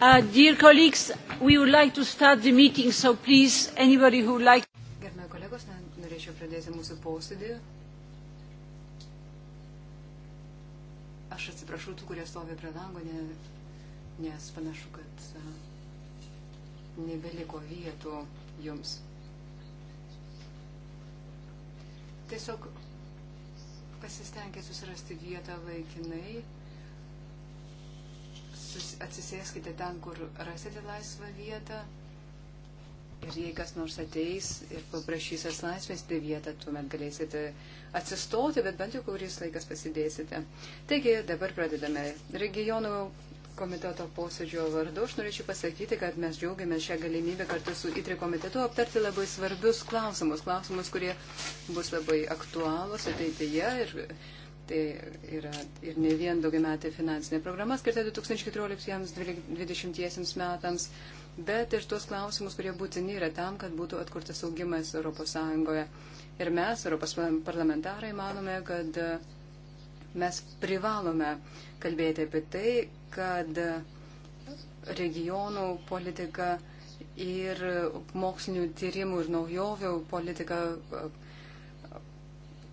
Uh, dear colleagues, we would like to start the meeting, so please, anybody who would like. Gerbėjai kolegos, norėčiau pradėti mūsų posėdį. Aš atsiprašau tų, kurie stovi prie lango, ne, nes panašu, kad uh, nebeliko vietų jums. Tiesiog pasistengė susirasti vietą laikinai atsisėskite ten, kur rasite laisvą vietą. Ir jei kas nors ateis ir paprašys atlaisvėsite tai vietą, tuomet galėsite atsistoti, bet bent jau kuris laikas pasidėsite. Taigi dabar pradedame. Regionų komiteto posėdžio vardu aš norėčiau pasakyti, kad mes džiaugiamės šią galimybę kartu su ITRI komitetu aptarti labai svarbius klausimus, klausimus, kurie bus labai aktualūs ateityje ir Tai yra ir ne vien daugiametė finansinė programa skirta 2014-2020 metams, bet ir tuos klausimus, kurie būtini yra tam, kad būtų atkurtas augimas ES. Ir mes, Europos parlamentarai, manome, kad mes privalome kalbėti apie tai, kad regionų politika ir mokslinių tyrimų ir naujovių politika,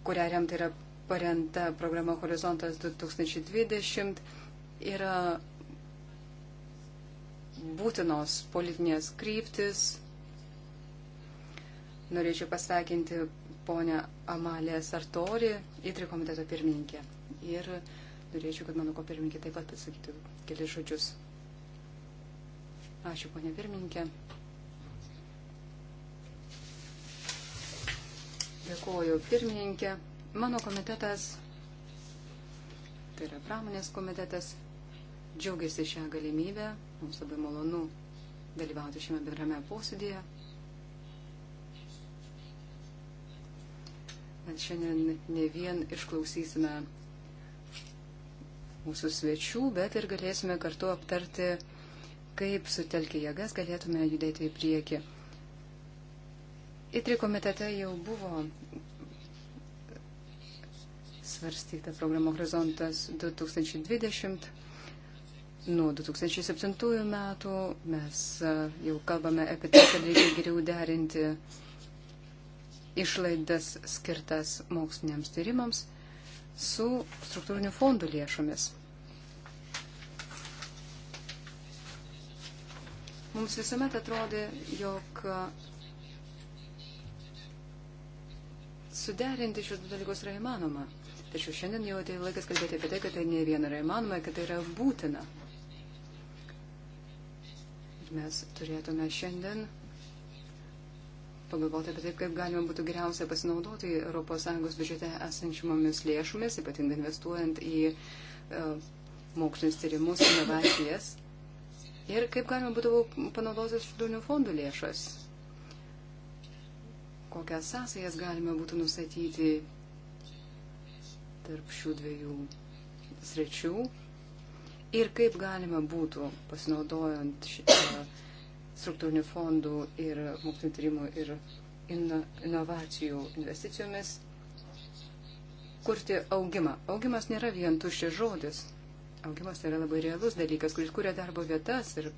kurią remti yra paremta programa Horizontas 2020 yra būtinos politinės kryptis. Norėčiau pasveikinti ponę Amalę Sartori, įtri komiteto pirmininkė. Ir norėčiau, kad mano ko pirmininkė taip pat pasakytų kelias žodžius. Ačiū, ponė pirmininkė. Dėkuoju pirmininkė. Mano komitetas, tai yra pramonės komitetas, džiaugiasi šią galimybę, mums labai malonu dalyvauti šiame bendrame posėdėje. Mes šiandien ne vien išklausysime mūsų svečių, bet ir galėsime kartu aptarti, kaip sutelkę jėgas galėtume judėti į priekį. Įtri komitete jau buvo svarstyta programa Horizontas 2020. Nuo 2007 metų mes jau kalbame apie tai, kad reikia geriau derinti išlaidas skirtas moksliniams tyrimams su struktūrinių fondų lėšomis. Mums visuomet atrodė, jog suderinti šios du dalykus yra įmanoma. Tačiau šiandien jau atėjo laikas kalbėti apie tai, kad tai ne viena yra įmanoma, kad tai yra būtina. Ir mes turėtume šiandien pagalvoti apie taip, kaip galima būtų geriausia pasinaudoti ES biudžete esančiomis lėšomis, ypatingai investuojant į uh, mokslinius tyrimus, inovacijas. Ir kaip galima būtų panaudoti struktūrinių fondų lėšas. Kokias sąsajas galima būtų nustatyti tarp šių dviejų sričių ir kaip galima būtų, pasinaudojant šitą struktūrinių fondų ir mokslinio tyrimų ir inovacijų investicijomis, kurti augimą. Augimas nėra vien tuščias žodis. Augimas yra labai realus dalykas, kuris kuria darbo vietas ir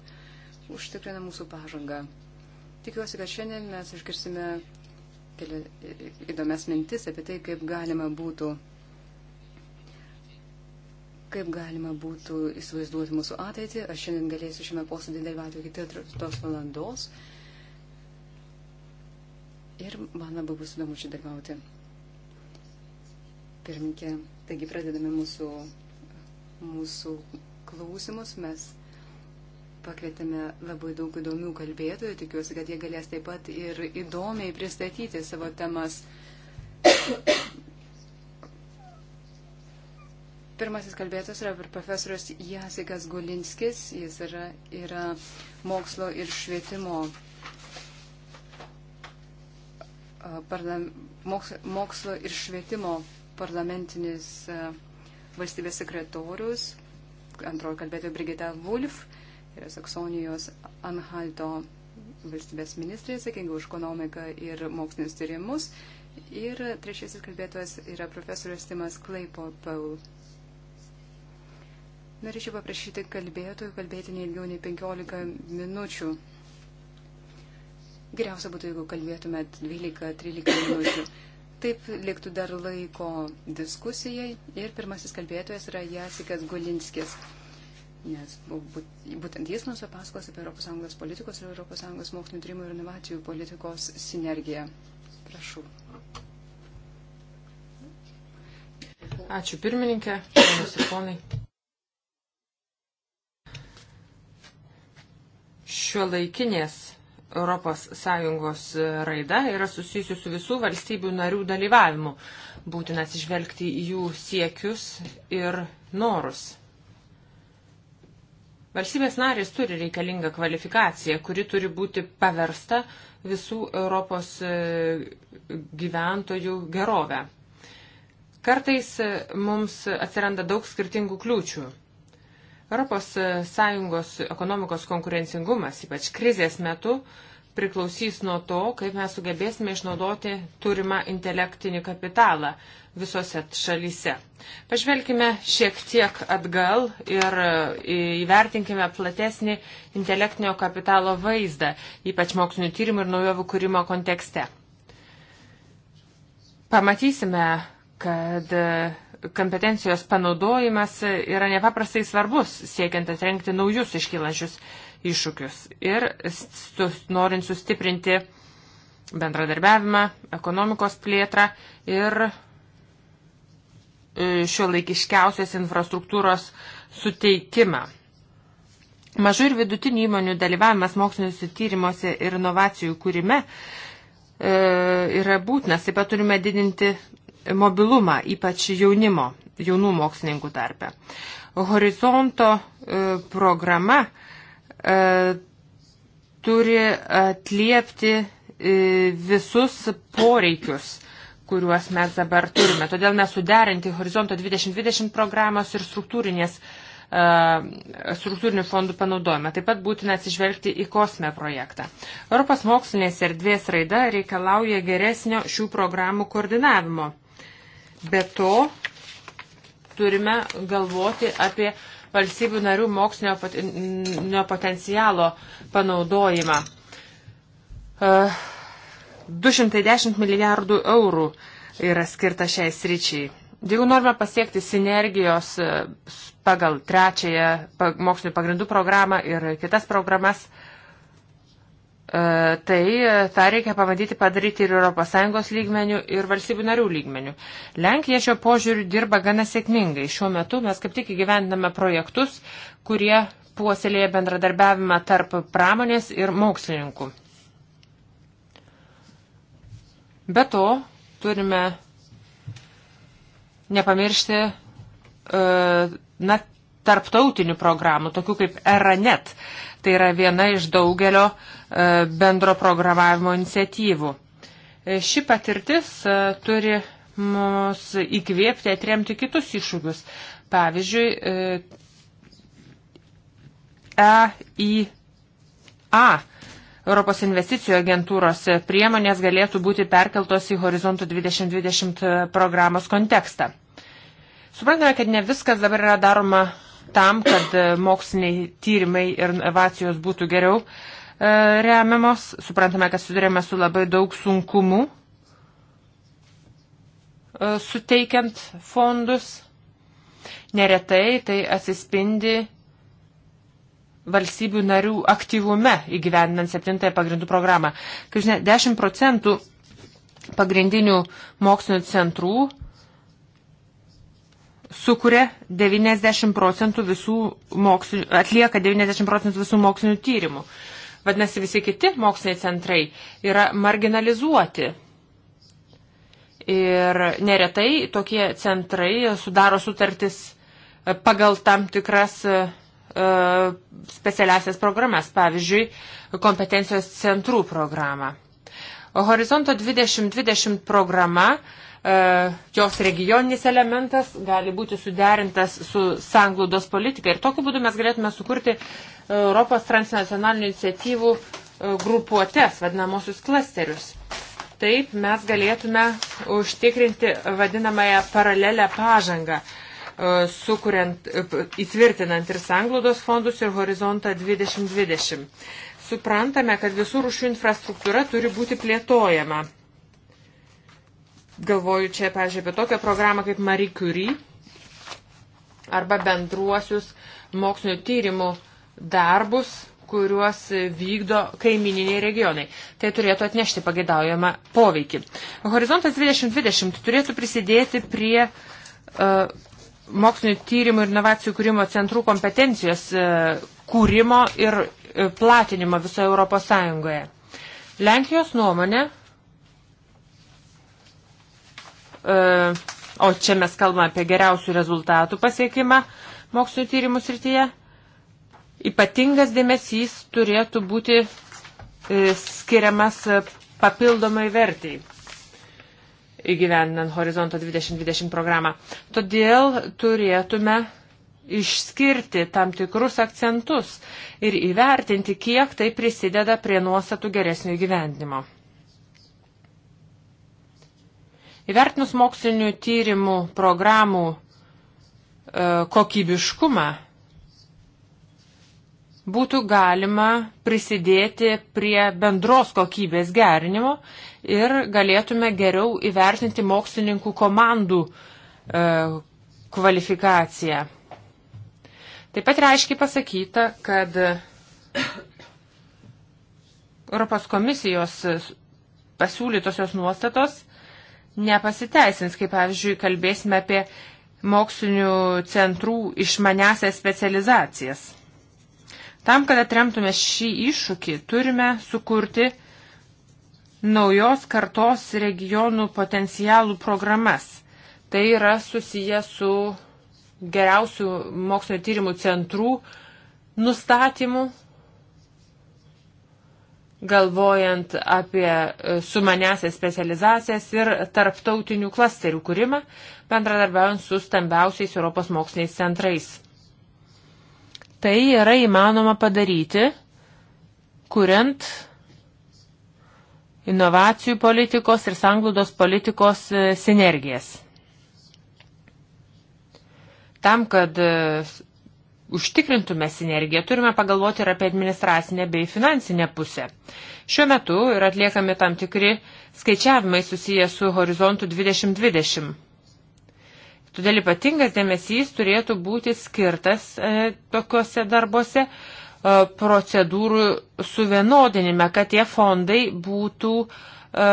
užtikrina mūsų pažangą. Tikiuosi, kad šiandien mes išgirsime įdomias mintis apie tai, kaip galima būtų kaip galima būtų įsivaizduoti mūsų ateitį. Aš šiandien galėsiu šiame posėdį dalyvauti iki 4 valandos. Ir man labai bus įdomu čia dalyvauti. Pirminkė, taigi pradedame mūsų, mūsų klausimus. Mes pakvietėme labai daug įdomių kalbėtojų. Tikiuosi, kad jie galės taip pat ir įdomiai pristatyti savo temas. Pirmasis kalbėtas yra profesorius Jasikas Gulinskis, jis yra, yra mokslo ir švietimo mokslo ir švietimo parlamentinis valstybės sekretorius, antroji kalbėtoja Brigita Wolf, yra Saksonijos Anhalto valstybės ministrė, atsakinga už ekonomiką ir mokslinius tyrimus. Ir trečiasis kalbėtojas yra profesorius Timas Klaipo Paul Norėčiau paprašyti kalbėtojų kalbėti ne ilgiau nei 15 minučių. Geriausia būtų, jeigu kalbėtumėt 12-13 minučių. Taip liktų dar laiko diskusijai ir pirmasis kalbėtojas yra Jasikas Gulinskis, nes būtent jis mums papasakos apie ES politikos ir ES mokslinio tyrimų ir inovacijų politikos sinergiją. Prašau. Ačiū pirmininkė, ponus ir ponai. šiuolaikinės ES raida yra susijusi su visų valstybių narių dalyvavimu. Būtina atsižvelgti į jų siekius ir norus. Valstybės narės turi reikalingą kvalifikaciją, kuri turi būti paversta visų Europos e, gyventojų gerovę. Kartais e, mums atsiranda daug skirtingų kliūčių ES e, ekonomikos konkurencingumas, ypač krizės metu, priklausys nuo to, kaip mes sugebėsime išnaudoti turimą intelektinį kapitalą visose šalyse. Pažvelkime šiek tiek atgal ir e, įvertinkime platesnį intelektinio kapitalo vaizdą, ypač mokslinio tyrimų ir naujovių kūrimo kontekste. Pamatysime, kad e, kompetencijos panaudojimas yra nepaprastai svarbus, siekiant atrenkti naujus iškylančius iššūkius ir norint sustiprinti bendradarbiavimą, ekonomikos plėtrą ir e, šio laikiškiausios infrastruktūros suteikimą. Mažų ir vidutinių įmonių dalyvavimas moksliniuose tyrimuose ir inovacijų kūrime e, yra būtinas. Taip pat turime didinti mobilumą, ypač jaunimo, jaunų mokslininkų tarpe. Horizonto e, programa e, turi atliepti e, visus poreikius kuriuos mes dabar turime. Todėl mes suderinti Horizonto 2020 programos ir struktūrinės struktūrinių fondų panaudojimą. Taip pat būtina atsižvelgti į kosme projektą. Europos mokslinės erdvės raida reikalauja geresnio šių programų koordinavimo. Be to, turime galvoti apie valstybių narių mokslinio potencialo panaudojimą. 210 e, milijardų eurų yra skirta šiai sričiai. Jeigu norime pasiekti sinergijos e, pagal trečiąją mokslinio pagrindų programą ir kitas programas, E, tai e, tą reikia pabandyti padaryti ir ES lygmenių, ir valstybių narių lygmenių. Lenkija šio požiūriu dirba gana sėkmingai. Šiuo metu mes kaip tik įgyvendiname projektus, kurie puoselėja bendradarbiavimą tarp pramonės ir mokslininkų. Be to, turime nepamiršti e, na, tarptautinių programų, tokių kaip ERANET. Tai yra viena iš daugelio e, bendro programavimo iniciatyvų. E, ši patirtis e, turi mus įkvėpti atremti kitus iššūkius. Pavyzdžiui, EIA Europos investicijų agentūros priemonės galėtų būti perkeltos į Horizontų 2020 programos kontekstą. Suprantame, kad ne viskas dabar yra daroma tam, kad e, moksliniai tyrimai ir inovacijos būtų geriau e, remiamos. Suprantame, kad sudarėme su labai daug sunkumų e, suteikiant fondus. Neretai tai atsispindi valstybių narių aktyvume įgyvendinant septintąją pagrindų programą. Kaip žinia, 10 procentų pagrindinių mokslinio centrų sukuria 90 procentų visų mokslinių, atlieka 90 procentų visų mokslinių tyrimų. Vadinasi, visi kiti moksliniai centrai yra marginalizuoti. Ir neretai tokie centrai sudaro sutartis e, pagal tam tikras e, e, specialiasias programas, pavyzdžiui, kompetencijos centrų programą. Horizonto 2020 programa uh, E, jos regioninis elementas gali būti suderintas su sanglaudos politika. Ir tokiu būdu mes galėtume sukurti Europos transnacionalinių iniciatyvų e, grupuotės, vadinamosius klasterius. Taip mes galėtume užtikrinti vadinamąją paralelę pažangą, e, sukuriant, įtvirtinant ir sanglaudos fondus ir horizontą 2020. Suprantame, kad visų rušių infrastruktūra turi būti plėtojama Galvoju čia, pažiūrėjau, apie tokią programą kaip Marie Curie arba bendruosius mokslinio tyrimų darbus, kuriuos vykdo kaimininiai regionai. Tai turėtų atnešti pageidaujamą poveikį. Horizontas 2020 turėtų prisidėti prie uh, mokslinio tyrimų ir inovacijų kūrimo centrų kompetencijos uh, kūrimo ir uh, platinimo visoje Europos Sąjungoje. Lenkijos nuomonė E, o čia mes kalbame apie geriausių rezultatų pasiekimą mokslinio tyrimų srityje, ypatingas dėmesys turėtų būti e, skiriamas papildomai vertėjai įgyvendinant Horizonto 2020 programą. Todėl turėtume išskirti tam tikrus akcentus ir įvertinti, kiek tai prisideda prie nuostatų geresnio įgyvendinimo. Įvertinus mokslinių tyrimų programų e, kokybiškumą, būtų galima prisidėti prie bendros kokybės gerinimo ir galėtume geriau įvertinti mokslininkų komandų e, kvalifikaciją. Taip pat reiškiai pasakyta, kad Europos komisijos pasiūlytosios nuostatos nepasiteisins, kaip pavyzdžiui, kalbėsime apie mokslinių centrų išmanesias specializacijas. Tam, kad atremtume šį iššūkį, turime sukurti naujos kartos regionų potencialų programas. Tai yra susiję su geriausių mokslinio tyrimų centrų nustatymu galvojant apie e, sumanesias specializacijas ir tarptautinių klasterių kūrimą, bendradarbiaujant su stambiausiais Europos moksliniais centrais. Tai yra įmanoma padaryti, kuriant inovacijų politikos ir sanglaudos politikos e, sinergijas. Tam, kad e, užtikrintume sinergiją, turime pagalvoti ir apie administracinę bei finansinę pusę. Šiuo metu yra atliekami tam tikri skaičiavimai susiję su horizontu 2020. Todėl ypatingas dėmesys turėtų būti skirtas e, tokiuose darbuose e, procedūrų suvienodinime, kad tie fondai būtų e,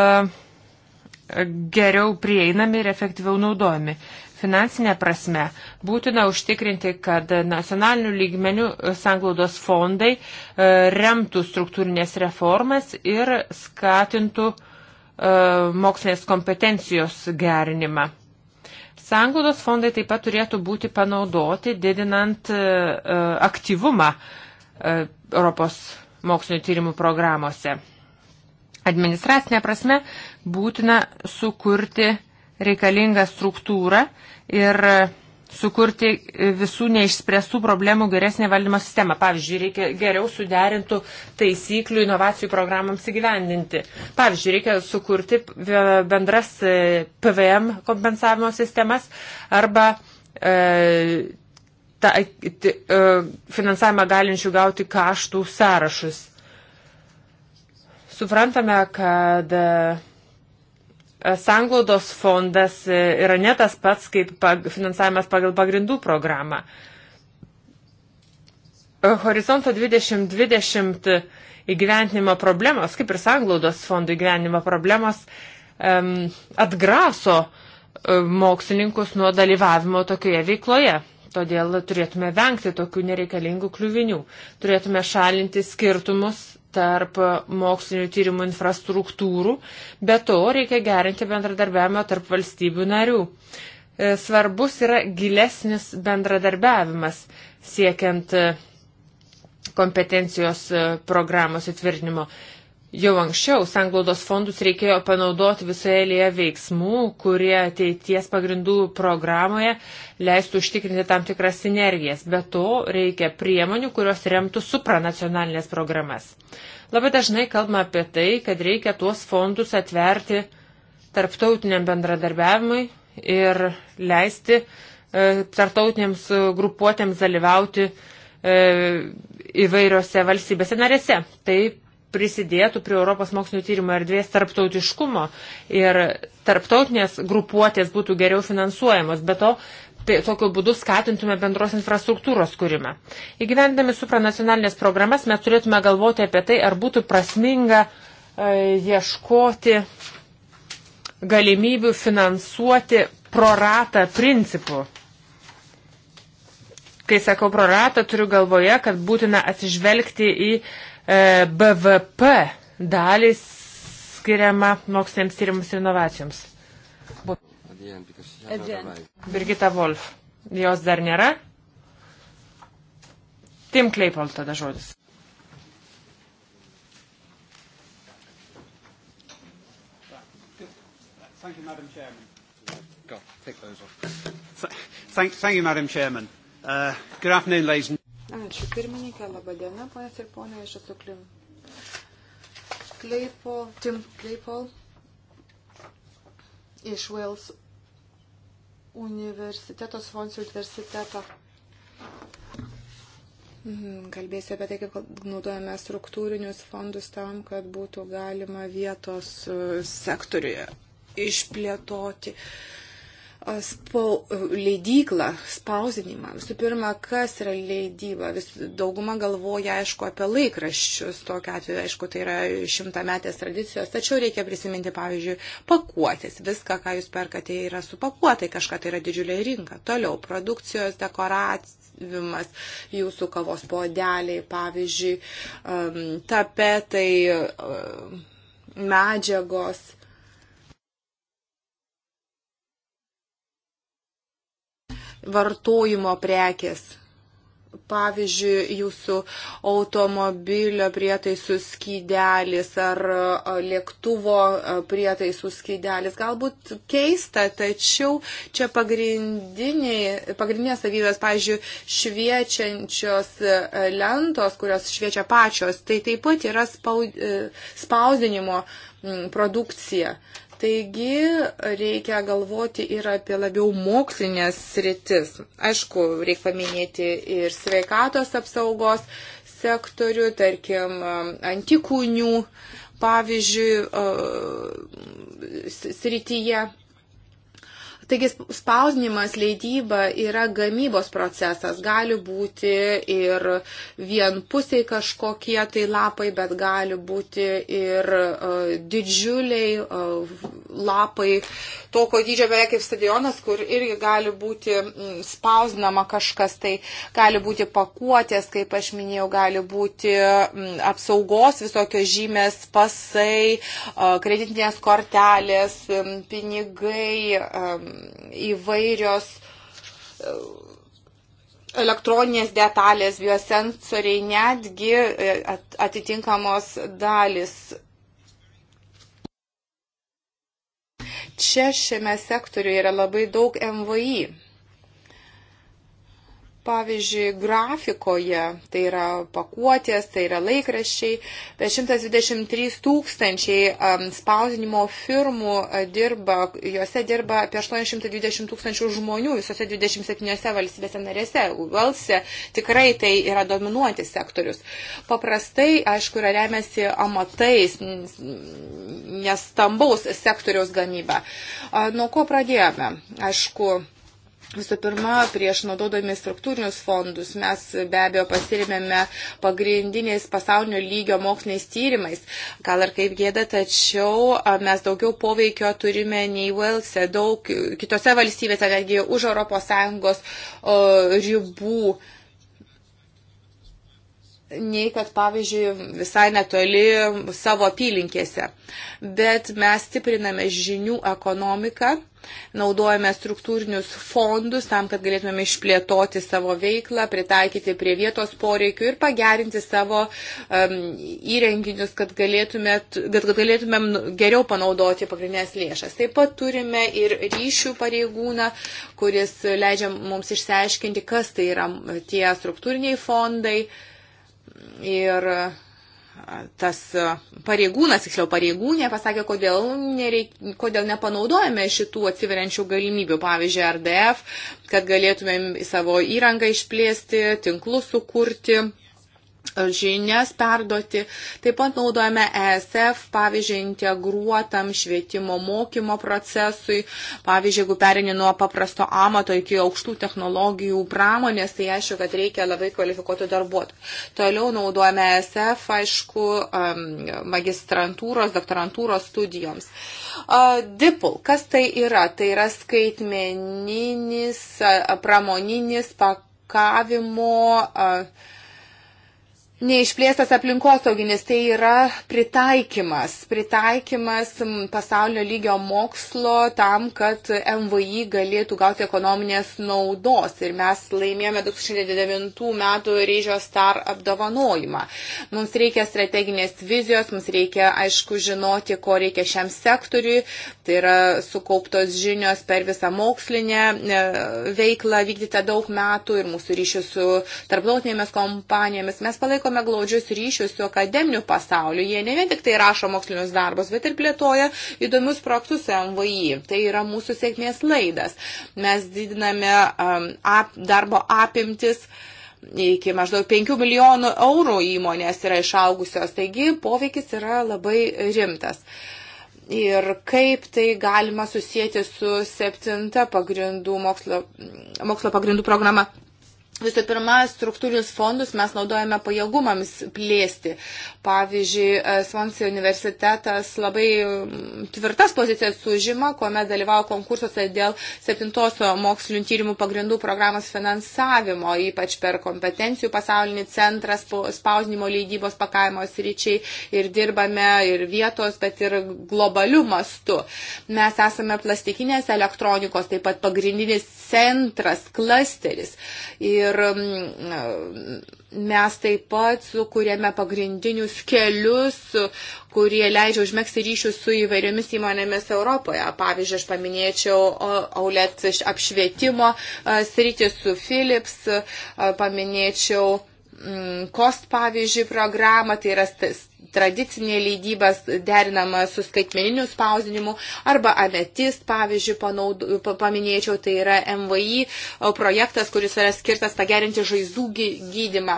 geriau prieinami ir efektyviau naudojami. Finansinė prasme būtina užtikrinti, kad nacionalinių lygmenių sanglaudos fondai e, remtų struktūrinės reformas ir skatintų e, mokslinės kompetencijos gerinimą. Sanglaudos fondai taip pat turėtų būti panaudoti, didinant e, aktyvumą Europos mokslinio tyrimų programuose. Administracinė prasme būtina sukurti reikalingą struktūrą, ir sukurti visų neišspręstų problemų geresnį valdymo sistemą. Pavyzdžiui, reikia geriau suderintų taisyklių inovacijų programams įgyvendinti. Pavyzdžiui, reikia sukurti bendras e, PVM kompensavimo sistemas arba e, ta, e, t, e, finansavimą galinčių gauti kaštų sąrašus. Suprantame, kad e, Sanglaudos fondas e, yra ne tas pats kaip finansavimas pagal pagrindų programą. E, Horizonto 2020 įgyventinimo problemos, kaip ir sanglaudos fondų įgyventinimo problemos, atgraso e, mokslininkus nuo dalyvavimo tokioje veikloje. Todėl turėtume vengti tokių nereikalingų kliuvinių. Turėtume šalinti skirtumus tarp mokslinių tyrimų infrastruktūrų, bet to reikia gerinti bendradarbiavimą tarp valstybių narių. E, svarbus yra gilesnis bendradarbiavimas siekiant e, kompetencijos e, programos įtvirtinimo. Jau anksčiau sanglaudos fondus reikėjo panaudoti visoje lėje veiksmų, kurie ateities pagrindų programoje leistų užtikrinti tam tikras sinergijas. Be to reikia priemonių, kurios remtų supranacionalinės programas. Labai dažnai kalbama apie tai, kad reikia tuos fondus atverti tarptautiniam bendradarbiavimui ir leisti e, tarptautiniams grupuotėms dalyvauti e, įvairiose valstybėse narėse. Taip prisidėtų prie Europos mokslinio tyrimo erdvės tarptautiškumo ir tarptautinės grupuotės būtų geriau finansuojamos. Be to, Tai tokiu būdu skatintume bendros infrastruktūros kūrimą. Įgyvendami supranacionalinės programas mes turėtume galvoti apie tai, ar būtų prasminga e, ieškoti galimybių finansuoti proratą principų. Kai sakau proratą, turiu galvoje, kad būtina atsižvelgti į e, E, BVP dalį skiriama moksliniams tyrimams ir inovacijoms. Birgita Wolf. Jos dar nėra. Tim Kleipol tada žodis. Thank you, Madam Chairman. God, take those off. Thank, thank you, Madam Chairman. Uh, good afternoon, ladies and Ačiū pirmininkė, laba diena, ponės ir ponai, aš esu Klim. Kleipol, Tim Kleipol iš Wales universiteto, Svonsių universiteto. Mhm, kalbėsiu apie tai, kaip naudojame struktūrinius fondus tam, kad būtų galima vietos e, sektoriuje išplėtoti uh, spau, leidyklą, spausdinimą. Visų pirma, kas yra leidyba? Vis, dauguma galvoja, aišku, apie laikraščius, tokia atveju, aišku, tai yra šimtametės tradicijos, tačiau reikia prisiminti, pavyzdžiui, pakuotis. Viską, ką jūs perkate, yra supakuotai, kažką tai yra didžiulė rinka. Toliau, produkcijos, dekoravimas, jūsų kavos podeliai, pavyzdžiui, um, tapetai, um, medžiagos vartojimo prekės. Pavyzdžiui, jūsų automobilio prietaisų skydelis ar lėktuvo prietaisų skydelis. Galbūt keista, tačiau čia pagrindinės savybės, pavyzdžiui, šviečiančios e, lentos, kurios šviečia pačios, tai taip pat yra spaudinimo e, produkcija. Taigi reikia galvoti ir apie labiau mokslinės sritis. Aišku, reikia paminėti ir sveikatos apsaugos sektorių, tarkim, antikūnių, pavyzdžiui, srityje Taigi spausdinimas, leidyba yra gamybos procesas. Gali būti ir vienpusiai kažkokie tai lapai, bet gali būti ir uh, didžiuliai uh, lapai, tokio dydžio beveik kaip stadionas, kur irgi gali būti spausdinama kažkas. Tai gali būti pakuotės, kaip aš minėjau, gali būti um, apsaugos visokios žymės, pasai, uh, kreditinės kortelės, um, pinigai. Um, įvairios e, elektroninės detalės, biosensoriai, netgi e, atitinkamos dalis. Čia šiame sektoriuje yra labai daug MVI pavyzdžiui, grafikoje, tai yra pakuotės, tai yra laikraščiai, 123 tūkstančiai um, spausdinimo firmų uh, dirba, juose dirba apie 820 tūkstančių žmonių visose 27 valstybėse narėse. Velse tikrai tai yra dominuojantis sektorius. Paprastai, aišku, yra remiasi amatais, nestambaus sektoriaus gamyba. Uh, nuo ko pradėjome? Aišku, Visų pirma, prieš naudodami struktūrinius fondus mes be abejo pasirėmėme pagrindiniais pasaulinio lygio moksliniais tyrimais. Gal ir kaip gėda, tačiau mes daugiau poveikio turime nei Velse, daug kitose valstybėse, netgi už ES ribų nei kad, pavyzdžiui, visai netoli savo apylinkėse. Bet mes stipriname žinių ekonomiką, naudojame struktūrinius fondus tam, kad galėtume išplėtoti savo veiklą, pritaikyti prie vietos poreikių ir pagerinti savo um, įrenginius, kad, galėtume, kad, kad galėtumėm geriau panaudoti pagrindinės lėšas. Taip pat turime ir ryšių pareigūną, kuris leidžia mums išsiaiškinti, kas tai yra tie struktūriniai fondai Ir e, tas e, pareigūnas, tiksliau pareigūnė, pasakė, kodėl, nereik, kodėl nepanaudojame šitų atsiveriančių galimybių, pavyzdžiui, RDF, kad galėtumėm savo įrangą išplėsti, tinklus sukurti žinias perduoti. Taip pat naudojame ESF, pavyzdžiui, integruotam švietimo mokymo procesui. Pavyzdžiui, jeigu perini nuo paprasto amato iki aukštų technologijų pramonės, tai aišku, kad reikia labai kvalifikuotų darbuotojų. Toliau naudojame ESF, aišku, magistrantūros, doktorantūros studijoms. DIPL, kas tai yra? Tai yra skaitmeninis, pramoninis pakavimo neišplėstas aplinkosauginis, tai yra pritaikymas, pritaikymas pasaulio lygio mokslo tam, kad MVI galėtų gauti ekonominės naudos. Ir mes laimėjome 2009 metų Ryžio Star apdovanojimą. Mums reikia strateginės vizijos, mums reikia aišku žinoti, ko reikia šiam sektoriui. Tai yra sukauptos žinios per visą mokslinę e, veiklą vykdytą daug metų ir mūsų ryšių su tarptautinėmis kompanijomis. Mes palaikom palaikome glaudžius ryšius su akademiniu pasauliu. Jie ne vien tik tai rašo mokslinius darbus, bet ir plėtoja įdomius projektus su MVI. Tai yra mūsų sėkmės laidas. Mes didiname um, ap, darbo apimtis iki maždaug 5 milijonų eurų įmonės yra išaugusios, taigi poveikis yra labai rimtas. Ir kaip tai galima susijęti su septinta pagrindų mokslo, mokslo pagrindų programa. Visų pirma, struktūrinius fondus mes naudojame pajėgumams plėsti. Pavyzdžiui, e, Swansea universitetas labai mm, tvirtas pozicijas užima, kuomet dalyvavo konkursuose dėl septintosio mokslinių tyrimų pagrindų programos finansavimo, ypač per kompetencijų pasaulinį centrą spausdinimo leidybos pakavimo sričiai ir dirbame ir vietos, bet ir globalių mastų. Mes esame plastikinės elektronikos, taip pat pagrindinis centras, klasteris. Ir, mm, mes taip pat sukūrėme pagrindinius kelius, kurie leidžia užmėgsti ryšius su įvairiomis įmonėmis Europoje. Pavyzdžiui, aš paminėčiau Aulet apšvietimo sritį su Philips, paminėčiau Mm, kost pavyzdžiui programą, tai yra tradicinė leidyba derinama su skaitmeniniu spausdinimu, arba ametist pavyzdžiui panaud, paminėčiau, tai yra MVI projektas, kuris yra skirtas pagerinti žaizdų gydimą.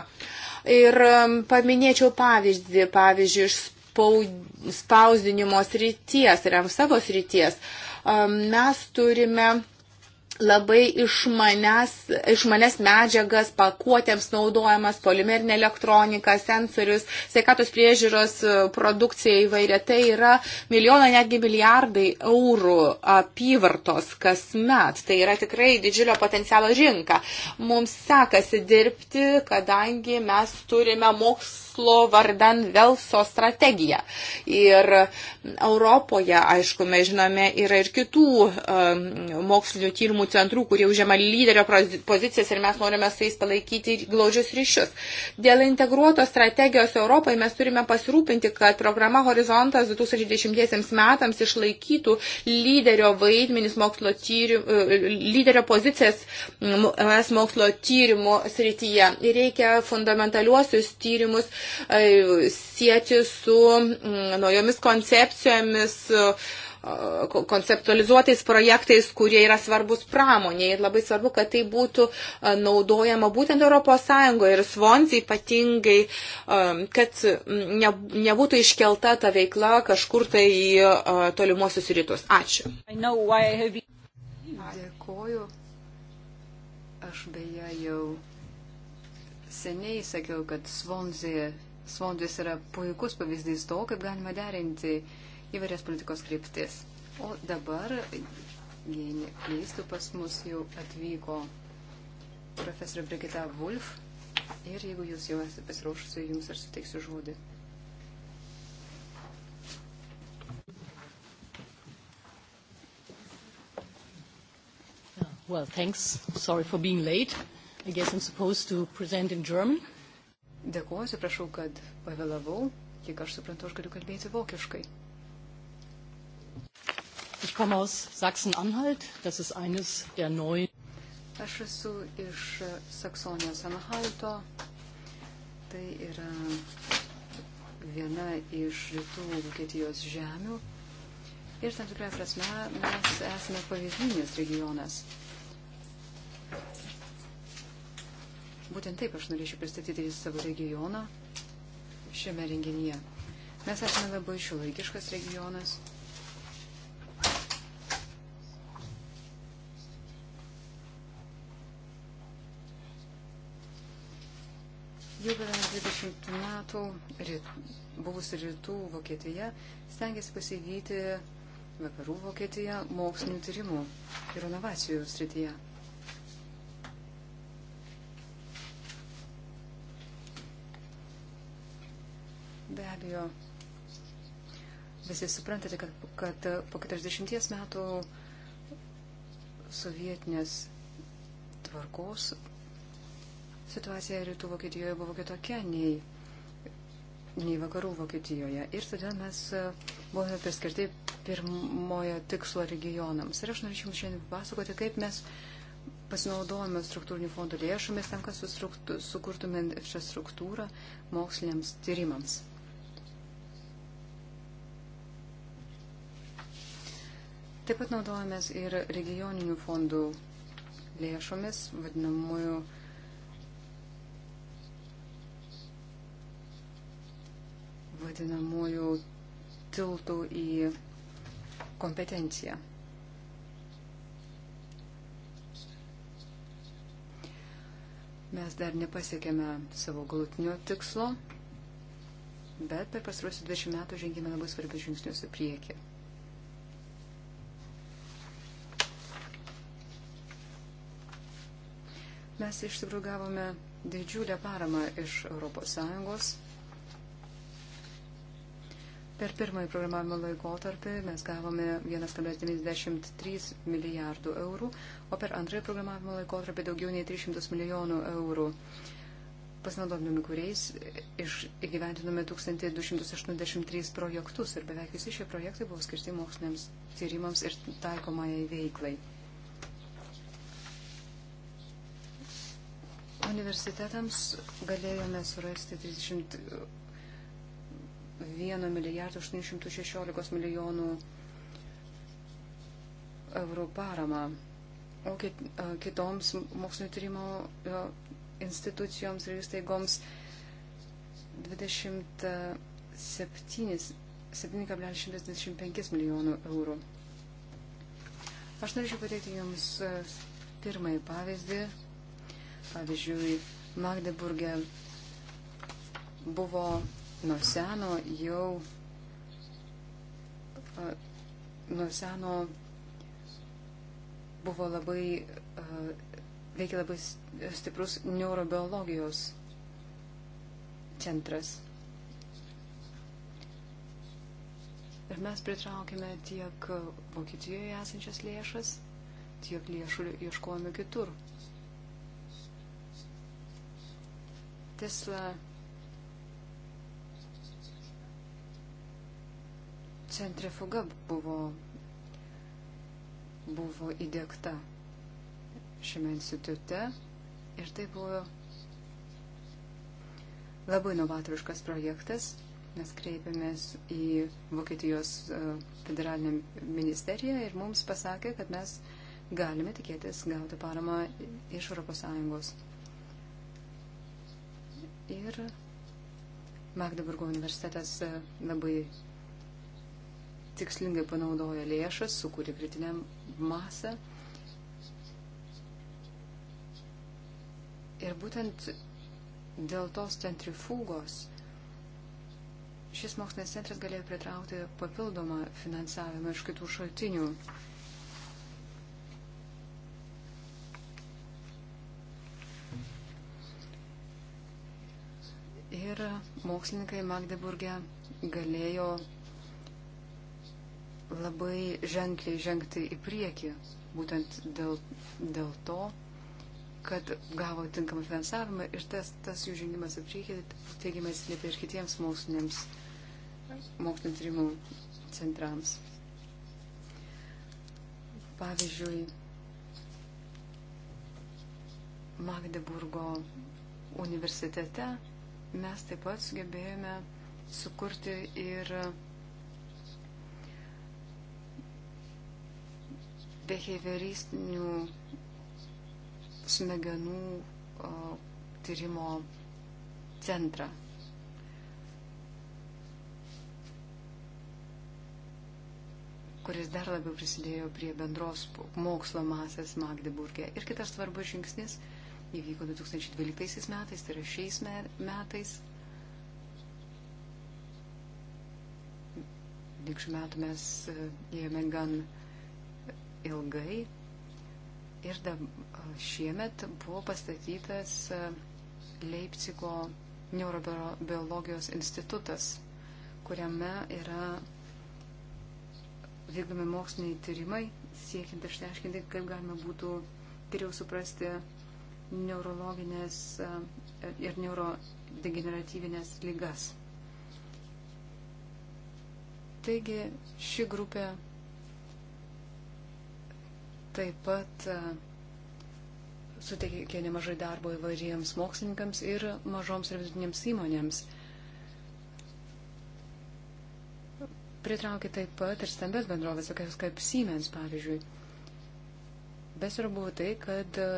Ir mm, paminėčiau pavyzdį, pavyzdžiui, iš spausdinimo srities, ir savo srities. Mm, mes turime labai išmanes, išmanes medžiagas, pakuotėms naudojamas, polimerinė elektronika, sensorius, sveikatos priežiūros e, produkcija įvairia. Tai yra milijonai, netgi milijardai eurų apyvartos kasmet. Tai yra tikrai didžiulio potencialo rinka. Mums sekasi dirbti, kadangi mes turime mokslo verslo vardan Velso strategiją. Ir Europoje, aišku, mes žinome, yra ir kitų um, mokslinių tyrimų centrų, kurie užima lyderio pozicijas ir mes norime su jais palaikyti glaudžius ryšius. Dėl integruotos strategijos Europai mes turime pasirūpinti, kad programa Horizontas 2010 metams išlaikytų lyderio vaidmenis mokslo tyrimų, e, lyderio pozicijas es mokslo tyrimų srityje. Ir reikia fundamentaliuosius tyrimus E, sieti su mm, naujomis koncepcijomis e, konceptualizuotais projektais, kurie yra svarbus pramoniai. Ir labai svarbu, kad tai būtų e, naudojama būtent ES ir Svonzi ypatingai, kad mm, ne, nebūtų iškelta ta veikla kažkur tai į tolimuosius rytus. Ačiū. Have... Dėkoju. Aš beje jau neseniai sakiau, kad Svonzė, Svonzės yra puikus pavyzdys to, kaip galima derinti įvairias politikos kryptis. O dabar, jei neklystų, pas mus jau atvyko profesorė Brigita Wolf. Ir jeigu jūs jau esate pasiruošusi, jums aš suteiksiu žodį. Well, thanks. Sorry for being late. I guess I'm supposed to present in German. Dėkuosiu, prašau, kad pavėlavau. Kiek aš suprantu, aš galiu kalbėti vokiškai. Ich komme aus Sachsen-Anhalt. Das ist eines der neuen. Aš esu iš e, Saksonijos Anhalto. Tai yra viena iš rytų Vokietijos žemių. Ir tam tikrai prasme mes esame pavyzdinis regionas. Būtent taip aš norėčiau pristatyti savo regioną šiame renginyje. Mes esame labai šiuolaikiškas regionas. Jau beveik 20 metų ryt, buvusi rytų Vokietija stengiasi pasivyti vakarų Vokietiją mokslinių tyrimų ir inovacijų srityje. abejo, visi suprantate, kad, kad po 40 metų sovietinės tvarkos situacija rytų Vokietijoje buvo kitokia nei, nei vakarų Vokietijoje. Ir todėl mes buvome priskirti pirmojo tikslo regionams. Ir aš norėčiau jums šiandien pasakoti, kaip mes pasinaudojame struktūrinių fondų lėšomis tam, kad sukurtume infrastruktūrą moksliniams tyrimams. Taip pat naudojamės ir regioninių fondų lėšomis, vadinamųjų vadinamųjų tiltų į kompetenciją. Mes dar nepasiekėme savo galutinio tikslo, bet per pastaruosius 20 metų žengėme labai svarbius žingsnius į priekį. Mes iš tikrųjų gavome didžiulę paramą iš ES. Per pirmąjį programavimo laikotarpį mes gavome 1,93 milijardų eurų, o per antrąjį programavimo laikotarpį daugiau nei 300 milijonų eurų pasinaudodami kuriais įgyventinome 1283 projektus ir beveik visi šie projektai buvo skirti moksliniams tyrimams ir taikomai veiklai. universitetams galėjome surasti 31 milijardų 816 milijonų eurų paramą, o kitoms mokslinio tyrimo institucijoms ir įstaigoms 27,125 milijonų eurų. Aš norėčiau pateikti Jums pirmąjį pavyzdį Pavyzdžiui, Magdeburgė buvo nuo seno jau nuo seno buvo labai veikia labai stiprus neurobiologijos centras. Ir mes pritraukime tiek Vokietijoje esančias lėšas, tiek lėšų ieškojame kitur. Tesla centrifuga buvo, buvo įdėkta šiame institute ir tai buvo labai novatoriškas projektas. Mes kreipėmės į Vokietijos e, federalinę ministeriją ir mums pasakė, kad mes galime tikėtis gauti paramą iš ES. Ir Magdeburgo universitetas e, labai tikslingai panaudojo lėšas, sukūrė kritinę masę. Ir būtent dėl tos centrifugos šis mokslinis centras galėjo pritraukti papildomą finansavimą iš kitų šaltinių. Ir mokslininkai Magdeburgė galėjo labai ženkliai žengti į priekį, būtent dėl, dėl to, kad gavo tinkamą finansavimą ir tas, tas jų žengimas į priekį teigiamai atsiliepė ir kitiems moksliniams mokslinio tyrimų centrams. Pavyzdžiui, Magdeburgo universitete mes taip pat sugebėjome sukurti ir behavioristinių smegenų o, tyrimo centrą. kuris dar labiau prisidėjo prie bendros mokslo masės Magdeburgė. Ir kitas svarbus žingsnis įvyko 2012 metais, tai yra šiais metais. Dikšų metų mes e, ėjome gan ilgai ir šiemet buvo pastatytas e, Leipcigo neurobiologijos institutas, kuriame yra vykdomi moksliniai tyrimai, siekiant išsiaiškinti, kaip galima būtų geriau suprasti neurologinės e, ir neurodegeneratyvinės lygas. Taigi ši grupė taip pat e, suteikė nemažai darbo įvairiems mokslininkams ir mažoms ir vidutinėms įmonėms. Pritraukė taip pat ir stambės bendrovės, tokias kaip Siemens, pavyzdžiui. Besvarbu tai, kad e,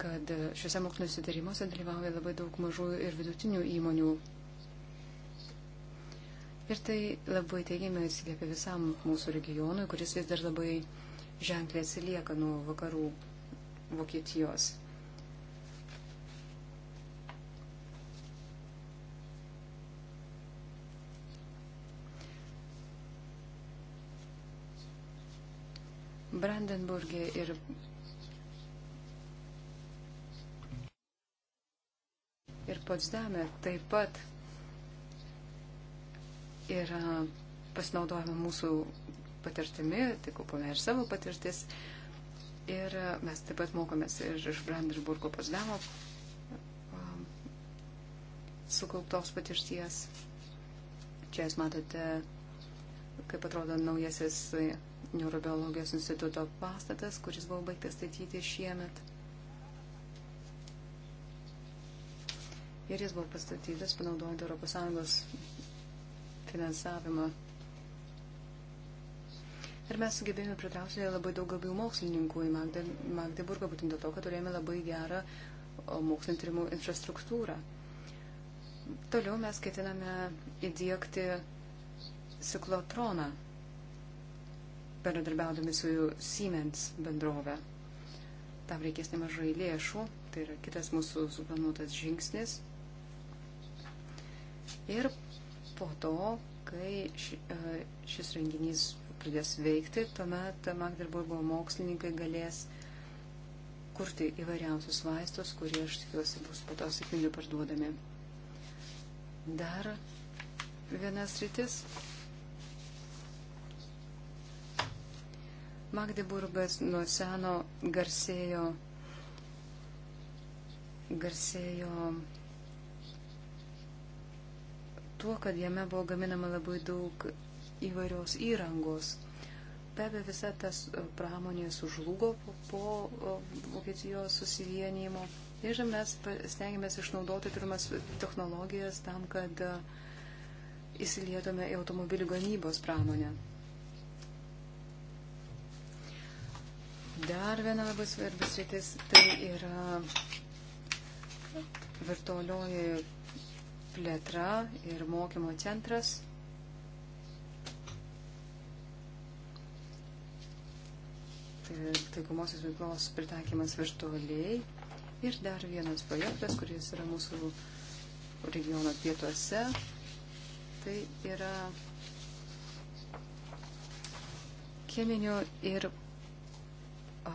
kad šiuose moksliniuose tyrimuose dalyvauja labai daug mažų ir vidutinių įmonių. Ir tai labai teigiamai atsiliepia visam mūsų regionui, kuris vis dar labai ženkliai atsilieka nuo vakarų Vokietijos. Brandenburgė ir ir Potsdame taip pat yra pasinaudojama mūsų patirtimi, tai kaupome ir savo patirtis. Ir mes taip pat mokomės ir iš Brandenburgo Potsdamo um, sukauptos patirties. Čia jūs matote, kaip atrodo naujasis neurobiologijos instituto pastatas, kuris buvo baigtas statyti šiemet. ir jis buvo pastatytas panaudojant ES finansavimą. Ir mes sugebėjome pritraukti labai daug gabių mokslininkų į Magde, Magdeburgą, būtent dėl to, kad turėjome labai gerą mokslinio tyrimų infrastruktūrą. Toliau mes ketiname įdėkti ciklotroną, bendradarbiaudami su Siemens bendrove. Tam reikės nemažai lėšų, tai yra kitas mūsų suplanuotas žingsnis. Ir po to, kai e, šis renginys pradės veikti, tuomet Magdeburgo mokslininkai galės kurti įvairiausius vaistus, kurie, aš tikiuosi, bus po to sėkmingai parduodami. Dar vienas rytis. Magdeburgas nuo seno garsėjo, garsėjo tuo, kad jame buvo gaminama labai daug įvairios įrangos. Be abejo, visa tas e, pramonė sužlugo po, po Vokietijos susivienijimo. Ir mes stengiamės išnaudoti turimas technologijas tam, kad e, įsilietume į automobilių gamybos pramonę. Dar viena labai svarbis rytis tai yra virtualioji plėtra ir mokymo centras. Tai taikomosios veiklos pritaikymas virtualiai. Ir dar vienas projektas, kuris yra mūsų regiono pietuose. Tai yra cheminių ir a,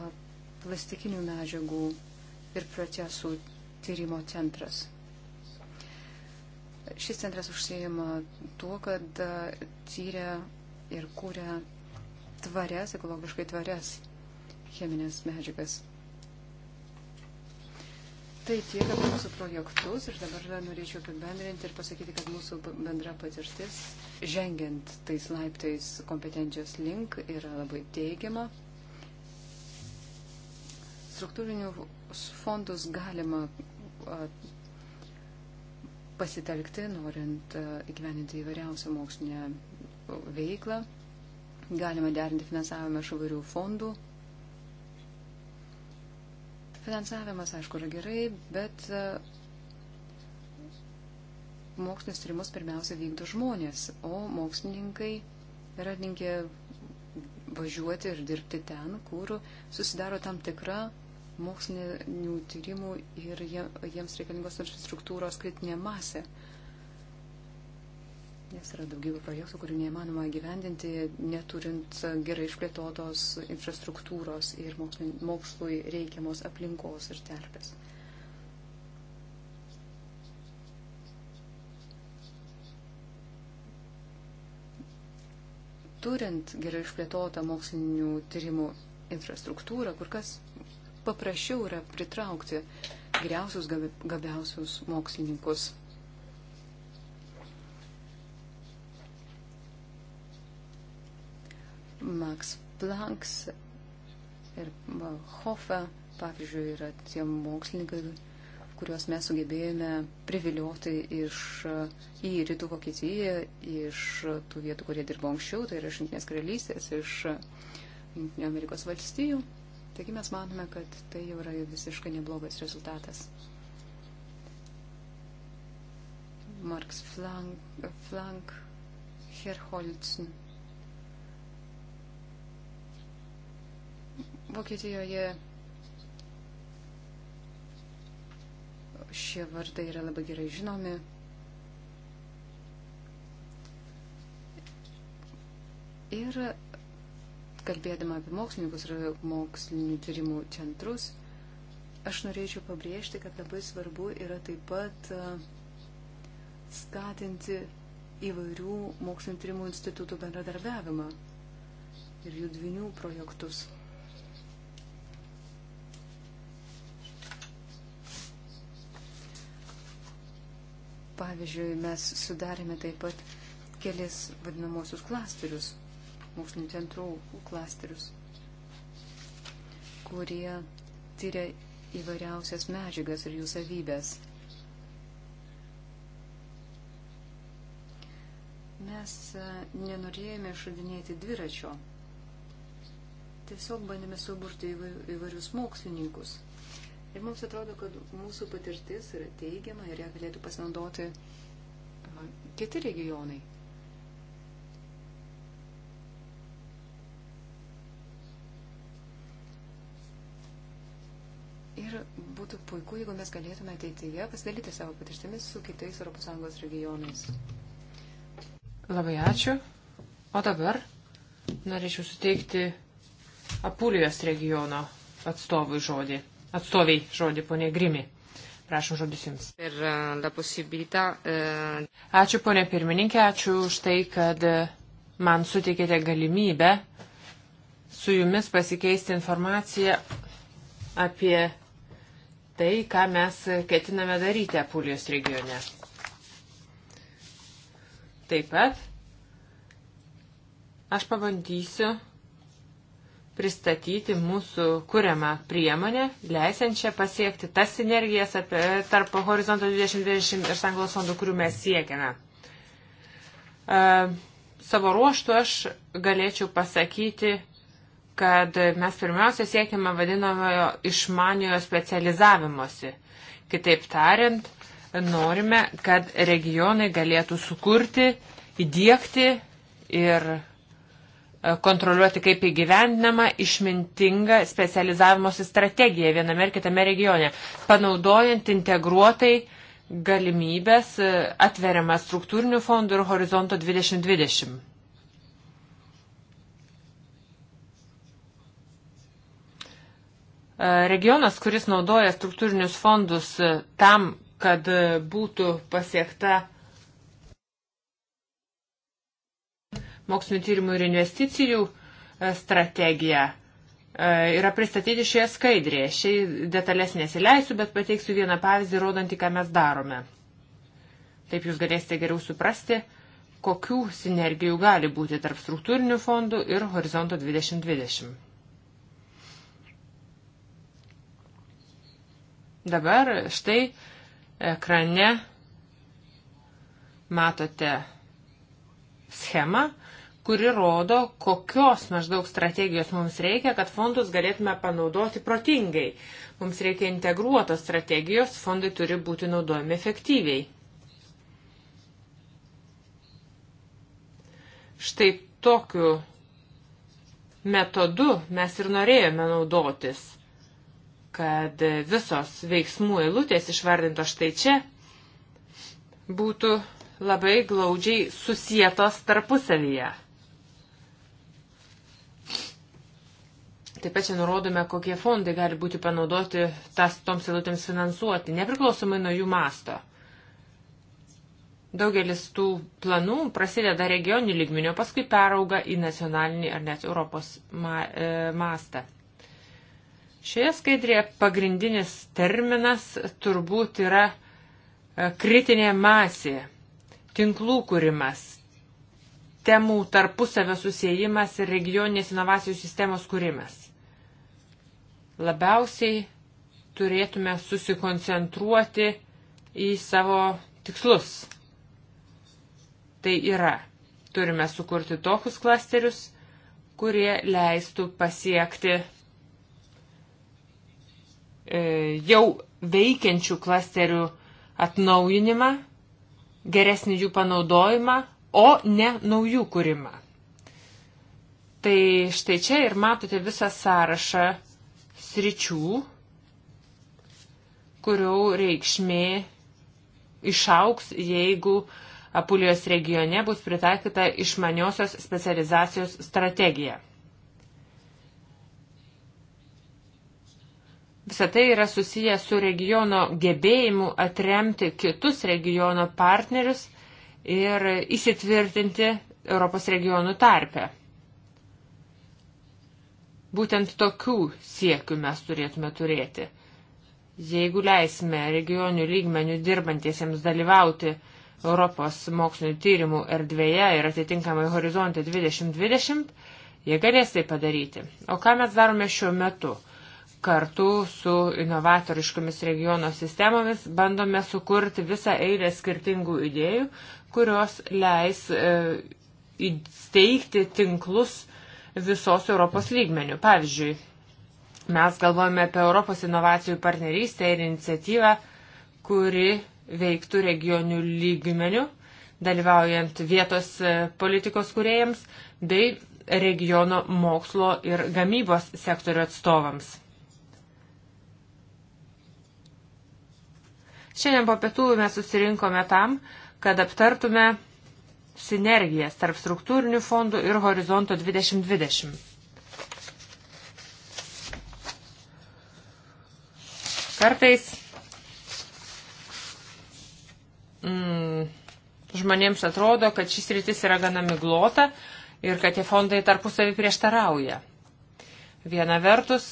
plastikinių medžiagų ir procesų tyrimo centras. Šis centras užsijima tuo, kad e, tyria ir kūrė tvarias, ekologiškai tvarias cheminės medžiagas. Tai tiek apie mūsų projektus ir dabar norėčiau apibendrinti ir pasakyti, kad mūsų bendra patirtis, žengiant tais laiptais kompetencijos link, yra labai teigiama. Struktūrinius fondus galima pasitelkti, norint e, įgyveninti įvairiausią mokslinę veiklą. Galima derinti finansavimą iš įvairių fondų. Finansavimas, aišku, yra gerai, bet e, mokslinis tyrimus pirmiausia vykdo žmonės, o mokslininkai yra linkę važiuoti ir dirbti ten, kur susidaro tam tikra mokslinių tyrimų ir jiems reikalingos infrastruktūros kritinė masė. Nes yra daugybė projektų, kurių neįmanoma gyvendinti, neturint gerai išplėtotos infrastruktūros ir mokslui reikiamos aplinkos ir terpės. turint gerai išplėtotą mokslinių tyrimų infrastruktūrą, kur kas paprasčiau yra pritraukti geriausius, gabiausius mokslininkus. Max Planks ir Hofe, pavyzdžiui, yra tie mokslininkai, kuriuos mes sugebėjome privilioti iš, į rytų Vokietiją, iš tų vietų, kurie dirbo anksčiau, tai yra iš Junktinės karalystės, iš Junktinio Amerikos valstijų. Taigi mes manome, kad tai jau yra visiškai neblogas rezultatas. Marks Flank, Flank Herholzen. Vokietijoje šie vardai yra labai gerai žinomi. Ir kalbėdama apie mokslininkus ir mokslinių tyrimų centrus, aš norėčiau pabrėžti, kad labai svarbu yra taip pat e, skatinti įvairių mokslinio tyrimų institutų bendradarbiavimą ir jų dvinių projektus. Pavyzdžiui, mes sudarėme taip pat kelis vadinamosius klasterius – mokslinių centrų klasterius, kurie tyria įvairiausias medžiagas ir jų savybės. Mes e, nenorėjome išradinėti dviračio. Tiesiog bandėme suburti įvairius mokslininkus. Ir mums atrodo, kad mūsų patirtis yra teigiama ir ją galėtų pasinaudoti e, kiti regionai. Ir būtų puiku, jeigu mes galėtume ateityje pasidalyti savo patirtimis su kitais ES regionais. Labai ačiū. O dabar norėčiau suteikti Apulijos regiono atstovui žodį. Atstoviai žodį, ponė Grimi. Prašom žodis Jums. Ir e, la possibilità. E, ačiū, ponė pirmininkė, ačiū už tai, kad e, man suteikėte galimybę su Jumis pasikeisti informaciją apie tai, ką mes ketiname daryti Apulijos regione. Taip pat aš pabandysiu pristatyti mūsų kuriamą priemonę, leisiančią pasiekti tas sinergijas apie, tarp horizonto 2020 ir sanglos fondų, kurių mes siekiame. E, savo ruoštų aš galėčiau pasakyti, kad mes pirmiausia siekiame vadinamojo išmaniojo specializavimuose. Kitaip tariant, norime, kad regionai galėtų sukurti, įdėkti ir e, kontroliuoti kaip įgyvendinama išmintinga specializavimosi strategija viename ar kitame regione, panaudojant integruotai galimybės e, atveriamas struktūrinių fondų ir horizonto 2020. E, regionas, kuris naudoja struktūrinius fondus e, tam, kad e, būtų pasiekta mokslinio tyrimų ir investicijų strategija, yra pristatyti šioje skaidrėje. Šiai detalės nesileisiu, bet pateiksiu vieną pavyzdį, rodantį, ką mes darome. Taip jūs galėsite geriau suprasti, kokių sinergijų gali būti tarp struktūrinių fondų ir horizonto 2020. Dabar štai ekrane matote schemą, kuri rodo, kokios maždaug strategijos mums reikia, kad fondus galėtume panaudoti protingai. Mums reikia integruotos strategijos, fondai turi būti naudojami efektyviai. Štai tokiu metodu mes ir norėjome naudotis kad visos veiksmų eilutės išvardintos štai čia būtų labai glaudžiai susietos tarpusavyje. Taip pat čia nurodome, kokie fondai gali būti panaudoti tas toms eilutėms finansuoti, nepriklausomai nuo jų masto. Daugelis tų planų prasideda regionių lygminio, paskui perauga į nacionalinį ar net Europos ma e mastą. Šioje skaidrėje pagrindinis terminas turbūt yra e, kritinė masė, tinklų kūrimas, temų tarpusavio susijimas ir regioninės inovacijų sistemos kūrimas. Labiausiai turėtume susikoncentruoti į savo tikslus. Tai yra, turime sukurti tokius klasterius, kurie leistų pasiekti E, jau veikiančių klasterių atnaujinimą, geresnį jų panaudojimą, o ne naujų kūrimą. Tai štai čia ir matote visą sąrašą sričių, kurių reikšmė išauks, jeigu Apulijos regione bus pritaikyta išmaniosios specializacijos strategija. Visą tai yra susiję su regiono gebėjimu atremti kitus regiono partnerius ir įsitvirtinti Europos regionų tarpę. Būtent tokių siekių mes turėtume turėti. Jeigu leisime regionių lygmenių dirbantiesiems dalyvauti Europos mokslinio tyrimų erdvėje ir atitinkamai horizonte 2020, jie galės tai padaryti. O ką mes darome šiuo metu? kartu su inovatoriškomis regiono sistemomis bandome sukurti visą eilę skirtingų idėjų, kurios leis e, įsteigti tinklus visos Europos lygmenių. Pavyzdžiui, mes galvojame apie Europos inovacijų partnerystę ir iniciatyvą, kuri veiktų regionių lygmenių, dalyvaujant vietos e, politikos kuriejams bei regiono mokslo ir gamybos sektorių atstovams. Šiandien po pietų mes susirinkome tam, kad aptartume sinergijas tarp struktūrinių fondų ir horizonto 2020. Kartais mm, žmonėms atrodo, kad šis rytis yra gana miglota ir kad tie fondai tarpusavį prieštarauja. Viena vertus,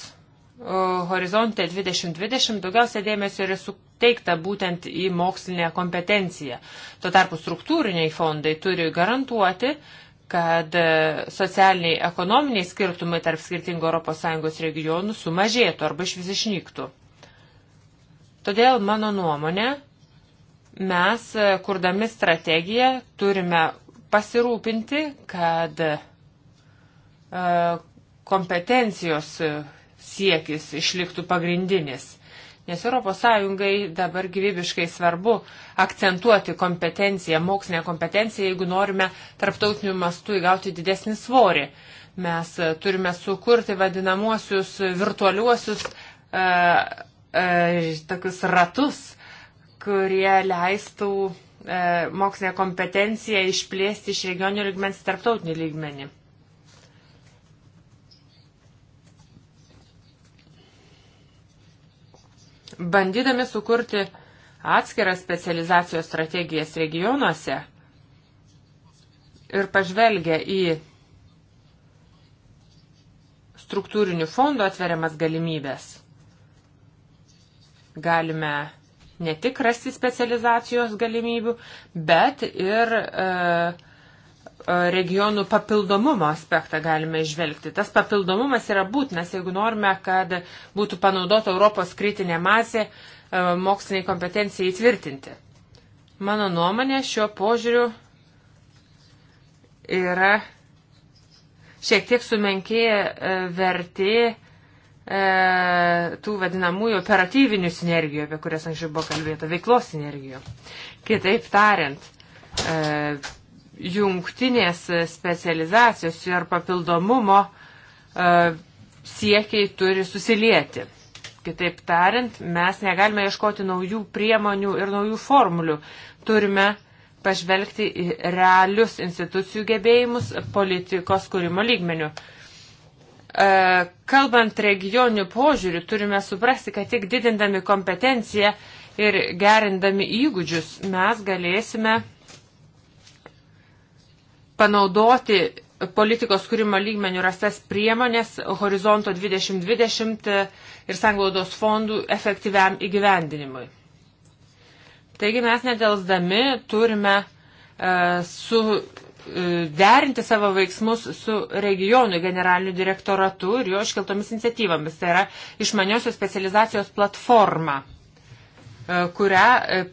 Horizonte 2020 daugiausia dėmesio yra suteikta būtent į mokslinę kompetenciją. Tuo tarpu struktūriniai fondai turi garantuoti, kad e, socialiniai ekonominiai skirtumai tarp skirtingų ES regionų sumažėtų arba iš vis išnyktų. Todėl mano nuomonė, mes, e, kurdami strategiją, turime pasirūpinti, kad e, kompetencijos siekis išliktų pagrindinis. Nes ES dabar gyvybiškai svarbu akcentuoti kompetenciją, mokslinę kompetenciją, jeigu norime tarptautiniu mastu įgauti didesnį svorį. Mes e, turime sukurti vadinamuosius virtualiuosius e, e, tokius ratus, kurie leistų e, mokslinę kompetenciją išplėsti iš regionių lygmens į tarptautinį lygmenį. Bandydami sukurti atskiras specializacijos strategijas regionuose ir pažvelgia į struktūrinių fondų atveriamas galimybės, galime ne tik rasti specializacijos galimybių, bet ir uh, e, regionų papildomumo aspektą galime išvelgti. Tas papildomumas yra būtinas, jeigu norime, kad būtų panaudota Europos kritinė masė moksliniai kompetencijai įtvirtinti. Mano nuomonė šiuo požiūriu yra šiek tiek sumenkėja vertė tų vadinamųjų operatyvinių sinergijų, apie kurias anksčiau buvo kalbėta, veiklos sinergijų. Kitaip tariant, jungtinės specializacijos ir papildomumo e, siekiai turi susilieti. Kitaip tariant, mes negalime ieškoti naujų priemonių ir naujų formulių. Turime pažvelgti į realius institucijų gebėjimus politikos kūrimo lygmenių. E, kalbant regioninių požiūrių, turime suprasti, kad tik didindami kompetenciją ir gerindami įgūdžius mes galėsime panaudoti politikos kūrimo lygmenių rastas priemonės Horizonto 2020 ir sanglaudos fondų efektyviam įgyvendinimui. Taigi mes nedelsdami turime uh, su e, derinti savo veiksmus su regionų generaliniu direktoratu ir jo iškeltomis iniciatyvomis. Tai yra išmaniosios specializacijos platforma, e, kurią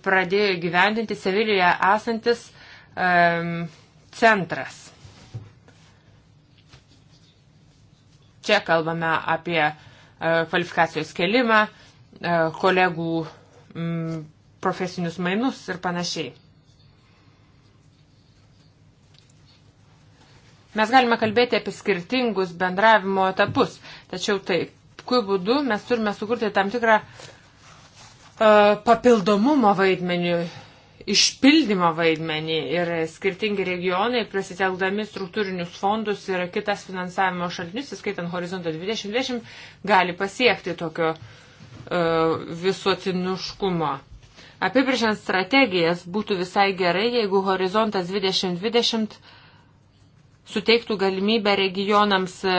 pradėjo gyvendinti Sevilijoje esantis um, centras. Čia kalbame apie e, kvalifikacijos kelimą, e, kolegų profesinius mainus ir panašiai. Mes galime kalbėti apie skirtingus bendravimo etapus, tačiau taip, kokiu būdu mes turime sukurti tam tikrą uh, papildomumo vaidmenį išpildymo vaidmenį ir skirtingi regionai prisitelkdami struktūrinius fondus ir kitas finansavimo šaltinius, įskaitant horizontą 2020, gali pasiekti tokio uh, visuotiniškumo. Apibriešant strategijas būtų visai gerai, jeigu horizontas 2020 suteiktų galimybę regionams e,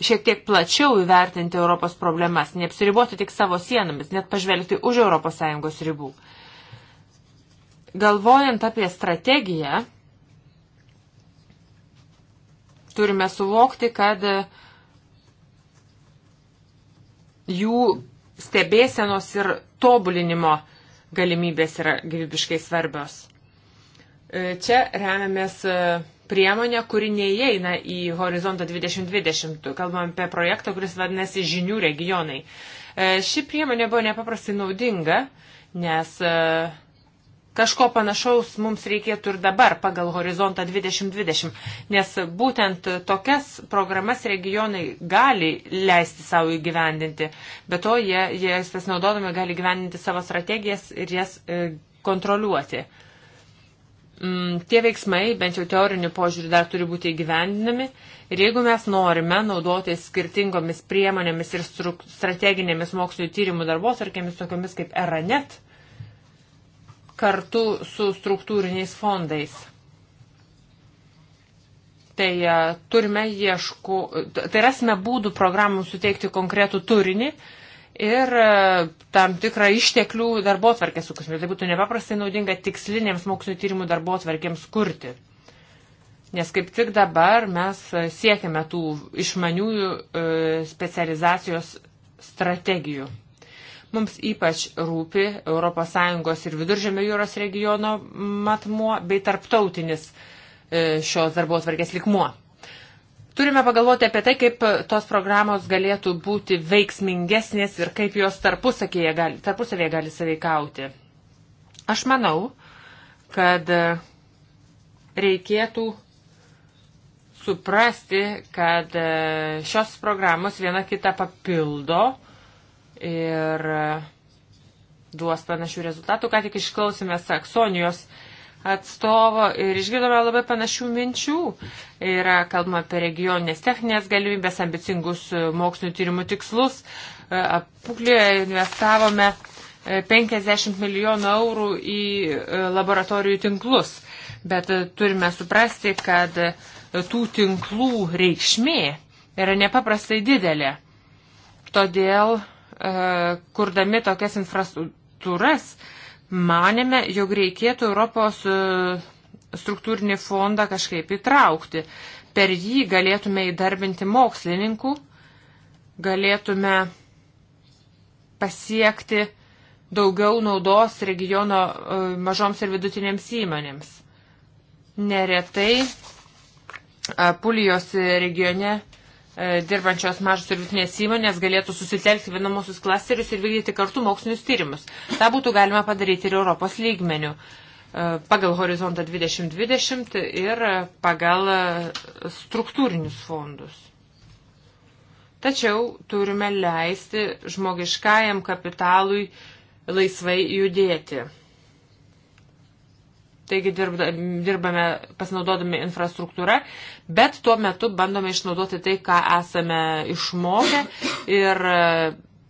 šiek tiek plačiau įvertinti Europos problemas, neapsiriboti tik savo sienomis, net pažvelgti už ES ribų. Uh, Galvojant apie strategiją, turime suvokti, kad e, jų stebėsenos ir tobulinimo galimybės yra gyvybiškai svarbios. E, čia remiamės e, priemonė, kuri neįeina į horizontą 2020. Kalbam apie projektą, kuris vadinasi žinių regionai. Ši priemonė buvo nepaprastai naudinga, nes Kažko panašaus mums reikėtų ir dabar pagal horizontą 2020, nes būtent tokias programas regionai gali leisti savo įgyvendinti, bet to jie, jie jas naudodami gali gyvendinti savo strategijas ir jas e, kontroliuoti. Mm, tie veiksmai, bent jau teoriniu požiūriu, dar turi būti įgyvendinami. Ir jeigu mes norime naudotis skirtingomis priemonėmis ir strateginėmis mokslinio tyrimų darbos, ar kėmis tokiomis kaip ERANET, kartu su struktūriniais fondais. Tai turime ieško, tai rasime būdų programų suteikti konkretų turinį ir e, tam tikrą išteklių darbo atvarkę sukusime. Tai būtų nepaprastai naudinga tikslinėms mokslinio tyrimų darbo atvarkėms kurti. Nes kaip tik dabar mes e, siekiame tų išmaniųjų e, specializacijos strategijų. Mums ypač rūpi ES ir Viduržėmio jūros regiono matmuo bei tarptautinis e, šios darbos vargės likmuo. Turime pagalvoti apie tai, kaip tos programos galėtų būti veiksmingesnės ir kaip jos tarpusavėje gali, tarpusavėje gali saveikauti. Aš manau, kad reikėtų suprasti, kad e, šios programos viena kitą papildo ir duos panašių rezultatų. Ką tik išklausėme Saksonijos atstovo ir išgirdome labai panašių minčių. Yra kalbama apie regioninės techninės galimybės, ambicingus mokslinio tyrimų tikslus. E, Apuklėje investavome 50 e, milijonų eurų į e, laboratorijų tinklus, bet turime suprasti, kad tų tinklų reikšmė yra nepaprastai didelė. Todėl E, kurdami tokias infrastruktūras, manėme, jog reikėtų Europos e, struktūrinį fondą kažkaip įtraukti. Per jį galėtume įdarbinti mokslininkų, galėtume pasiekti daugiau naudos regiono e, mažoms ir vidutinėms įmonėms. Neretai Pulijos regione E, dirbančios mažos ir vidutinės įmonės galėtų susitelkti vienamosius klasterius ir vykdyti kartu mokslinius tyrimus. Ta būtų galima padaryti ir Europos lygmenių e, pagal horizontą 2020 ir pagal e, struktūrinius fondus. Tačiau turime leisti žmogiškajam kapitalui laisvai judėti. Taigi dirbda, dirbame pasinaudodami infrastruktūrą, bet tuo metu bandome išnaudoti tai, ką esame išmokę ir e,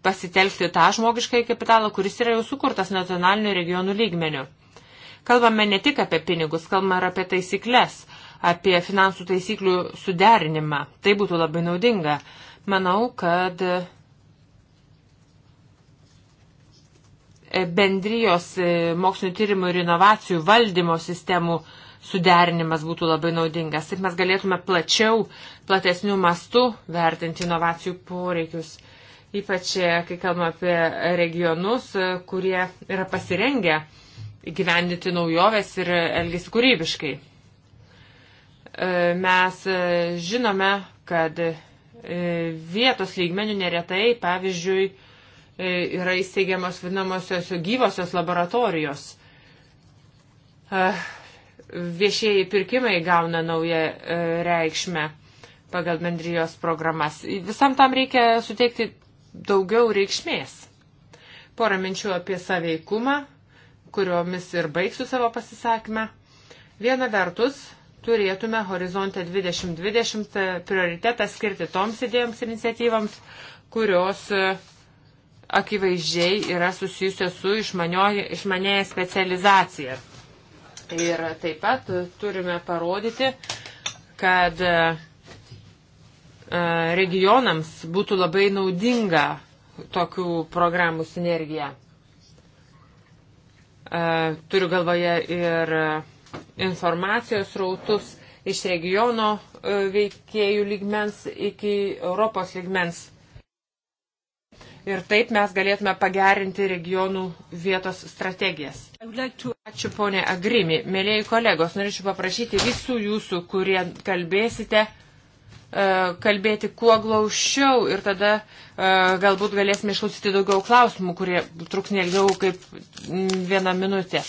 pasitelkti tą žmogišką kapitalą, kuris yra jau sukurtas nacionalinių regionų lygmenių. Kalbame ne tik apie pinigus, kalbame ir apie taisyklės, apie finansų taisyklių suderinimą. Tai būtų labai naudinga. Manau, kad E, bendrijos e, mokslinio tyrimų ir inovacijų valdymo sistemų suderinimas būtų labai naudingas. Taip mes galėtume plačiau, platesnių mastų vertinti inovacijų poreikius, ypač e, kai kalbame apie regionus, kurie yra pasirengę įgyvendinti naujoves ir elgesi kūrybiškai. Mes žinome, kad vietos lygmenių neretai, pavyzdžiui, E, yra įsteigiamos vadinamosios gyvosios laboratorijos. E, viešieji pirkimai gauna naują e, reikšmę pagal bendrijos programas. Visam tam reikia suteikti daugiau reikšmės. Porą minčių apie saveikumą, kuriomis ir baigsiu savo pasisakymą. Viena vertus, turėtume horizonte 2020 prioritetą skirti toms idėjoms ir iniciatyvams, kurios uh, akivaizdžiai yra susijusios su išmanėje specializacija. Ir taip pat turime parodyti, kad e, e, regionams būtų labai naudinga tokių programų sinergija. E, turiu galvoje ir informacijos rautus iš regiono veikėjų lygmens iki Europos lygmens ir taip mes galėtume pagerinti regionų vietos strategijas. Ačiū ponė Agrimi. Mėlėjai kolegos, norėčiau paprašyti visų jūsų, kurie kalbėsite, e, kalbėti kuo glaušiau ir tada e, galbūt galėsime išklausyti daugiau klausimų, kurie truks nelgiau kaip mm, vieną minutę.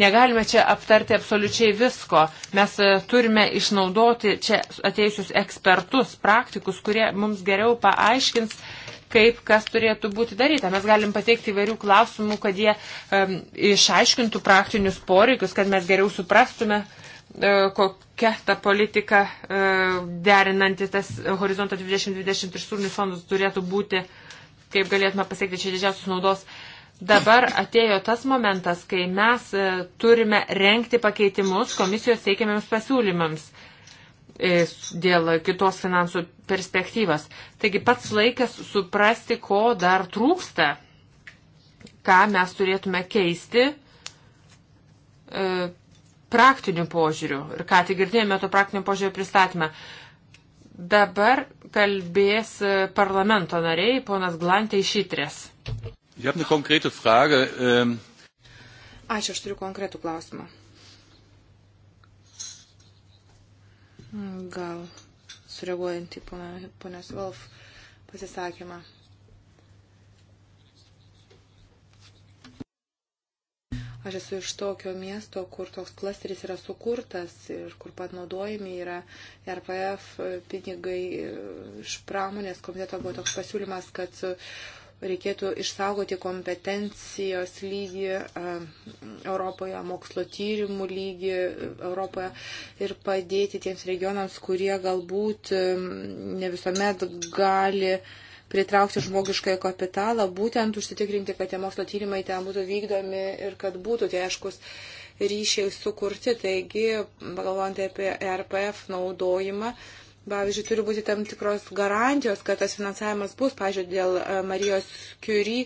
Negalime čia aptarti absoliučiai visko. Mes e, turime išnaudoti čia atėjusius ekspertus, praktikus, kurie mums geriau paaiškins, kaip kas turėtų būti daryta. Mes galim pateikti įvairių klausimų, kad jie um, išaiškintų praktinius poreikius, kad mes geriau suprastume, e, kokia ta politika e, derinanti tas horizontą 2020 ir struktūrinius fondus turėtų būti, kaip galėtume pasiekti čia didžiausios naudos. Dabar atėjo tas momentas, kai mes e, turime renkti pakeitimus komisijos teikiamiams pasiūlymams dėl kitos finansų perspektyvos. Taigi pats laikas suprasti, ko dar trūksta, ką mes turėtume keisti e, praktiniu požiūriu. Ir ką tik girdėjome to praktinio požiūrio pristatymą. Dabar kalbės e, parlamento nariai, ponas Glantė iš Itrės. Ähm, Ačiū, aš turiu konkretų klausimą. Gal sureaguojant į ponios Wolf pasisakymą. Aš esu iš tokio miesto, kur toks klasteris yra sukurtas ir kur pat naudojami yra RPF pinigai iš pramonės komiteto buvo toks pasiūlymas, kad reikėtų išsaugoti kompetencijos lygį Europoje, mokslo tyrimų lygį Europoje ir padėti tiems regionams, kurie galbūt ne visuomet gali pritraukti žmogiškąją kapitalą, būtent užsitikrinti, kad tie mokslo tyrimai ten būtų vykdomi ir kad būtų tie aiškus ryšiai sukurti. Taigi, galvojant apie e RPF naudojimą, uh, Pavyzdžiui, turi būti tam tikros garantijos, kad tas finansavimas bus, pavyzdžiui, dėl e, Marijos Curie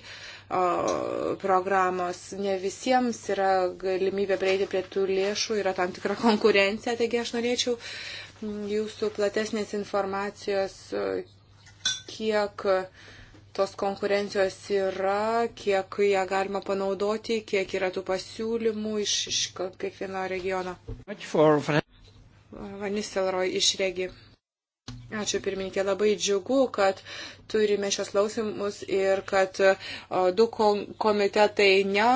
programos. Ne visiems yra galimybė prieiti prie tų lėšų, yra tam tikra konkurencija, taigi aš norėčiau jūsų platesnės informacijos, e, kiek e, tos konkurencijos yra, kiek ją galima panaudoti, kiek yra tų pasiūlymų iš, iš kiekvieno regiono. Vanis Elroj iš regi. Ačiū pirmininkė, labai džiugu, kad turime šios lausimus ir kad du komitetai ne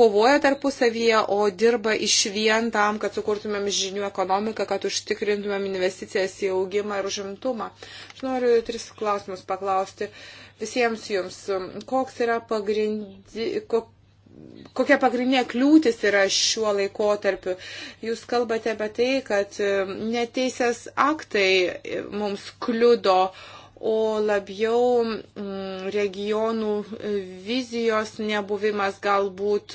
kovoja tarpusavyje, o dirba iš vien tam, kad sukurtumėm žinių ekonomiką, kad užtikrintumėm investicijas į augimą ir užimtumą. Aš noriu tris klausimus paklausti visiems jums. Koks yra pagrindi, kok, kokia pagrindinė kliūtis yra šiuo laikotarpiu. Jūs kalbate apie tai, kad e, neteisės aktai e, mums kliudo, o labiau mm, regionų e, vizijos nebuvimas, galbūt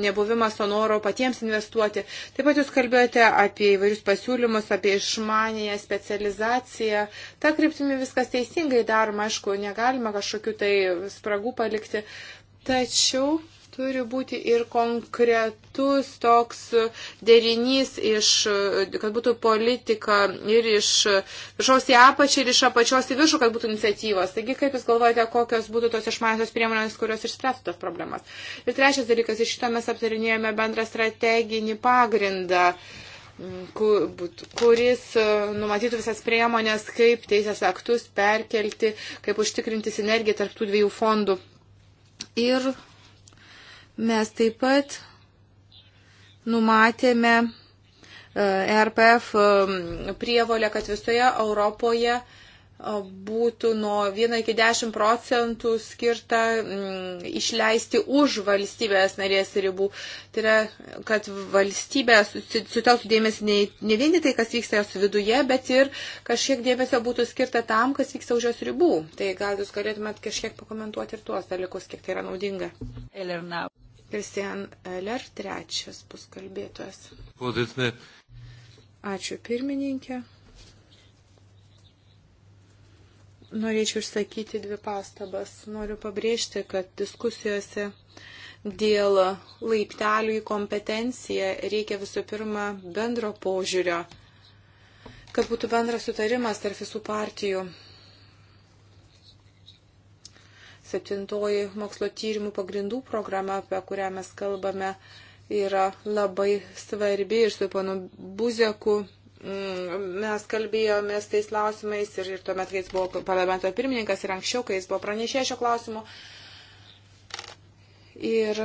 nebuvimas to noro patiems investuoti. Taip pat jūs kalbėjote apie įvairius pasiūlymus, apie išmanėją specializaciją. Ta kryptimi viskas teisingai daroma, aišku, negalima kažkokių tai spragų palikti. Tačiau turi būti ir konkretus toks derinys, iš, kad būtų politika ir iš viršaus į apačią, ir iš apačios į viršų, kad būtų iniciatyvos. Taigi, kaip Jūs galvojate, kokios būtų tos išmaniosios priemonės, kurios išspręstų tos problemas. Ir trečias dalykas, iš šito mes aptarinėjome bendrą strateginį pagrindą kuris e, numatytų visas priemonės, kaip teisės aktus perkelti, kaip užtikrinti sinergiją tarptų dviejų fondų. Ir Mes taip pat numatėme e, e RPF e, prievolę, kad visoje Europoje būtų nuo 1 iki 10 procentų skirta mm, išleisti už valstybės narės ribų. Tai yra, kad valstybė sutelktų dėmesį ne, ne vien tai, kas vyksta jos viduje, bet ir kažkiek dėmesio būtų skirta tam, kas vyksta už jos ribų. Tai gal jūs galėtumėt kažkiek pakomentuoti ir tuos dalykus, kiek tai yra naudinga. Kristian Eller, trečias bus kalbėtojas. Ačiū pirmininkė. Norėčiau išsakyti dvi pastabas. Noriu pabrėžti, kad diskusijose dėl laiptelių į kompetenciją reikia visų pirma bendro požiūrio, kad būtų bendras sutarimas tarp visų partijų. Septintoji mokslo tyrimų pagrindų programa, apie kurią mes kalbame, yra labai svarbi ir su panu Buzeku. Mm, mes kalbėjomės tais klausimais ir, ir tuomet, kai jis buvo parlamento pirmininkas ir anksčiau, kai jis buvo pranešė šio klausimu. Ir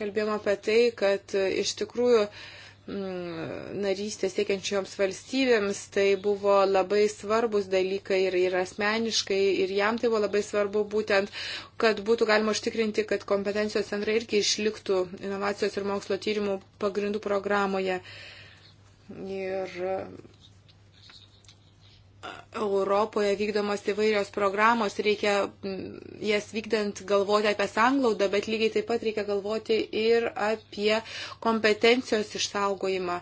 kalbėjom apie tai, kad iš tikrųjų uh, Mm, narystės siekiančioms valstybėms, tai buvo labai svarbus dalykai ir, ir asmeniškai, ir jam tai buvo labai svarbu būtent, kad būtų galima užtikrinti, kad kompetencijos centrai irgi išliktų inovacijos ir mokslo tyrimų pagrindų programoje. Ir Europoje vykdomos įvairios programos, reikia jas vykdant galvoti apie sanglaudą, bet lygiai taip pat reikia galvoti ir apie kompetencijos išsaugojimą,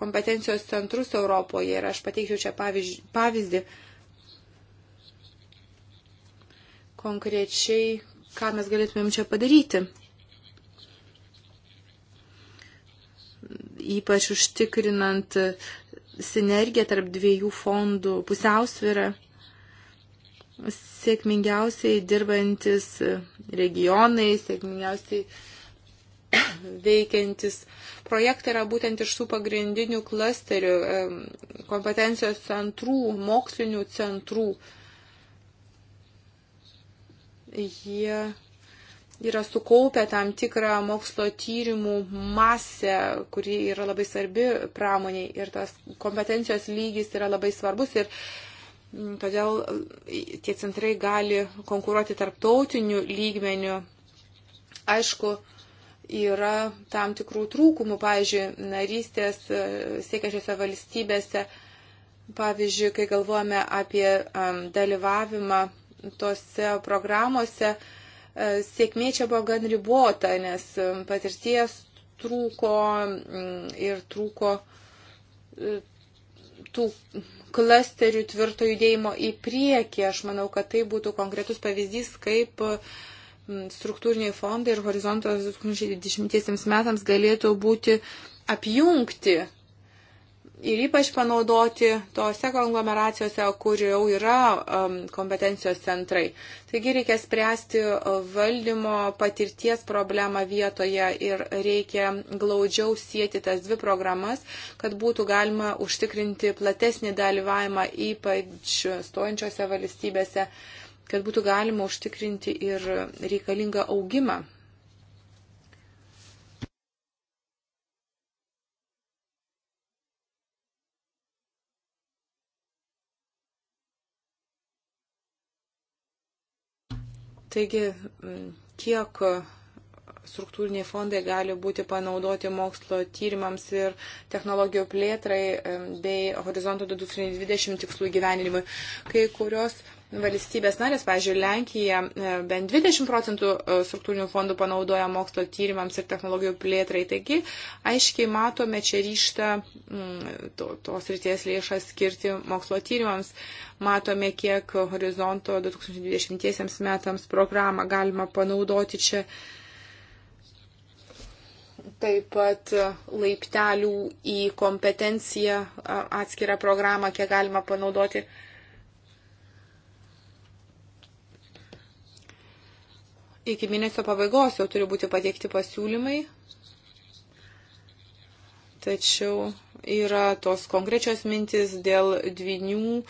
kompetencijos centrus Europoje. Ir aš pateikčiau čia pavyzdį konkrečiai, ką mes galėtumėm čia padaryti. Ypač užtikrinant sinergija tarp dviejų fondų, pusiausvyrą. Sėkmingiausiai dirbantis regionai, sėkmingiausiai veikiantis projektai yra būtent iš tų pagrindinių klasterių, kompetencijos centrų, mokslinių centrų. Jie yra sukaupę tam tikrą mokslo tyrimų masę, kuri yra labai svarbi pramoniai ir tas kompetencijos lygis yra labai svarbus ir mm, todėl tie centrai gali konkuruoti tarptautiniu lygmeniu. Aišku, yra tam tikrų trūkumų, pavyzdžiui, narystės e, siekiančiose valstybėse, pavyzdžiui, kai galvojame apie dalyvavimą tose programuose, sėkmė čia buvo gan ribota, nes um, patirties trūko mm, ir trūko e, tų klasterių tvirto judėjimo į priekį. Aš manau, kad tai būtų konkretus pavyzdys, kaip mm, struktūriniai fondai ir horizontas 2020 metams galėtų būti apjungti ir ypač panaudoti tose konglomeracijose, kur jau yra um, kompetencijos centrai. Taigi reikia spręsti uh, valdymo patirties problemą vietoje ir reikia glaudžiau sieti tas dvi programas, kad būtų galima užtikrinti platesnį dalyvavimą ypač stojančiose valstybėse, kad būtų galima užtikrinti ir reikalingą augimą Taigi, kiek struktūriniai fondai gali būti panaudoti mokslo tyrimams ir technologijų plėtrai bei horizonto 2020 tikslų gyveninimui. Kai kurios valstybės narės, pavyzdžiui, Lenkija e, bent 20 procentų e, struktūrinių fondų panaudoja mokslo tyrimams ir technologijų plėtrai. Taigi, aiškiai matome čia ryštą mm, to, tos ryties lėšas skirti mokslo tyrimams. Matome, kiek horizonto 2020 metams programą galima panaudoti čia. Taip pat e, laiptelių į kompetenciją atskirą programą, kiek galima panaudoti. Uh, iki mėnesio pabaigos jau turi būti pateikti pasiūlymai. Tačiau yra tos konkrečios mintis dėl dvinių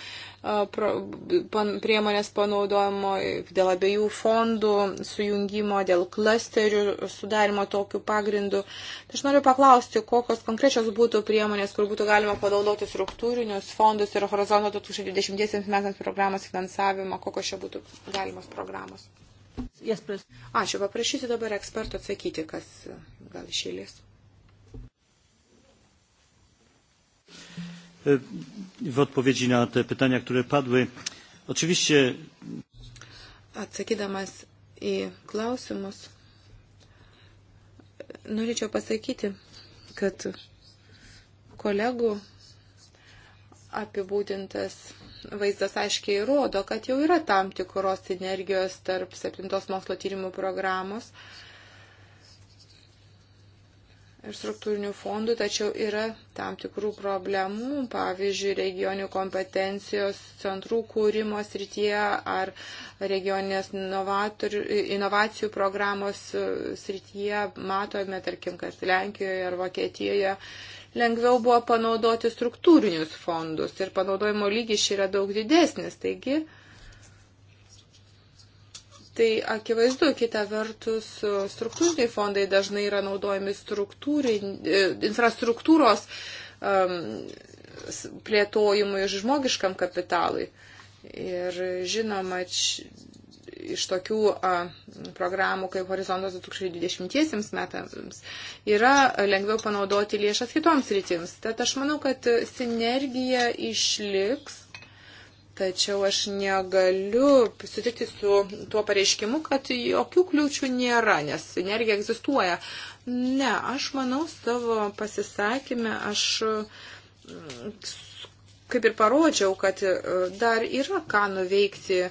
priemonės panaudojimo, dėl abiejų fondų sujungimo, dėl klasterių sudarimo tokiu pagrindu. Tai aš noriu paklausti, kokios konkrečios būtų priemonės, kur būtų galima panaudoti struktūrinius fondus ir horizonto 2020 metams programos finansavimą, kokios čia būtų galimos programos. Ačiū, paprašysiu dabar ekspertų atsakyti, kas gal išėlės. E, w odpowiedzi na te pytania, które padły, oczywiście. Atsakydamas į klausimus, norėčiau pasakyti, kad kolegų apibūdintas vaizdas aiškiai rodo, kad jau yra tam tikros sinergijos tarp septintos mokslo tyrimų programos uh, ir struktūrinių fondų, tačiau yra tam tikrų problemų, pavyzdžiui, regionių kompetencijos centrų kūrimo srityje ar regioninės inovacijų programos e, srityje. Matome, tarkim, kad Lenkijoje ar Vokietijoje lengviau buvo panaudoti struktūrinius fondus ir panaudojimo lygis yra daug didesnis. Taigi, Tai akivaizdu, kita vertus, struktūriniai fondai dažnai yra naudojami e, infrastruktūros um, plėtojimui žmogiškam kapitalui. Ir žinoma, č, iš tokių a, programų kaip Horizontas 2020 metams yra lengviau panaudoti lėšas kitoms rytims. Tad aš manau, kad sinergija išliks Tačiau aš negaliu sutikti su tuo pareiškimu, kad jokių kliūčių nėra, nes energija egzistuoja. Ne, aš manau savo pasisakymę, aš mm, kaip ir parodžiau, kad e, dar yra ką nuveikti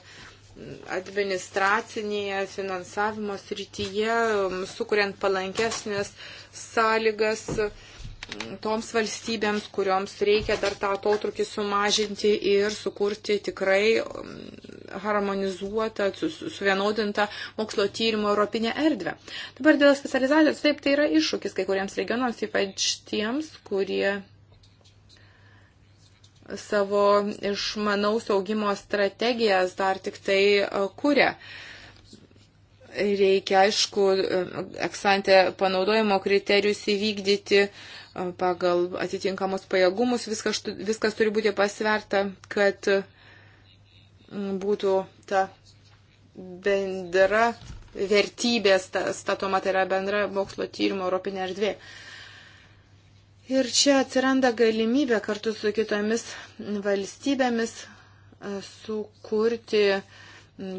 administracinėje finansavimo srityje, mm, sukuriant palankesnės sąlygas toms valstybėms, kurioms reikia dar tą atotrukį sumažinti ir sukurti tikrai um, harmonizuotą, suvienodintą mokslo tyrimo europinę erdvę. Dabar dėl specializacijos, taip, tai yra iššūkis kai kuriems regionams, ypač tiems, kurie savo išmanaus augimo strategijas dar tik tai uh, kūrė reikia, aišku, uh, eksantę panaudojimo kriterijus įvykdyti pagal atitinkamus pajėgumus, viskas, viskas turi būti pasverta, kad mm, būtų ta bendra vertybė statoma, tai yra bendra mokslo tyrimo europinė erdvė. Ir čia atsiranda galimybė kartu su kitomis valstybėmis e, sukurti uh,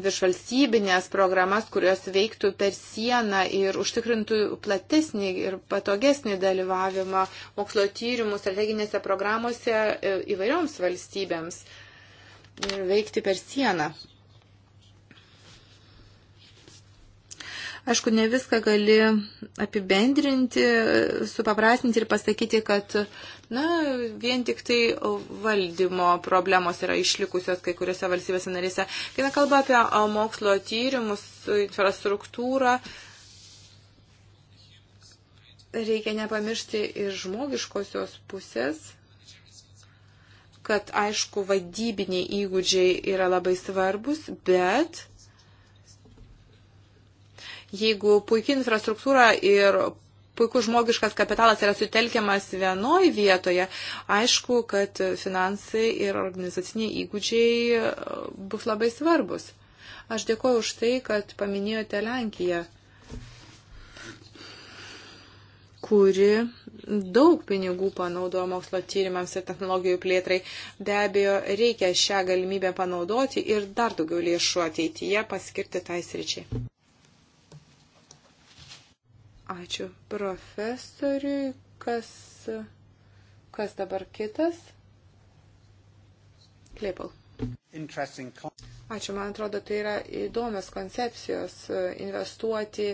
viršvalstybinės programas, kurios veiktų per sieną ir užtikrintų platesnį ir patogesnį dalyvavimą mokslo tyrimų strateginėse programuose e, įvairioms valstybėms ir veikti per sieną. Aišku, ne viską gali apibendrinti, supaprastinti ir pasakyti, kad na, vien tik tai valdymo problemos yra išlikusios kai kuriuose valstybėse narėse. Kai kalba apie mokslo tyrimus, infrastruktūrą, reikia nepamiršti ir žmogiškosios pusės kad aišku vadybiniai įgūdžiai yra labai svarbus, bet Jeigu puikia infrastruktūra ir puikus žmogiškas kapitalas yra sutelkiamas vienoje vietoje, aišku, kad finansai ir organizaciniai įgūdžiai e, bus labai svarbus. Aš dėkuoju už tai, kad paminėjote Lenkiją, kuri daug pinigų panaudojo mokslo tyrimams ir technologijų plėtrai. Be abejo, reikia šią galimybę panaudoti ir dar daugiau lėšų ateityje paskirti tai sričiai. Ačiū profesoriui. Kas, kas dabar kitas? Klėpal. Ačiū, man atrodo, tai yra įdomios koncepcijos e, investuoti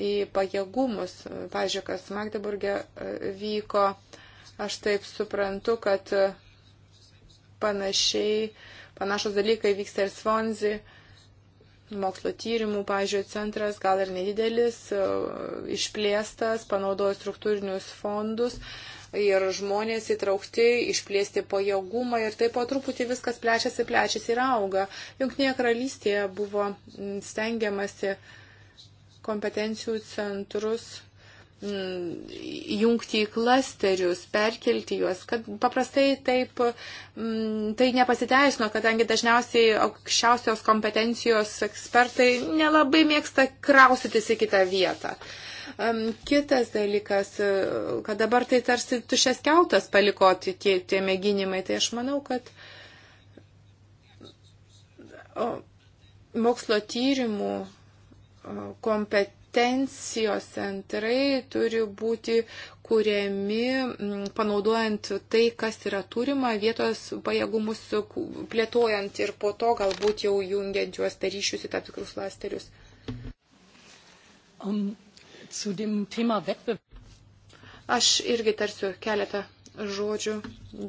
į pajėgumus. Pavyzdžiui, kas Magdeburgė e, vyko, aš taip suprantu, kad e, panašiai, panašus dalykai vyksta ir Svonzi. Uh, mokslo tyrimų, pažiūrėjau, centras gal ir nedidelis, e, išplėstas, panaudojo struktūrinius fondus ir žmonės įtraukti, išplėsti pajėgumą ir taip po truputį viskas plečiasi, plečiasi ir auga. Junktinėje karalystėje buvo stengiamasi kompetencijų centrus Mm, jungti į klasterius, perkelti juos, kad paprastai taip mm, tai nepasiteisino, kadangi dažniausiai aukščiausios kompetencijos ekspertai nelabai mėgsta kraustytis į kitą vietą. Kitas dalykas, kad dabar tai tarsi tušės keltas palikoti tie, tie mėginimai, tai aš manau, kad mokslo tyrimų kompetencijų kompetencijos centrai turi būti kuriami, mm, panaudojant tai, kas yra turima, vietos pajėgumus plėtojant ir po to galbūt jau jungiant juos per tai ryšius į tam tikrus klasterius. Um, Aš irgi tarsiu keletą žodžių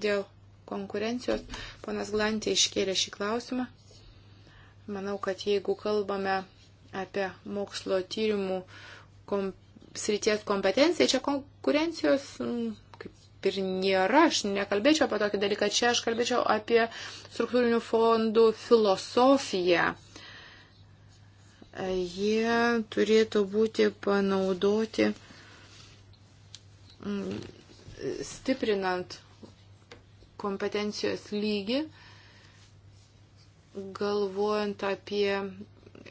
dėl konkurencijos. Ponas Glantė iškėlė šį klausimą. Manau, kad jeigu kalbame apie mokslo tyrimų kom, srities kompetenciją, čia konkurencijos mm, kaip ir nėra. Aš nekalbėčiau apie tokį dalyką, čia aš kalbėčiau apie struktūrinių fondų filosofiją. Jie turėtų būti panaudoti mm, stiprinant kompetencijos lygį, galvojant apie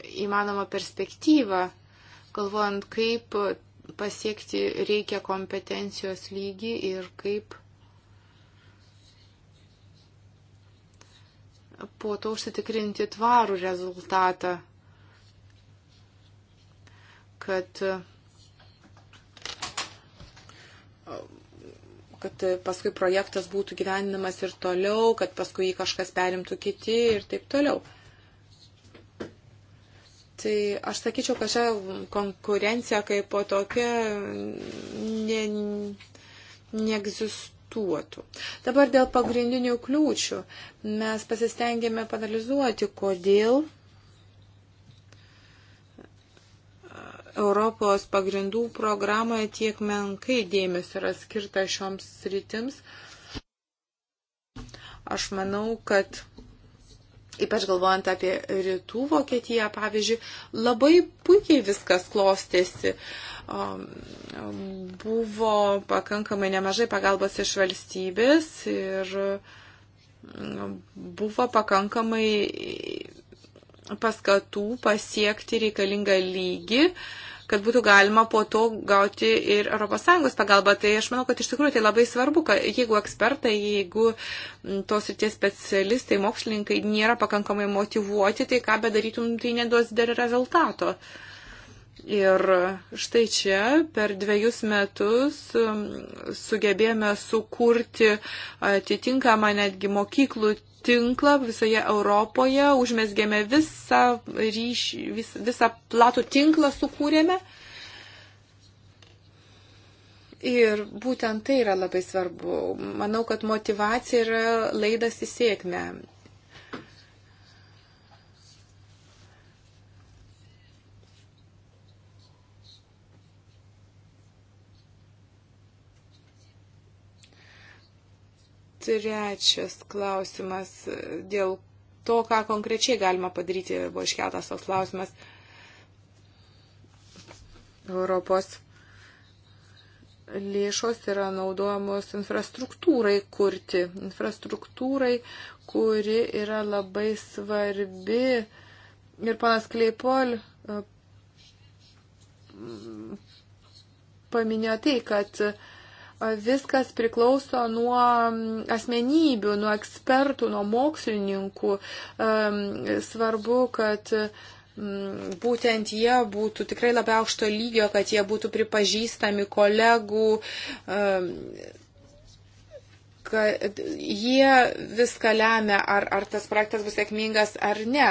įmanomą perspektyvą, galvojant, kaip pasiekti reikia kompetencijos lygį ir kaip po to užsitikrinti tvarų rezultatą, kad, kad paskui projektas būtų gyvenimas ir toliau, kad paskui jį kažkas perimtų kiti ir taip toliau. Tai aš sakyčiau, kad čia konkurencija kaip po tokia ne, neegzistuoja egzistuotų. Dabar dėl pagrindinių kliūčių mes pasistengėme panalizuoti, kodėl Europos pagrindų programoje tiek menkai dėmesio yra skirta šioms sritims. Aš manau, kad ypač galvojant apie rytų Vokietiją, pavyzdžiui, labai puikiai viskas klostėsi. Um, buvo pakankamai nemažai pagalbos iš valstybės ir um, buvo pakankamai paskatų pasiekti reikalingą lygį. Uh, kad būtų galima po to gauti ir ES pagalbą. Tai aš manau, kad iš tikrųjų tai labai svarbu, kad jeigu ekspertai, jeigu mm, tos ir tie specialistai, mokslininkai nėra pakankamai motivuoti, tai ką bedarytum, tai neduos dar rezultato. Ir štai čia per dviejus metus mm, sugebėjome sukurti atitinkamą netgi mokyklų tinklą visoje Europoje, užmesgėme visą ryšį, vis, visą platų tinklą sukūrėme. Ir būtent tai yra labai svarbu. Manau, kad motivacija yra laidas į sėkmę. Trečias klausimas dėl to, ką konkrečiai galima padaryti, buvo iškeltas toks klausimas. Europos lėšos yra naudojamos infrastruktūrai kurti, infrastruktūrai, kuri yra labai svarbi. Ir panas Kleipol e, paminėjo tai, kad viskas priklauso nuo asmenybių, nuo ekspertų, nuo mokslininkų. Svarbu, kad būtent jie būtų tikrai labai aukšto lygio, kad jie būtų pripažįstami kolegų kad jie viską lemia, ar, ar tas projektas bus sėkmingas ar ne.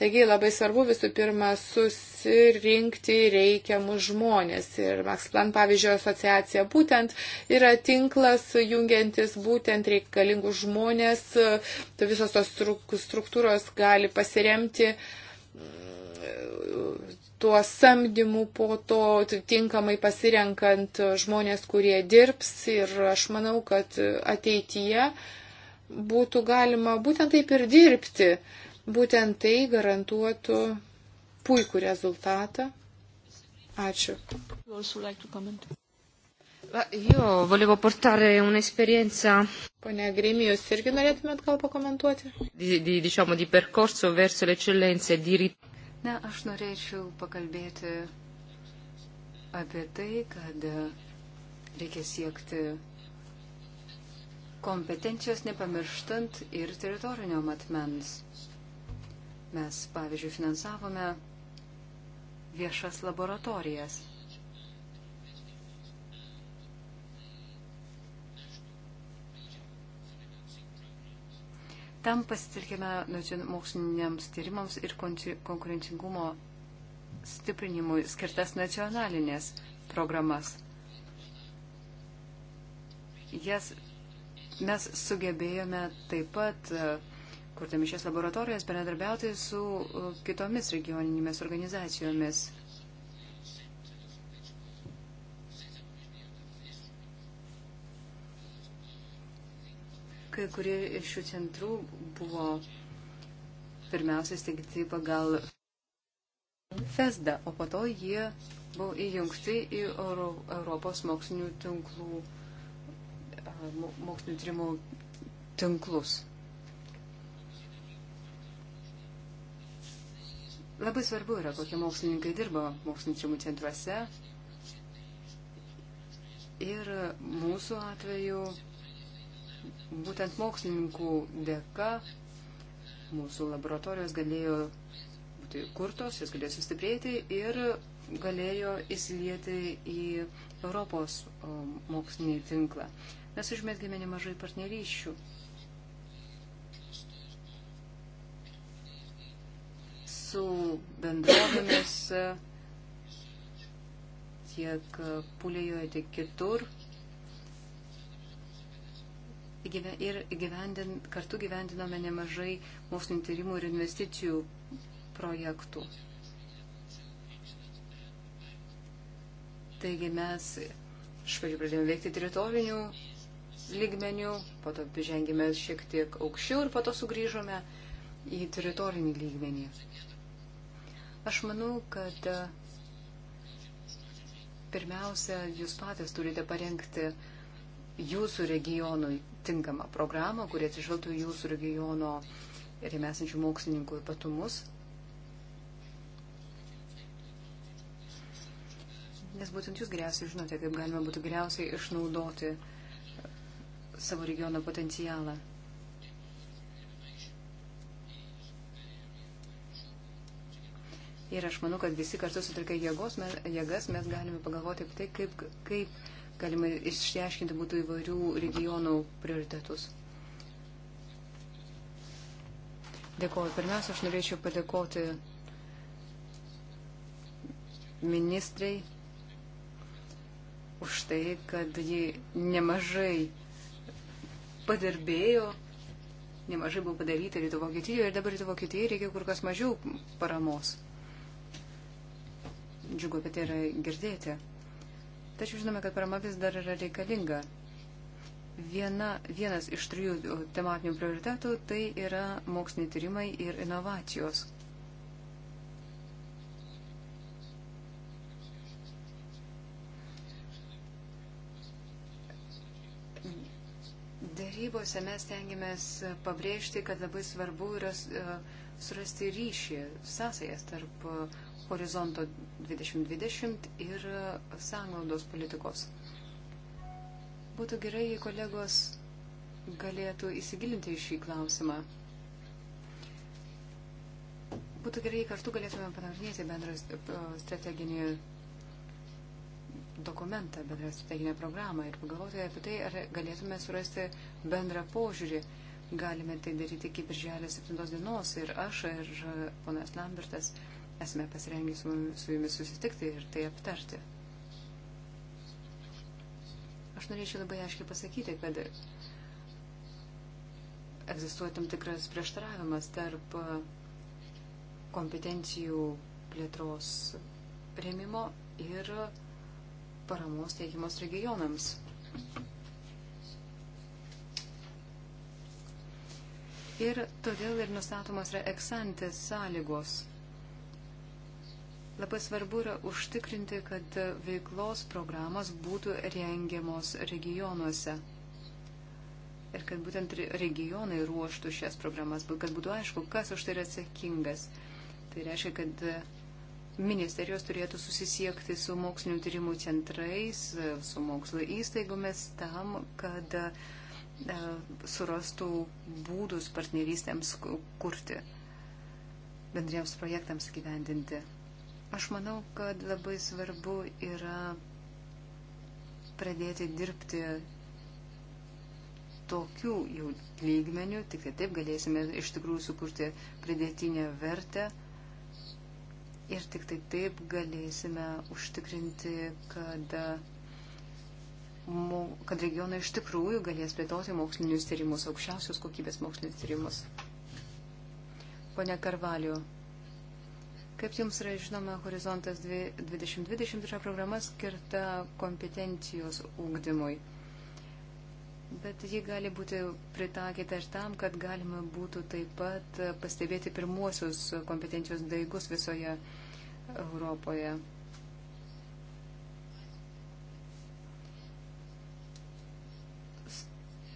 Taigi labai svarbu visų pirma susirinkti reikiamus žmonės. Ir Maxplan, pavyzdžiui, asociacija būtent yra tinklas jungiantis būtent reikalingus žmonės. Tai visos tos struktūros gali pasiremti tuo samdymu po to, tinkamai pasirenkant žmonės, kurie dirbs. Ir aš manau, kad ateityje būtų galima būtent taip ir dirbti. Būtent tai garantuotų puikų rezultatą. Ačiū. Jo, volevo portare un'esperienza. Pone Grimi, jūs irgi norėtumėt gal pakomentuoti? Di, di, diciamo, di percorso verso l'eccellenza e di ritorno Na, aš norėčiau pakalbėti apie tai, kad reikia siekti kompetencijos nepamirštant ir teritorinio matmens. Mes, pavyzdžiui, finansavome viešas laboratorijas Tam pasitelkime moksliniams tyrimams ir konkurencingumo stiprinimui skirtas nacionalinės programas. Jas mes sugebėjome taip pat, e, kurdami šias laboratorijas, bendradarbiauti su e, kitomis regioninėmis organizacijomis. Kai kurie iš šių centrų buvo pirmiausia steigti pagal FESDA, o po to jie buvo įjungti į Euro, Europos mokslinių tinklų, mokslinių tyrimų tinklus. Labai svarbu yra, kokie mokslininkai dirba mokslinio tyrimų centruose. Ir mūsų atveju būtent mokslininkų dėka mūsų laboratorijos galėjo būti kurtos, jis galėjo sustiprėti ir galėjo įsilieti į Europos mokslinį tinklą. Mes užmėgėme nemažai partnerysčių. Su bendrovėmis tiek Pulėjoje, tiek kitur ir gyvendin, kartu gyvendinome nemažai mokslinio tyrimų ir investicijų projektų. Taigi mes iš pradžių pradėjome veikti teritorinių lygmenių, po to žengėme šiek tiek aukščiau ir po to sugrįžome į teritorinį lygmenį. Aš manau, kad pirmiausia, jūs patys turite parengti jūsų regionui tinkamą programą, kurie atsižvelgtų jūsų regiono ir jame esančių mokslininkų ypatumus. Nes būtent jūs geriausiai žinote, kaip galima būtų geriausiai išnaudoti savo regiono potencialą. Ir aš manau, kad visi kartu sutelkę jėgas mes galime pagalvoti apie tai, kaip, kaip galima išsiaiškinti būtų įvairių regionų prioritetus. Dėkuoju. Pirmiausia, aš norėčiau padėkoti ministrai už tai, kad ji nemažai padirbėjo, nemažai buvo padaryta Rytų Vokietijoje ir dabar Rytų Vokietijai reikia kur kas mažiau paramos. Džiugu, kad tai yra girdėti. Tačiau žinome, kad parama vis dar yra reikalinga. Viena, vienas iš trijų tematinių prioritetų tai yra moksliniai tyrimai ir inovacijos. Dėrybose mes tengiamės pabrėžti, kad labai svarbu yra e, surasti ryšį, sąsajas tarp uh, horizonto 2020 ir sąnaudos politikos. Būtų gerai, jei kolegos galėtų įsigilinti į šį klausimą. Būtų gerai, jei kartu galėtume panagrinėti bendrą strateginį dokumentą, bendrą strateginę programą ir pagalvoti apie tai, ar galėtume surasti bendrą požiūrį. Galime tai daryti iki birželio 7 dienos ir aš, ir ponas Lambertas esame pasirengę su, su jumis susitikti ir tai aptarti. Aš norėčiau labai aiškiai pasakyti, kad egzistuoja tam tikras prieštaravimas tarp uh, kompetencijų plėtros rėmimo ir paramos teikimos regionams. Ir todėl ir nustatomas yra eksantis sąlygos Labai svarbu yra užtikrinti, kad veiklos programos būtų rengiamos regionuose. Ir kad būtent regionai ruoštų šias programas, kad būtų aišku, kas už tai yra atsakingas. Tai reiškia, kad ministerijos turėtų susisiekti su mokslinio tyrimų centrais, su mokslo įstaigomis tam, kad e, surastų būdus partnerystėms kurti, bendriems projektams gyvendinti. Aš manau, kad labai svarbu yra pradėti dirbti tokių jau lygmenių, tik tai taip galėsime iš tikrųjų sukurti pridėtinę vertę ir tik tai taip galėsime užtikrinti, kad, kad regionai iš tikrųjų galės plėtoti mokslinius tyrimus, aukščiausios kokybės mokslinius tyrimus. Pone Karvalio. Kaip jums yra žinoma, Horizontas 2020 yra programa skirta kompetencijos ūkdymui. Bet ji gali būti pritaikyta ir tam, kad galima būtų taip pat pastebėti pirmuosius kompetencijos daigus visoje Europoje.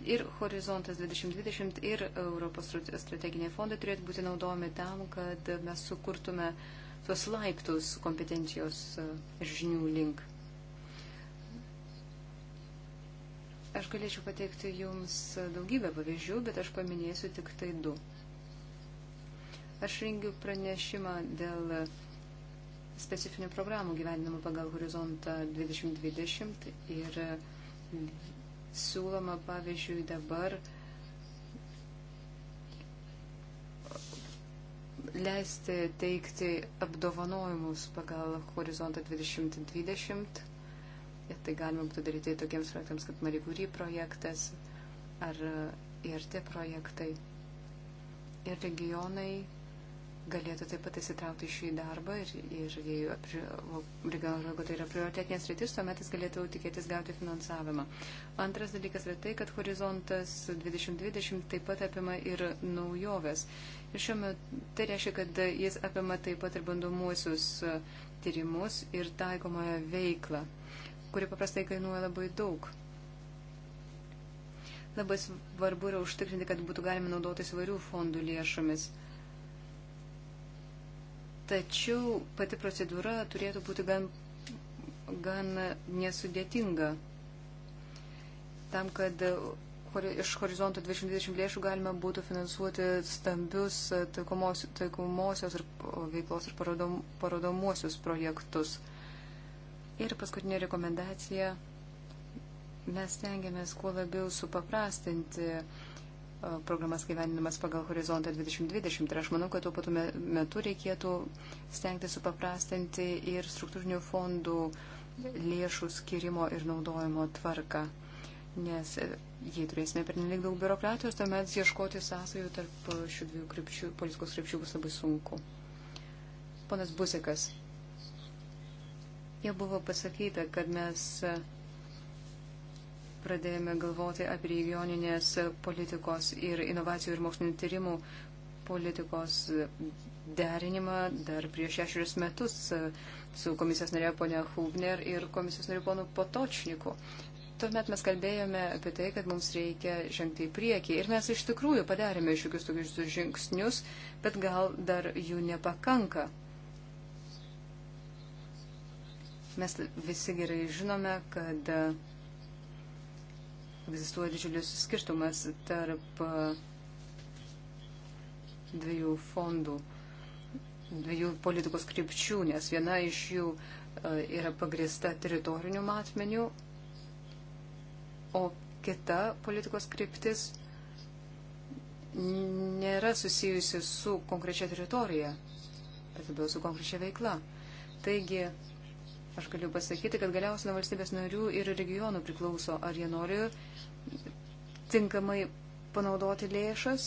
ir Horizontas 2020 ir Europos strateginiai fondai turėtų būti naudojami tam, kad mes sukurtume tuos laiptus kompetencijos e, žinių link. Aš galėčiau pateikti Jums daugybę pavyzdžių, bet aš paminėsiu tik tai du. Aš rengiu pranešimą dėl specifinių programų gyvenimų pagal horizontą 2020 ir siūloma, pavyzdžiui, dabar leisti teikti apdovanojimus pagal Horizontą 2020. Ir tai galima būtų daryti tokiems projektams kaip Marigūry projektas ar IRT e projektai. Ir regionai galėtų taip pat įsitraukti į šį darbą ir, ir jei tai yra prioritetinės rytis, tuomet jis galėtų tikėtis gauti finansavimą. Antras dalykas yra tai, kad horizontas 2020 taip pat apima ir naujoves. Ir šiuo metu tai reiškia, kad jis apima taip pat ir bandomuosius e, tyrimus ir taikomąją veiklą, kuri paprastai kainuoja labai daug labai svarbu yra užtikrinti, kad būtų galima naudotis įvairių fondų lėšomis. Tačiau pati procedūra turėtų būti gan, gan nesudėtinga tam, kad iš horizonto 2020 lėšų galima būtų finansuoti stambius taikomos, taikomosios ir veiklos ir parodom, parodomuosius projektus. Ir paskutinė rekomendacija. Mes tengiamės kuo labiau supaprastinti uh, E, programas gyvenimas pagal horizontą 2020. Ir tai aš manau, kad tuo pat metu reikėtų stengti supaprastinti ir struktūrinių fondų lėšų skirimo ir naudojimo tvarką. Nes e, jei turėsime pernelik daug biurokratijos, tuomet ieškoti sąsajų tarp šių dviejų krypčių, politikos krypčių bus labai sunku. Ponas Buzikas. Jau buvo pasakyta, kad mes pradėjome galvoti apie regioninės politikos ir inovacijų ir mokslinio tyrimų politikos derinimą dar prieš šešerius metus su komisijos narė ponia Hubner ir komisijos narė ponu Potočniku. Tuomet mes kalbėjome apie tai, kad mums reikia žengti į priekį. Ir mes iš tikrųjų padarėme šiokius tokius žingsnius, bet gal dar jų nepakanka. Mes visi gerai žinome, kad egzistuoja didžiulis skirtumas tarp e, dviejų fondų, dviejų politikos krypčių, nes viena iš jų e, yra pagrista teritoriniu matmeniu, o kita politikos kryptis nėra susijusi su konkrečia teritorija, bet labiau su konkrečia veikla. Taigi, Aš galiu pasakyti, kad galiausiai nuo valstybės narių ir regionų priklauso, ar jie nori tinkamai panaudoti lėšas,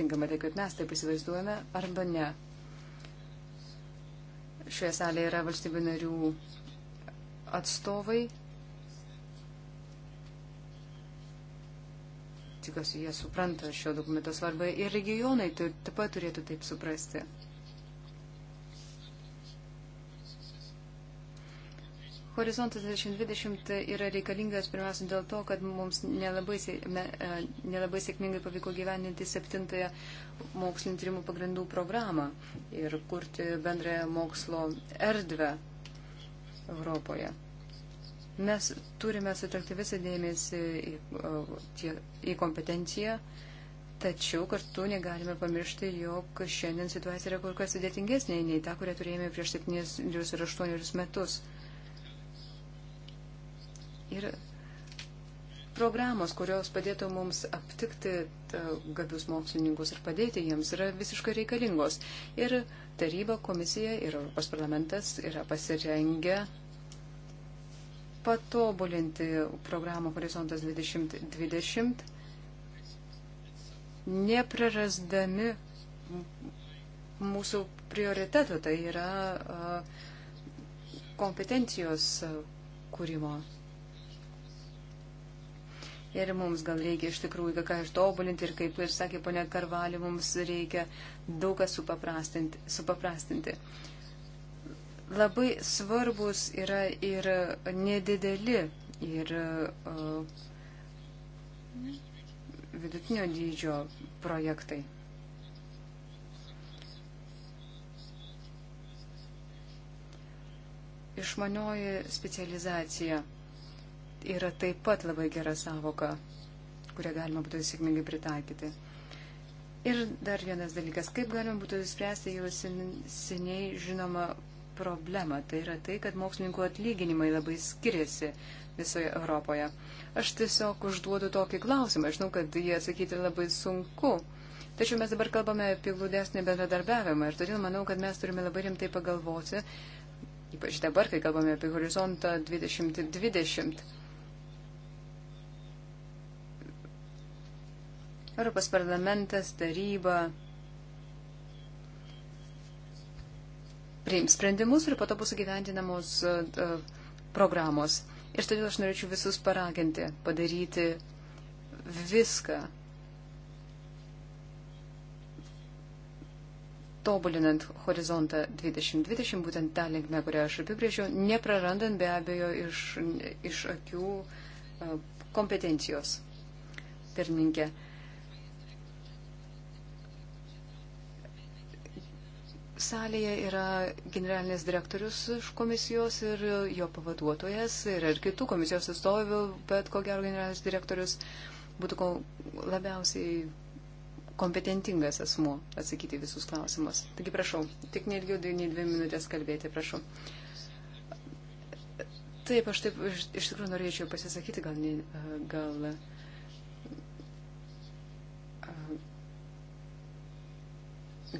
tinkamai tai, kaip mes taip įsivaizduojame, arba ne. Šioje salėje yra valstybių narių atstovai. Tikiuosi, jie supranta šio dokumento svarbą ir regionai taip pat turėtų taip suprasti. Horizontas 2020 yra reikalingas pirmiausia dėl to, kad mums nelabai, e, nelabai sėkmingai pavyko gyveninti septintąją mokslinį tyrimų pagrindų programą ir kurti bendrąją mokslo erdvę Europoje. Mes turime sutelkti visą dėmesį į, į, į kompetenciją, tačiau kartu negalime pamiršti, jog šiandien situacija yra kur kas sudėtingesnė nei ta, kurią turėjome prieš 7 ir 8 metus ir programos, kurios padėtų mums aptikti e, gabius mokslininkus ir padėti jiems, yra visiškai reikalingos. Ir taryba, komisija ir Europos parlamentas yra pasirengę patobulinti programą Horizontas 2020, neprarasdami mūsų prioritetų, tai yra e, kompetencijos e, kūrimo ir mums gal reikia iš tikrųjų ką ištobulinti ir kaip ir sakė ponia Karvalė, mums reikia daug ką supaprastinti. supaprastinti. Labai svarbus yra ir nedideli ir uh, vidutinio dydžio projektai. Išmanioji specializacija yra taip pat labai gera savoka, kurią galima būtų sėkmingai pritaikyti. Ir dar vienas dalykas, kaip galima būtų spręsti jau seniai žinoma problemą, tai yra tai, kad mokslininkų atlyginimai labai skiriasi visoje Europoje. Aš tiesiog užduodu tokį klausimą, aš žinau, kad jį atsakyti labai sunku. Tačiau mes dabar kalbame apie glūdesnį bendradarbiavimą ir todėl manau, kad mes turime labai rimtai pagalvoti, ypač dabar, kai kalbame apie horizontą 2020, Europos parlamentas, taryba priims sprendimus ir po to bus gyventinamos e, e, programos. Ir todėl aš norėčiau visus paraginti padaryti viską, tobulinant horizontą 2020, būtent tą linkmę, kurią aš apibrėžiau, neprarandant be abejo iš, iš akių e, kompetencijos. Pirmininkė, Salėje yra generalinis direktorius iš komisijos ir jo pavaduotojas ir, ir kitų komisijos atstovių, bet ko gero generalinis direktorius būtų labiausiai kompetentingas asmuo atsakyti visus klausimus. Taigi prašau, tik neilgiau nei dvi minutės kalbėti, prašau. Taip, aš taip iš, iš tikrųjų norėčiau pasisakyti, gal, gal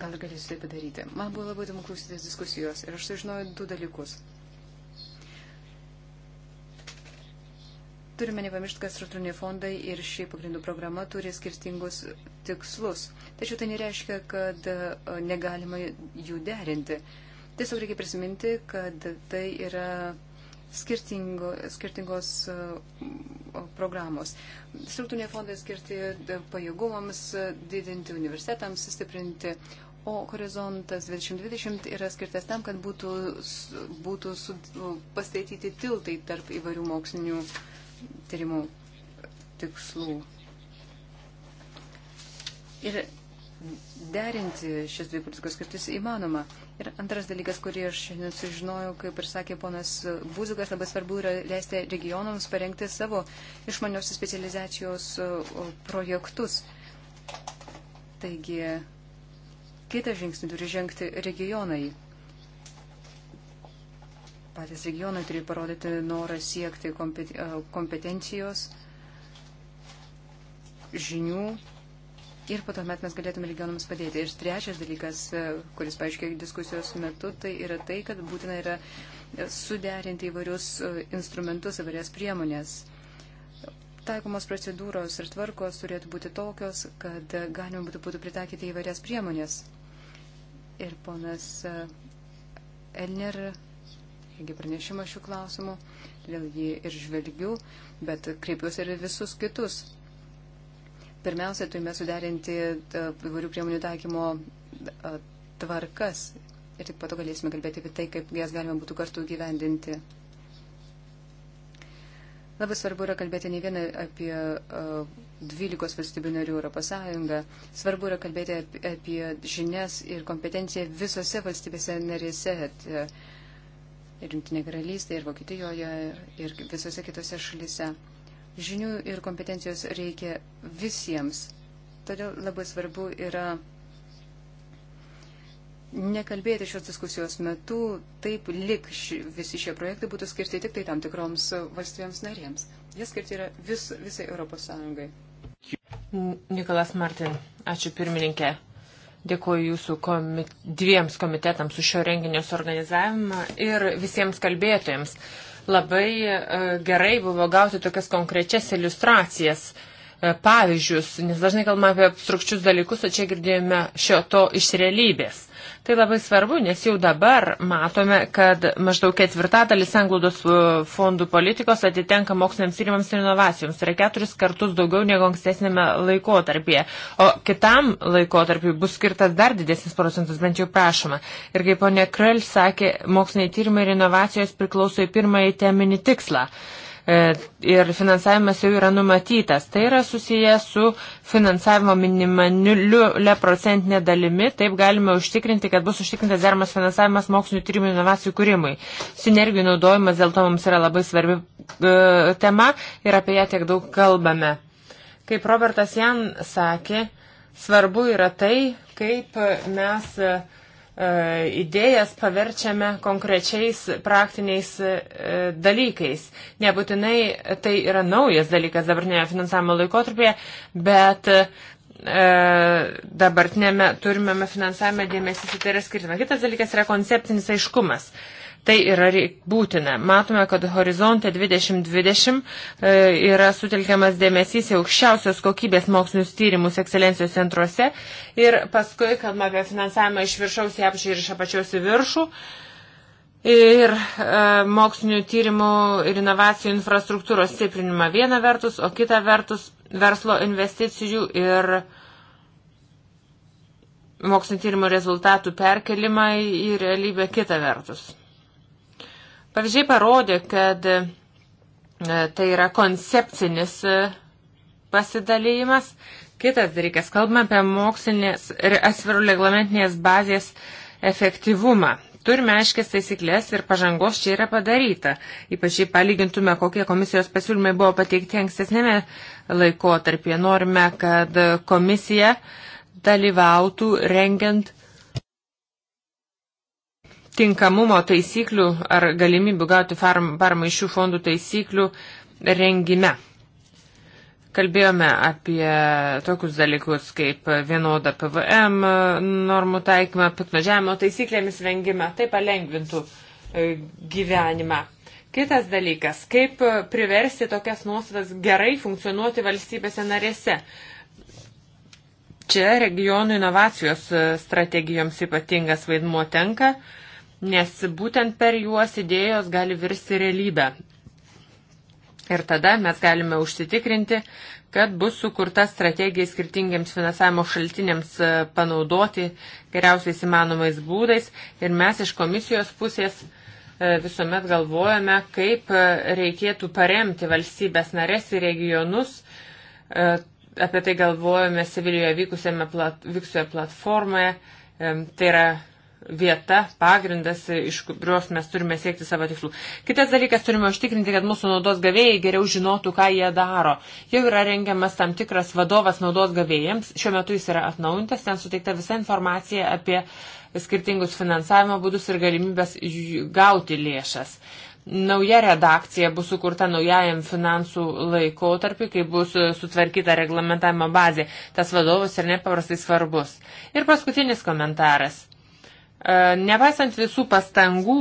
Gal ir galėsiu tai padaryti. Man buvo labai įdomu klausytis diskusijos ir aš sužinojau du dalykus. Turime nepamiršti, kad struktūriniai fondai ir ši pagrindų programa turi skirtingus tikslus. Tačiau tai nereiškia, kad e, negalima jų derinti. Tiesiog reikia prisiminti, kad tai yra skirtingo, skirtingos e, programos. Struktūriniai fondai skirti e, pajėgumams, e, didinti universitetams, stiprinti, o horizontas 2020 yra skirtas tam, kad būtų, būtų su, pastatyti tiltai tarp įvairių mokslinių tyrimų tikslų. Ir derinti šias dvi politikos skirtis įmanoma. Ir antras dalykas, kurį aš šiandien sužinojau, kaip ir sakė ponas Buzikas, labai svarbu yra leisti regionams parengti savo išmanios specializacijos projektus. Taigi, kitą žingsnį turi žengti regionai. Patys regionai turi parodyti norą siekti kompetencijos, žinių Ir po to met mes galėtume regionams padėti. Ir trečias dalykas, e, kuris paaiškėjo diskusijos metu, tai yra tai, kad būtina yra suderinti įvairius e, instrumentus, įvairias priemonės. Taikomos procedūros ir tvarkos turėtų būti tokios, kad galima būtų, būtų pritaikyti įvairias priemonės. Ir ponas e, Elner, irgi pranešimą šių klausimų, dėl jį ir žvelgiu, bet kreipiuosi ir visus kitus pirmiausia, turime suderinti e, įvairių priemonių taikymo e, tvarkas ir tik pato galėsime kalbėti apie tai, kaip jas galima būtų kartu gyvendinti. Labai svarbu yra kalbėti ne vieną apie uh, e, 12 valstybių narių Europos Sąjungą. Svarbu yra kalbėti apie, apie žinias ir kompetenciją visose valstybėse narėse. Ir Junktinė karalystė, ir Vokietijoje, ir visose kitose šalise. Žinių ir kompetencijos reikia visiems. Todėl labai svarbu yra nekalbėti šios diskusijos metu, taip lik ši, visi šie projektai būtų skirti tik tai tam tikroms valstybėms narėms. Jie skirti yra vis, visai Europos Sąjungai. Nikolas Martin, ačiū pirmininkė. Dėkuoju jūsų komit dviems komitetams už šio renginio suorganizavimą ir visiems kalbėtojams. Labai e, gerai buvo gauti tokias konkrečias iliustracijas, e, pavyzdžius, nes dažnai kalbame apie abstrakčius dalykus, o čia girdėjome šio to iš realybės. Tai labai svarbu, nes jau dabar matome, kad maždaug ketvirtadalis anglaudos e, fondų politikos atitenka moksliniams tyrimams ir inovacijoms. Tai yra keturis kartus daugiau negu ankstesnėme laikotarpyje. O kitam laikotarpiu bus skirtas dar didesnis procentas, bent jau prašoma. Ir kaip ponė Krell sakė, moksliniai tyrimai ir inovacijos priklauso į pirmąjį teminį tikslą. Uh, E, ir finansavimas jau yra numatytas. Tai yra susiję su finansavimo minimaliu procentinė dalimi, taip galime užtikrinti, kad bus užtikrintas dermas finansavimas mokslinio tyrimų inovacijų kūrimui. Sinergijų naudojimas dėl to mums yra labai svarbi e, tema ir apie ją tiek daug kalbame. Kaip Robertas Jan sakė, svarbu yra tai, kaip mes. E, E, idėjas paverčiame konkrečiais praktiniais e, dalykais. Nebūtinai tai yra naujas dalykas dabartinėje finansavimo laikotarpėje, bet e, dabartinėme turimame finansavime dėmesys į tai yra skirtima. Kitas dalykas yra konceptinis aiškumas. Tai yra būtina. Matome, kad horizonte 2020 e, yra sutelkiamas dėmesys į aukščiausios kokybės mokslinius tyrimus ekscelencijos centruose ir paskui, kalbame apie finansavimą iš viršaus į apšį ir iš apačios į viršų. Ir e, mokslinių tyrimų ir inovacijų infrastruktūros stiprinimą vieną vertus, o kitą vertus verslo investicijų ir mokslinio tyrimo rezultatų perkelimą į realybę kitą vertus. Pavyzdžiai parodė, kad e, tai yra koncepcinis e, pasidalymas. Kitas dalykas, kalbame apie mokslinės ir asvirų reglamentinės bazės efektyvumą. Turime aiškės taisyklės ir pažangos čia yra padaryta. Ypač jei palygintume, kokie komisijos pasiūlymai buvo pateikti ankstesnėme laikotarpyje. Norime, kad komisija dalyvautų rengiant tinkamumo taisyklių ar galimybių gauti paramą iš šių fondų taisyklių rengime. Kalbėjome apie tokius dalykus kaip vienodą PVM normų taikymą, piknaudžiavimo taisyklėmis rengimą, tai palengvintų e, gyvenimą. Kitas dalykas, kaip priversti tokias nuostatas gerai funkcionuoti valstybėse narėse. Čia regionų inovacijos e, strategijoms ypatingas vaidmuo tenka. Uh, nes būtent per juos idėjos gali virsti realybę. Ir tada mes galime užsitikrinti, kad bus sukurta strategija skirtingiams finansavimo šaltiniams e, panaudoti geriausiais įmanomais būdais. Ir mes iš komisijos pusės e, visuomet galvojame, kaip e, reikėtų paremti valstybės narės ir regionus. Apie tai galvojame Sevilijoje vykusioje plat, platformoje. Tai yra vieta, pagrindas, iš kurios mes turime siekti savo tikslų. Kitas dalykas, turime užtikrinti, kad mūsų naudos gavėjai geriau žinotų, ką jie daro. Jau yra rengiamas tam tikras vadovas naudos gavėjams, šiuo metu jis yra atnaujintas, ten suteikta visa informacija apie skirtingus finansavimo būdus ir galimybės gauti lėšas. Nauja redakcija bus sukurta naujajam finansų laikotarpiu, kai bus sutvarkyta reglamentavimo bazė. Tas vadovas ir nepaprastai svarbus. Ir paskutinis komentaras E, nepaisant visų pastangų,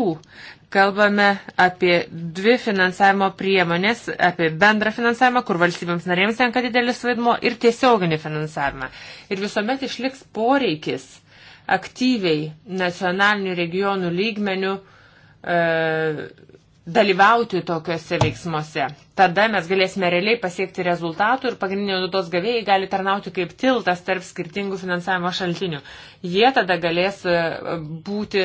kalbame apie dvi finansavimo priemonės, apie bendrą finansavimą, kur valstybėms narėms tenka didelis vaidmo ir tiesioginį finansavimą. Ir visuomet išliks poreikis aktyviai nacionalinių regionų lygmenių e, dalyvauti tokiuose veiksmuose. Tada mes galėsime realiai pasiekti rezultatų ir pagrindinio naudos gavėjai gali tarnauti kaip tiltas tarp skirtingų finansavimo šaltinių. Jie tada galės e, būti,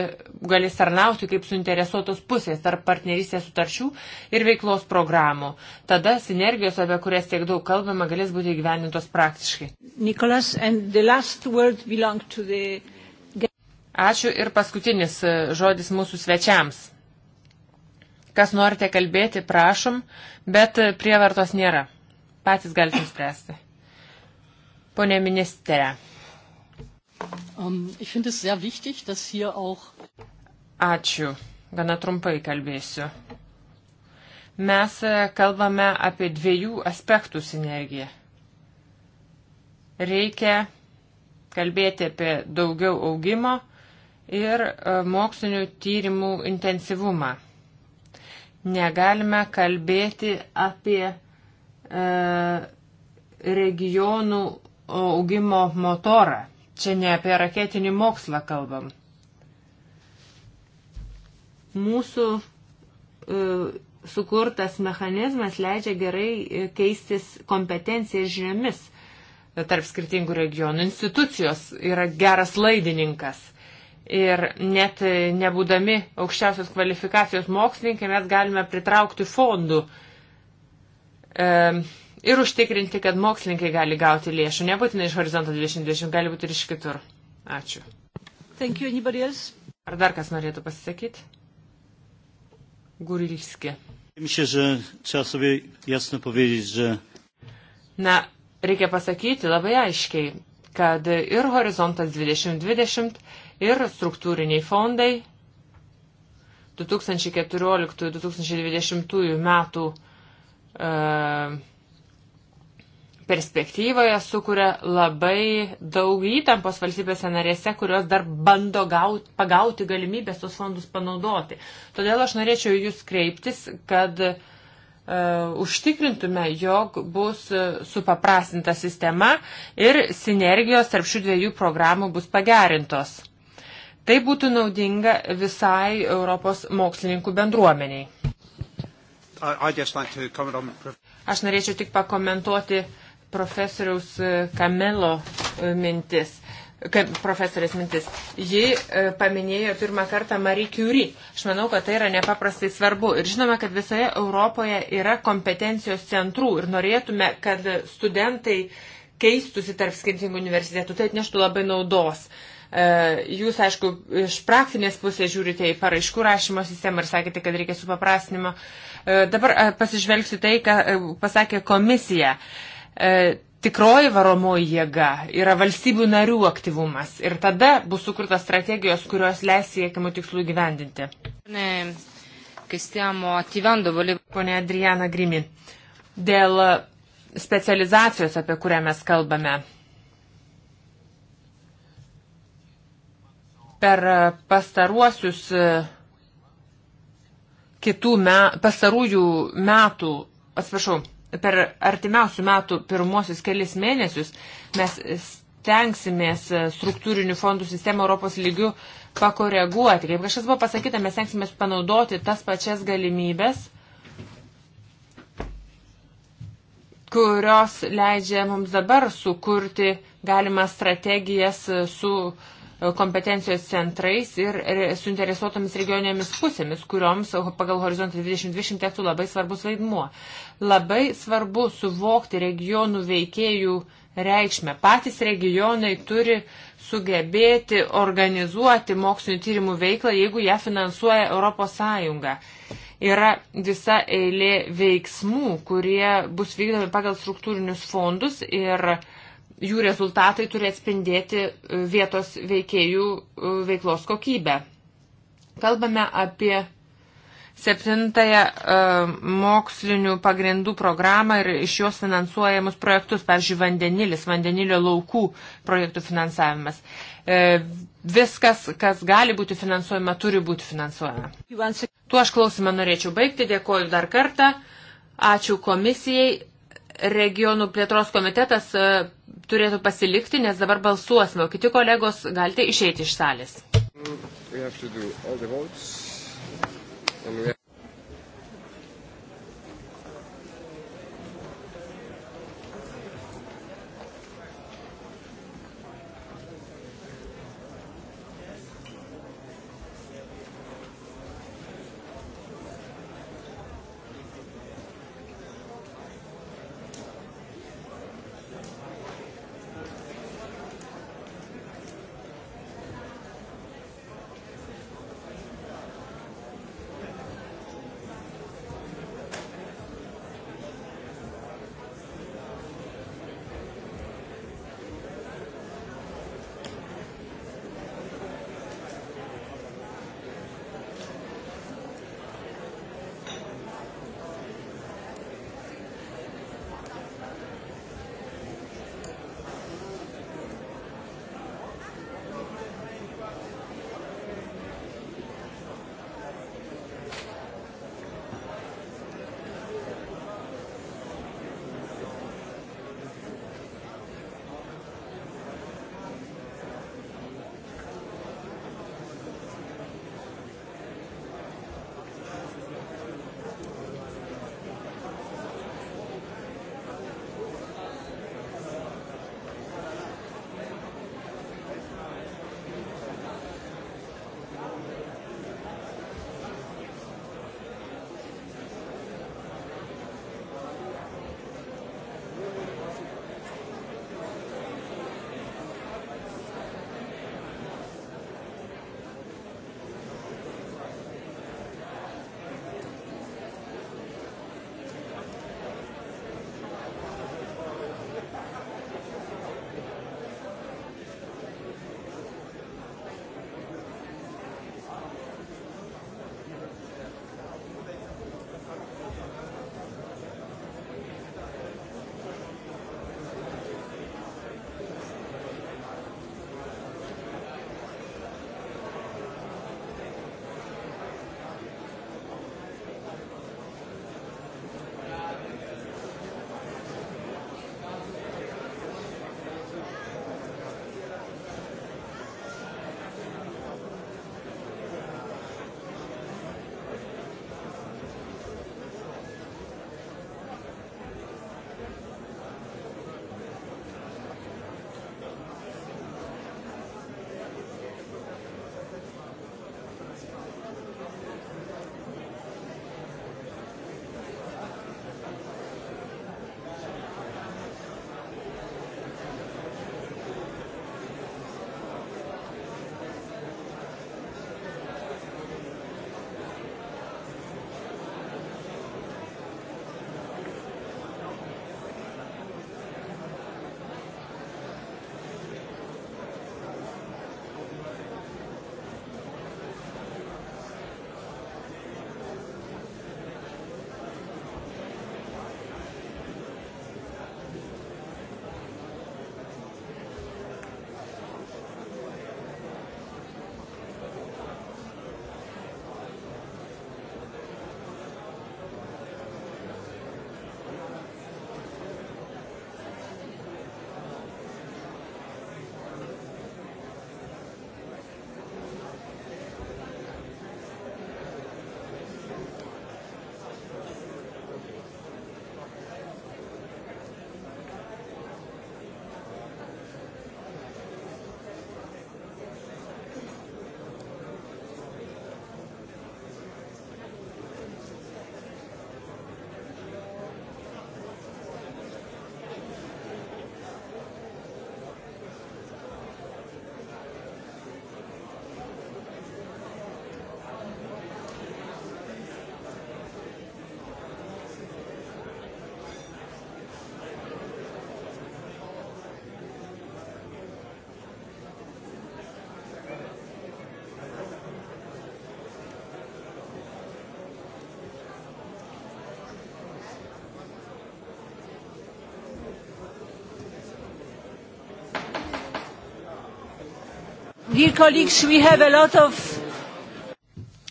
galės tarnauti kaip suinteresuotos pusės tarp partnerystės sutarčių ir veiklos programų. Tada sinergijos, apie kurias tiek daug kalbama, galės būti įgyvenintos praktiškai. Nicholas, the... Ačiū ir paskutinis e, žodis mūsų svečiams. Kas norite kalbėti, prašom, bet prievartos nėra. Patys galite spręsti. Pone ministere. Um, wichtig, auch... Ačiū. Gana trumpai kalbėsiu. Mes e, kalbame apie dviejų aspektų sinergiją. Reikia kalbėti apie daugiau augimo ir e, mokslinių tyrimų intensyvumą. Negalime kalbėti apie e, regionų augimo motorą. Čia ne apie raketinį mokslą kalbam. Mūsų e, sukurtas mechanizmas leidžia gerai e, keistis kompetencija ir žiniomis tarp skirtingų regionų. Institucijos yra geras laidininkas – ir net nebūdami aukščiausios kvalifikacijos mokslininkai mes galime pritraukti fondų e, ir užtikrinti, kad mokslininkai gali gauti lėšų. Nebūtinai iš horizonto 2020, gali būti ir iš kitur. Ačiū. Thank you, Ar dar kas norėtų pasisakyti? Gurilski. Myślę, że trzeba sobie jasno powiedzieć, że. Na, reikia pasakyti labai aiškiai, kad ir horizontas 2020 ir struktūriniai fondai 2014-2020 metų e, perspektyvoje sukuria labai daug įtampos valstybėse narėse, kurios dar bando gaut, pagauti galimybės tos fondus panaudoti. Todėl aš norėčiau jūs kreiptis, kad uh, užtikrintume, jog bus e, supaprastinta sistema ir sinergijos tarp šių dviejų programų bus pagerintos. Tai būtų naudinga visai Europos mokslininkų bendruomeniai. Aš norėčiau tik pakomentuoti profesoriaus Kamelo e, mintis kaip profesorės mintis. Ji e, paminėjo pirmą kartą Marie Curie. Aš manau, kad tai yra nepaprastai svarbu. Ir žinome, kad visoje Europoje yra kompetencijos centrų ir norėtume, kad studentai keistusi tarp skirtingų universitetų. Tai atneštų labai naudos. Uh, E, jūs, aišku, iš praktinės pusės žiūrite į paraiškų rašymo sistemą ir sakėte, kad reikia supaprastinimo. E, dabar e, pasižvelgsiu tai, ką pasakė komisija. Tikroji varomoji jėga yra valstybių narių aktyvumas ir tada bus sukurtas strategijos, kurios leis siekiamų tikslų gyvendinti. Pone Adriana Grimi, dėl specializacijos, apie kurią mes kalbame. Per pastaruosius e, kitų me, pastarųjų metų, atsiprašau, per artimiausių metų pirmosius kelis mėnesius mes stengsimės e, struktūrinių fondų sistemą Europos lygių pakoreguoti. Kaip kažkas buvo pasakyta, mes stengsimės panaudoti tas pačias galimybės, kurios leidžia mums dabar sukurti galimas strategijas e, su uh, kompetencijos centrais ir suinteresuotomis regioninėmis pusėmis, kurioms pagal horizontą 2020 tektų labai svarbus vaidmuo. Labai svarbu suvokti regionų veikėjų reikšmę. Patys regionai turi sugebėti organizuoti mokslinio tyrimų veiklą, jeigu ją finansuoja ES. Yra visa eilė veiksmų, kurie bus vykdomi pagal struktūrinius fondus ir uh, jų rezultatai turi atspindėti e, vietos veikėjų e, veiklos kokybę. Kalbame apie septintąją e, mokslinių pagrindų programą ir iš jos finansuojamus projektus, pavyzdžiui, vandenilis, vandenilio laukų projektų finansavimas. Viskas, kas gali būti finansuojama, turi būti finansuojama. Tuo aš klausimą norėčiau baigti. Dėkoju dar kartą. Ačiū komisijai regionų plėtros komitetas e, turėtų pasilikti, nes dabar balsuosime, o kiti kolegos galite išeiti iš salės. Mm,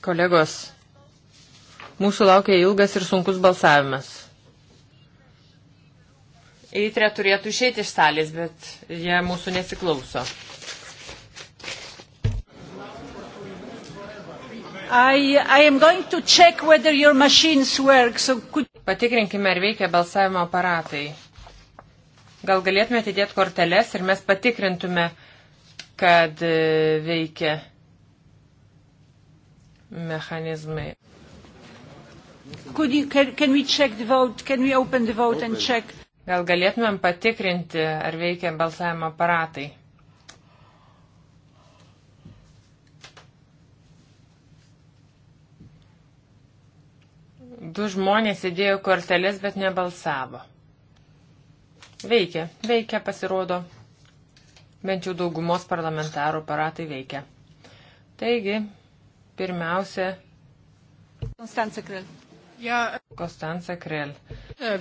Kolegos, mūsų laukia ilgas ir sunkus balsavimas. Eitrė turėtų išeiti iš salės, bet jie mūsų nesiklauso. I, I work, so could... Patikrinkime, ar veikia balsavimo aparatai. Gal galėtume atidėti korteles ir mes patikrintume, kad e, veikia mechanizmai. You, can, can Gal galėtumėm patikrinti, ar veikia balsavimo aparatai? Du žmonės įdėjo korteles, bet nebalsavo. Veikia, veikia, pasirodo bent jau daugumos parlamentarų aparatai veikia. Taigi, pirmiausia. Konstancija Krell. Ja. Konstancija Krell.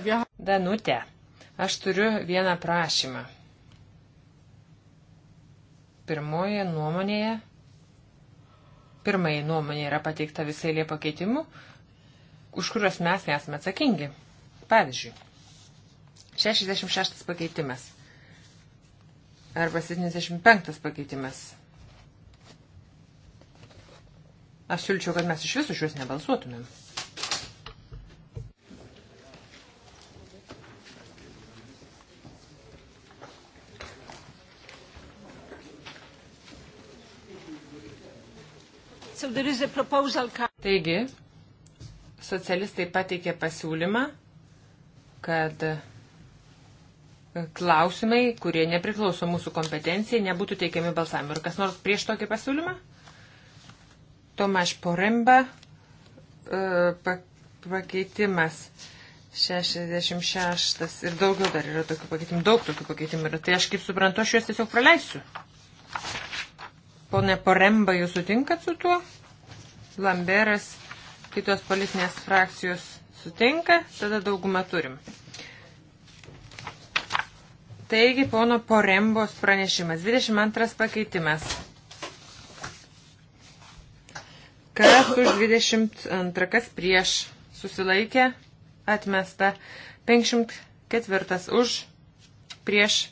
Ja. Danutė, aš turiu vieną prašymą. Pirmoje nuomonėje. Pirmai nuomonė yra pateikta visai lė pakeitimų, už kuriuos mes nesame atsakingi. Pavyzdžiui, 66 pakeitimas. Arba 75 pakeitimas. Aš siūlyčiau, kad mes iš visų šios nebalsuotumėm. So proposal... Taigi, socialistai pateikė pasiūlymą, kad klausimai, kurie nepriklauso mūsų kompetencijai, nebūtų teikiami balsavimui. Ar kas nors prieš tokį pasiūlymą? Tomaš Poremba e, pakeitimas 66 ir daugiau dar yra tokių pakeitimų, daug tokių pakeitimų yra. Tai aš kaip suprantu, aš juos tiesiog praleisiu. Pone Poremba, jūs sutinkat su tuo? Lamberas, kitos politinės frakcijos sutinka, tada daugumą turim. Taigi, pono Porembos pranešimas. 22 pakeitimas. Kas už 22, kas prieš susilaikė, atmesta. 54 už, prieš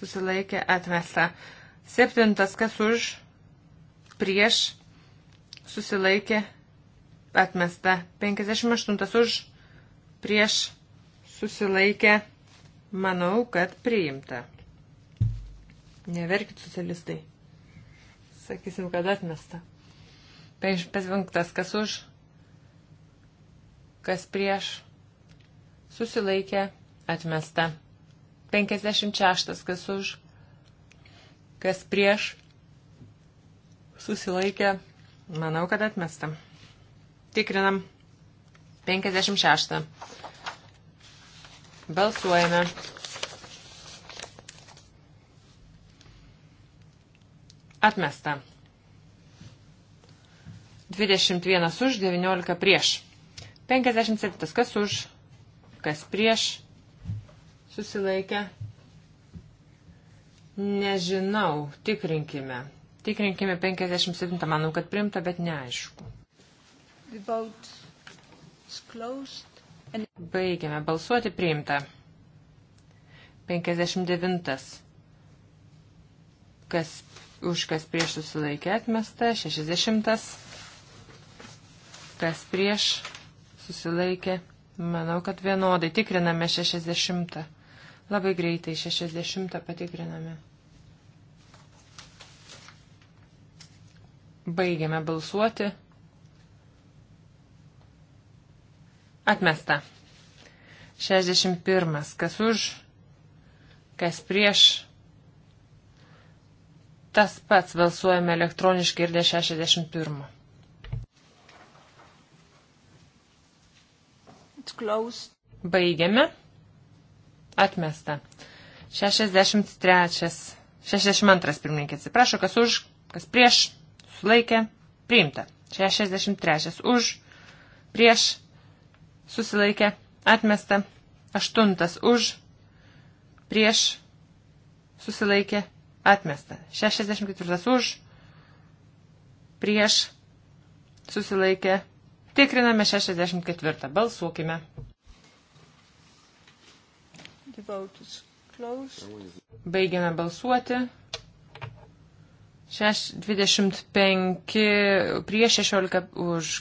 susilaikė, atmesta. 7 kas už, prieš susilaikė, atmesta. 58 už, prieš susilaikė, atmesta Manau, kad priimta. Neverkit socialistai. Sakysim, kad atmesta. 55. Kas už? Kas prieš? Susilaikė. Atmesta. 56. Kas už? Kas prieš? Susilaikė. Manau, kad atmesta. Tikrinam. 56. Balsuojame. Atmesta. 21 už, 19 prieš. 57 kas už, kas prieš. Susilaikę. Nežinau, tikrinkime. Tikrinkime 57, manau, kad primta, bet neaišku. The vote is closed. Baigiame balsuoti priimta. 59. Kas už kas prieš susilaikė atmesta. 60. Kas prieš susilaikė. Manau, kad vienodai tikriname 60. Labai greitai 60 patikriname. Baigiame balsuoti. Atmesta. 61. Kas už, kas prieš. Tas pats balsuojame elektroniškai ir dėl 61. Baigiame. Atmesta. 63. 62. Pirmininkė atsiprašo, kas už, kas prieš. Sulaikė. Priimta. 63. Už, prieš susilaikė, atmesta. Aštuntas už, prieš, susilaikė, atmesta. 64 už, prieš, susilaikė. Tikriname 64. Balsuokime. Baigiame balsuoti. 25 prieš 16 už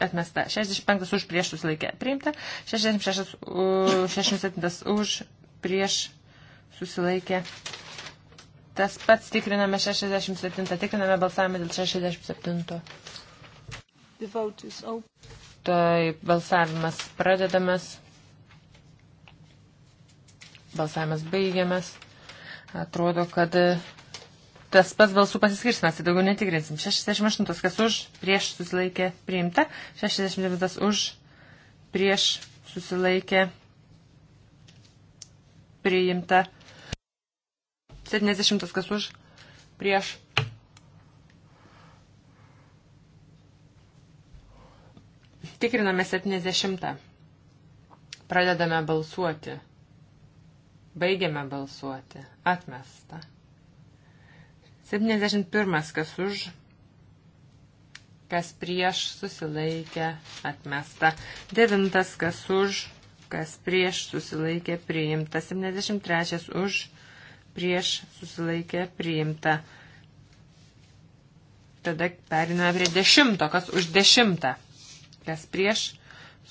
atmesta, 65 už prieš susilaikę priimta, 66, 67 už prieš susilaikę. Tas pats tikriname 67, tikriname balsavimą dėl 67. The vote is open. Tai balsavimas pradedamas. Balsavimas baigiamas. Atrodo, kad tas pats balsų pasiskirstimas, tai daugiau netikrinsim. 68 kas už, prieš susilaikė priimta, 69 už, prieš susilaikė priimta, 70 kas už, prieš. Tikriname 70. Pradedame balsuoti. Baigiame balsuoti. Atmesta. 71. Kas už, kas prieš susilaikė atmesta. 9. Kas už, kas prieš susilaikė priimta. 73. Už, prieš susilaikė priimta. Tada periname prie dešimto, kas už dešimtą, kas prieš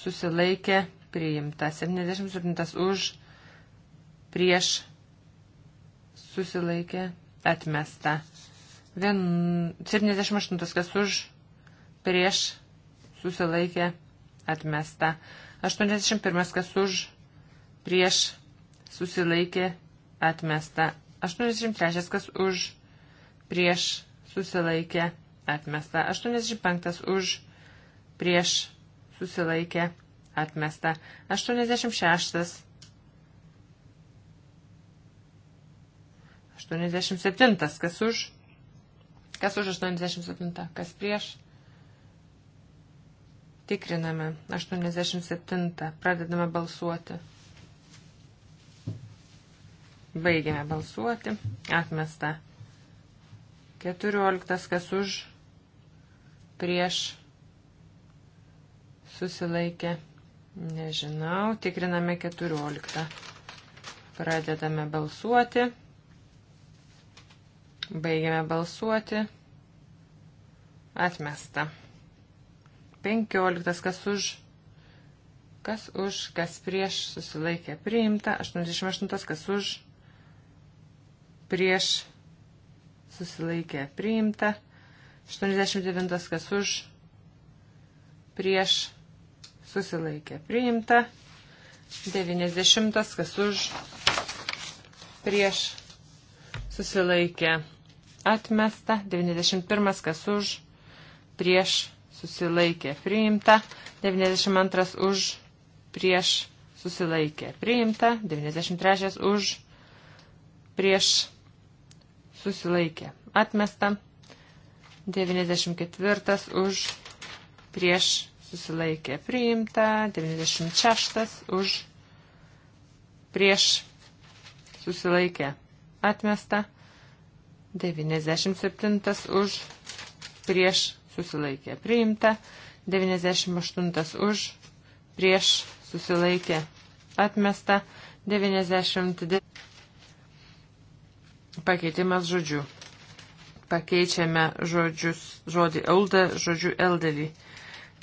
susilaikė priimta. 77 už prieš susilaikė priimta atmesta. Vien... 78 kas už, prieš, susilaikė, atmesta. 81 kas už, prieš, susilaikė, atmesta. 83 kas už, prieš, susilaikė, atmesta. 85 už, prieš, susilaikė, atmesta. 86 87. Kas už? Kas už 87? Kas prieš? Tikriname 87. Pradedame balsuoti. Baigiame balsuoti. Atmesta. 14. Kas už? Prieš? Susilaikė. Nežinau. Tikriname 14. Pradedame balsuoti. Baigiame balsuoti. Atmesta. 15. Kas už? Kas už? Kas prieš? Susilaikė. Priimta. 88. Kas už? Prieš. Susilaikė. Priimta. 89. Kas už? Prieš. Susilaikė. Priimta. 90. Kas už? Prieš. Susilaikė atmesta, 91 kas už, prieš susilaikė priimta, 92 už, prieš susilaikė priimta, 93 už, prieš susilaikė atmesta, 94 už, prieš susilaikė priimta, 96 už, prieš susilaikė atmesta. 97 už prieš susilaikė priimta, 98 už prieš susilaikė atmesta, 92 pakeitimas žodžiu. Pakeičiame žodžius, žodį elda, žodžiu eldelį,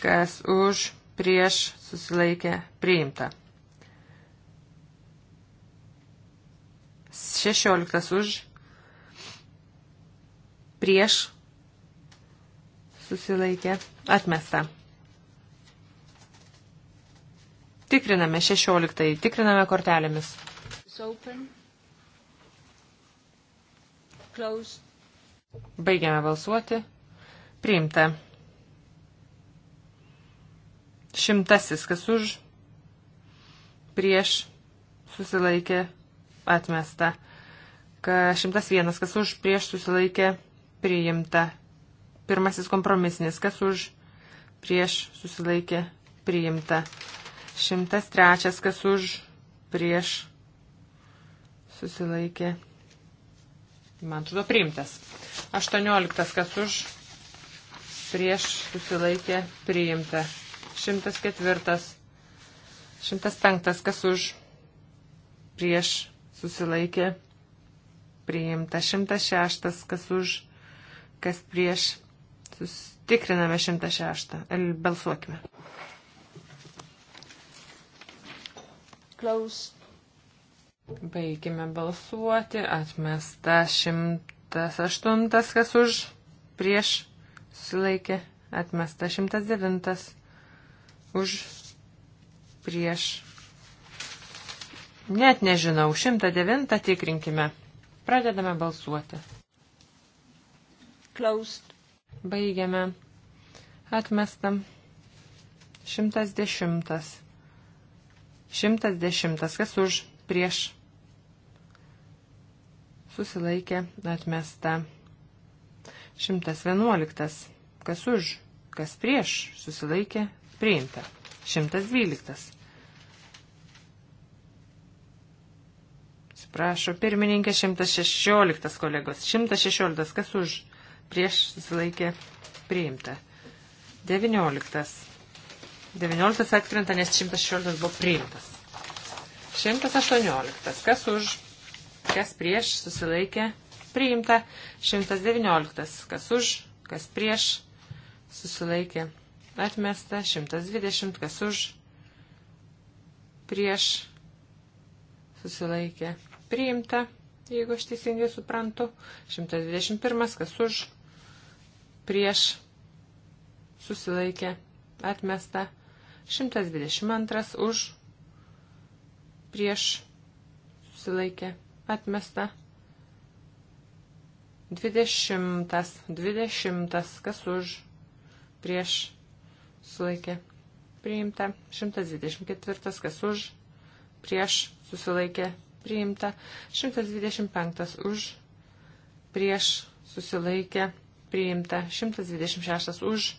kas už prieš susilaikė priimta. 16 už prieš susilaikė atmesta. Tikriname 16, tikriname kortelėmis. Baigiame balsuoti. Priimta. Šimtasis, kas už, prieš, susilaikė, atmesta. Ka šimtas vienas, kas už, prieš, susilaikė, atmesta priimta. Pirmasis kompromisinis, kas už, prieš susilaikė priimta. 103, kas už, prieš susilaikė. Man atrodo priimtas. 18, kas už, prieš susilaikė priimta. 104, 105, kas už, prieš susilaikė priimta. 106, kas už, kas prieš. Sustikriname 106. Balsuokime. Close. Baigime balsuoti. Atmesta 108, kas už, prieš, sulaikė. Atmesta 109, už, prieš. Net nežinau, 109 tikrinkime. Pradedame balsuoti. Closed. Baigiame. Atmestam. 110. 110. Kas už prieš? Susilaikė. Atmesta. 111. Kas už? Kas prieš? Susilaikė. Priimta. 112. Prašo, pirmininkė 116 kolegos. 116, kas už? prieš susilaikė priimta. 19. 19 atkrinta, nes 116 buvo priimtas. 118. Kas už, kas prieš susilaikė priimta. 119. Kas už, kas prieš susilaikė atmesta. 120. Kas už, prieš susilaikė priimta jeigu aš teisingai suprantu. 121, kas už, prieš susilaikė atmesta, 122 už prieš susilaikė atmesta, 20, 20, kas už prieš susilaikė priimta, 124 kas už prieš susilaikė priimta, 125 už prieš susilaikė priimta priimta, 126 už,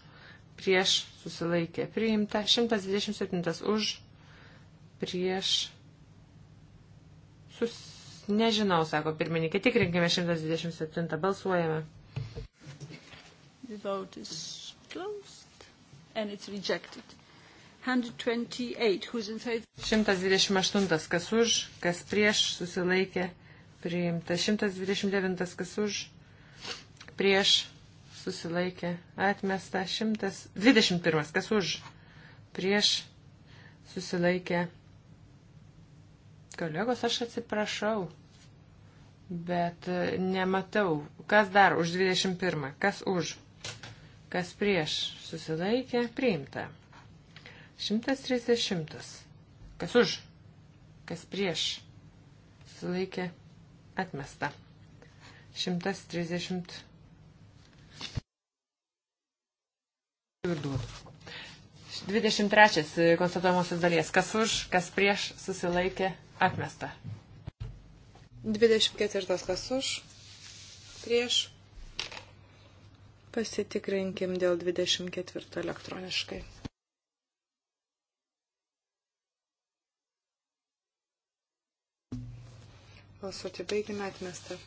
prieš susilaikė priimta, 127 už, prieš sus... Nežinau, sako pirmininkė, tikrinkime 127, balsuojame. The vote is closed and it's rejected. 128, who's in favor? 128, kas už, kas prieš susilaikė priimta, 129, kas už, prieš susilaikė, atmesta 121, kas už, prieš, susilaikė. Kolegos, aš atsiprašau, bet e, nematau, kas dar už 21, kas už, kas prieš, susilaikė, priimta. 130, kas už, kas prieš, susilaikė, atmesta. 130. ir duodu. 23 konstatuojamosios dalies. Kas už, kas prieš susilaikė atmesta. 24 kas už, prieš. Pasitikrinkim dėl 24 elektroniškai. Balsuoti baigime atmestą.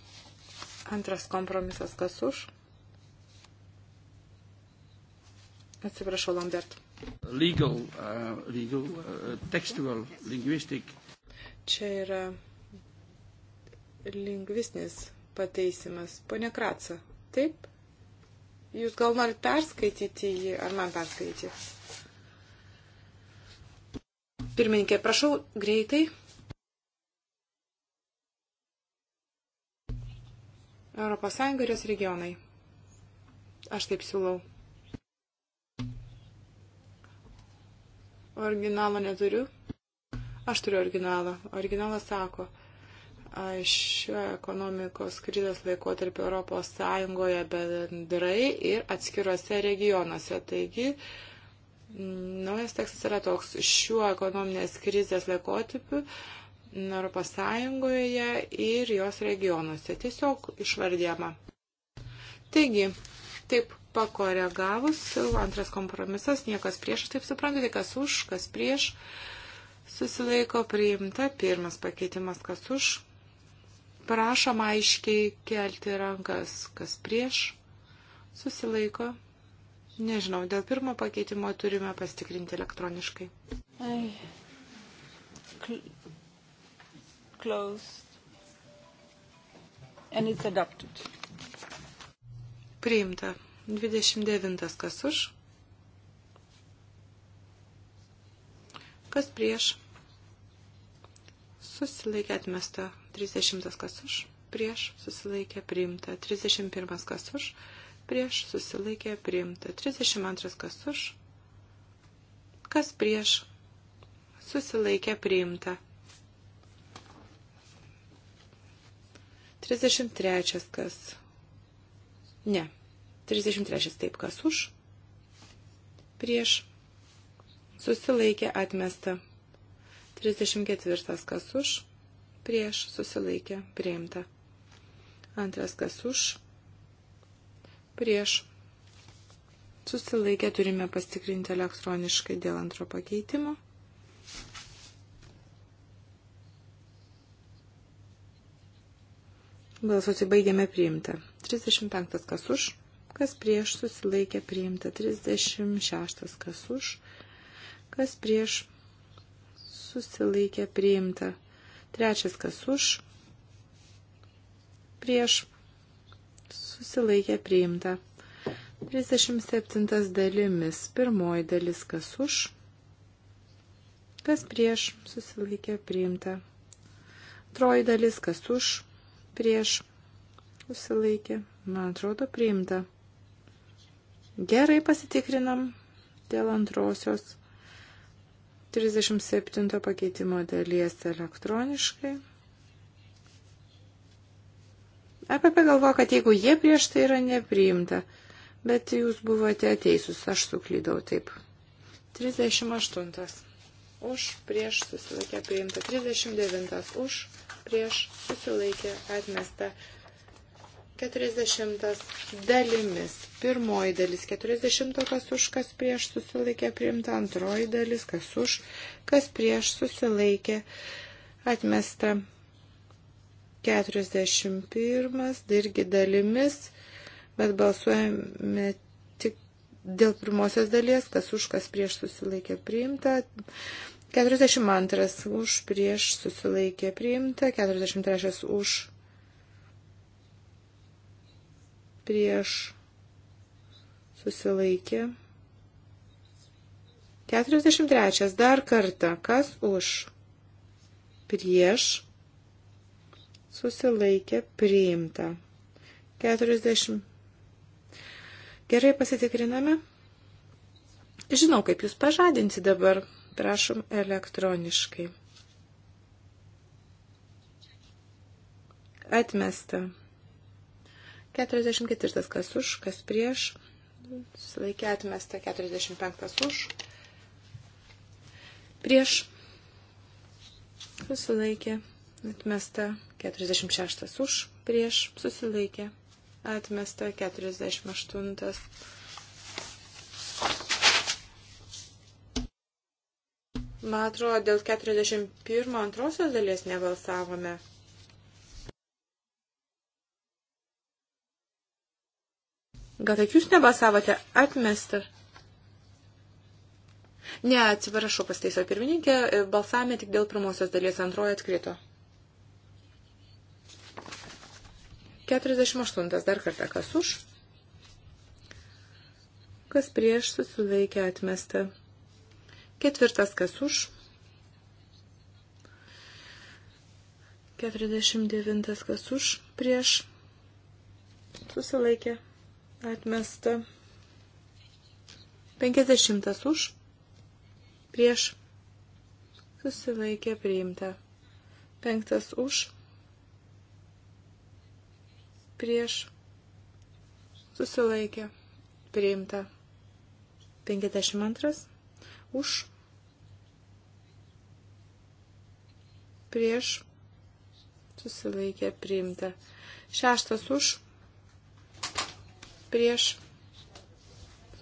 Antras kompromisas kas už, Atsiprašau, Lambert. Legal, uh, legal, uh, textual, linguistic. Čia yra lingvistinis pateisimas. Pone Kratsa, taip? Jūs gal norit perskaityti jį, ar man perskaityti? Pirmininkė, prašau greitai. Europos Sąjunga ir jos regionai. Aš taip siūlau. Originalo neturiu. Aš turiu originalą. Originalas sako, šio ekonomikos krizės laikotarpio Europos Sąjungoje bendrai ir atskiruose regionuose. Taigi, mm, naujas tekstas yra toks, šiuo ekonominės krizės laikotarpiu Europos Sąjungoje ir jos regionuose. Tiesiog išvardėma. Taigi, Taip pakoregavus, antras kompromisas, niekas prieš, taip suprantate, kas už, kas prieš, susilaiko priimta, pirmas pakeitimas, kas už, prašom aiškiai kelti rankas, kas prieš, susilaiko. Nežinau, dėl pirmo pakeitimo turime pastikrinti elektroniškai. Ai. Cl closed. And it's adopted. Priimta. 29. Kas už? Kas prieš? Susilaikė atmesta. 30. Kas už? Prieš susilaikė priimta. 31. Kas už? Prieš susilaikė priimta. 32. Kas už? Kas prieš? Susilaikė priimta. 33. Kas Ne. 33 taip kas už. Prieš. Susilaikė atmesta. 34 kas už. Prieš. Susilaikė priimta. Antras kas už. Prieš. Susilaikę turime pastikrinti elektroniškai dėl antro pakeitimo. Balsuoti baigiame priimtą. 35 kas už, kas prieš susilaikė priimta, 36 kas už, kas prieš susilaikė priimta, trečias kas už, prieš susilaikė priimta. 37 dalimis, pirmoji dalis kas už, kas prieš susilaikė priimta. Troji dalis kas už, prieš susilaikė, man atrodo, priimta. Gerai pasitikrinam dėl antrosios 37 pakeitimo dalies elektroniškai. APP galvo, kad jeigu jie prieš tai yra nepriimta, bet jūs buvote ateisus, aš suklydau taip. 38. Už, prieš susilaikė priimta. 39. Už, prieš susilaikė atmesta. 40 dalimis. Pirmoji dalis 40, kas už, kas prieš susilaikė priimta. Antroji dalis, kas už, kas prieš susilaikė atmesta. 41, irgi dalimis, bet balsuojame tik dėl pirmosios dalies, kas už, kas prieš susilaikė priimta. 42 už prieš susilaikė priimta, 43 už prieš susilaikė. 43. Dar kartą. Kas už? Prieš susilaikė priimta. 40. Gerai pasitikriname. Žinau, kaip jūs pažadinti dabar. Prašom elektroniškai. Atmesta. 44 kas už, kas prieš. Susilaikė atmesta 45 už. Prieš. Susilaikė atmesta 46 už. Prieš. Susilaikė atmesta 48. Man atrodo, dėl 41 antrosios dalies nebalsavome. Gal tik jūs nebalsavote? Atmesta. Ne, atsiprašau, pasteiso pirmininkė, e, balsavome tik dėl pirmosios dalies, antroji atkrito. 48. Dar kartą, kas už? Kas prieš susilaikė atmesta? Ketvirtas, kas už? 49. kas už? Prieš susilaikė atmesta. 50 už, prieš, susilaikė priimta. 5 už, prieš, susilaikė priimta. 52 už, prieš, susilaikė priimta. 6 už, prieš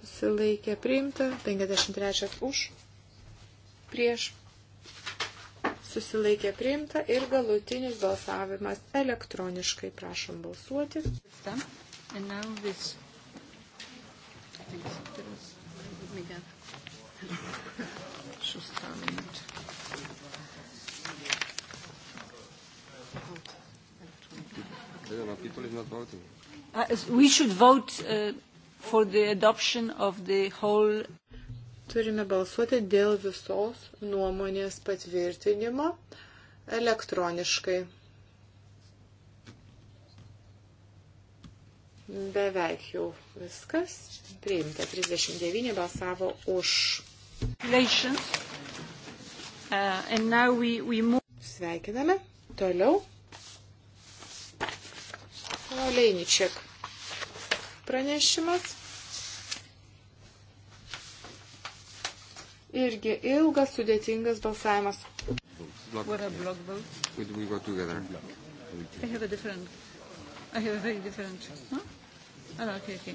susilaikė priimta, 53 už prieš susilaikė priimta ir galutinis balsavimas elektroniškai. Prašom balsuoti. Tyle na pitoli na voting. Uh, we should vote uh, for the adoption of the whole. Turime balsuoti dėl visos nuomonės patvirtinimo elektroniškai. Beveik jau viskas. Priimta 39 balsavo už. Uh, we, we Sveikiname. Toliau. Leiničiak pranešimas. Irgi ilgas, sudėtingas balsavimas. What a block vote. Could we go together? I have a different. I have a very different. Huh? Oh, okay, okay.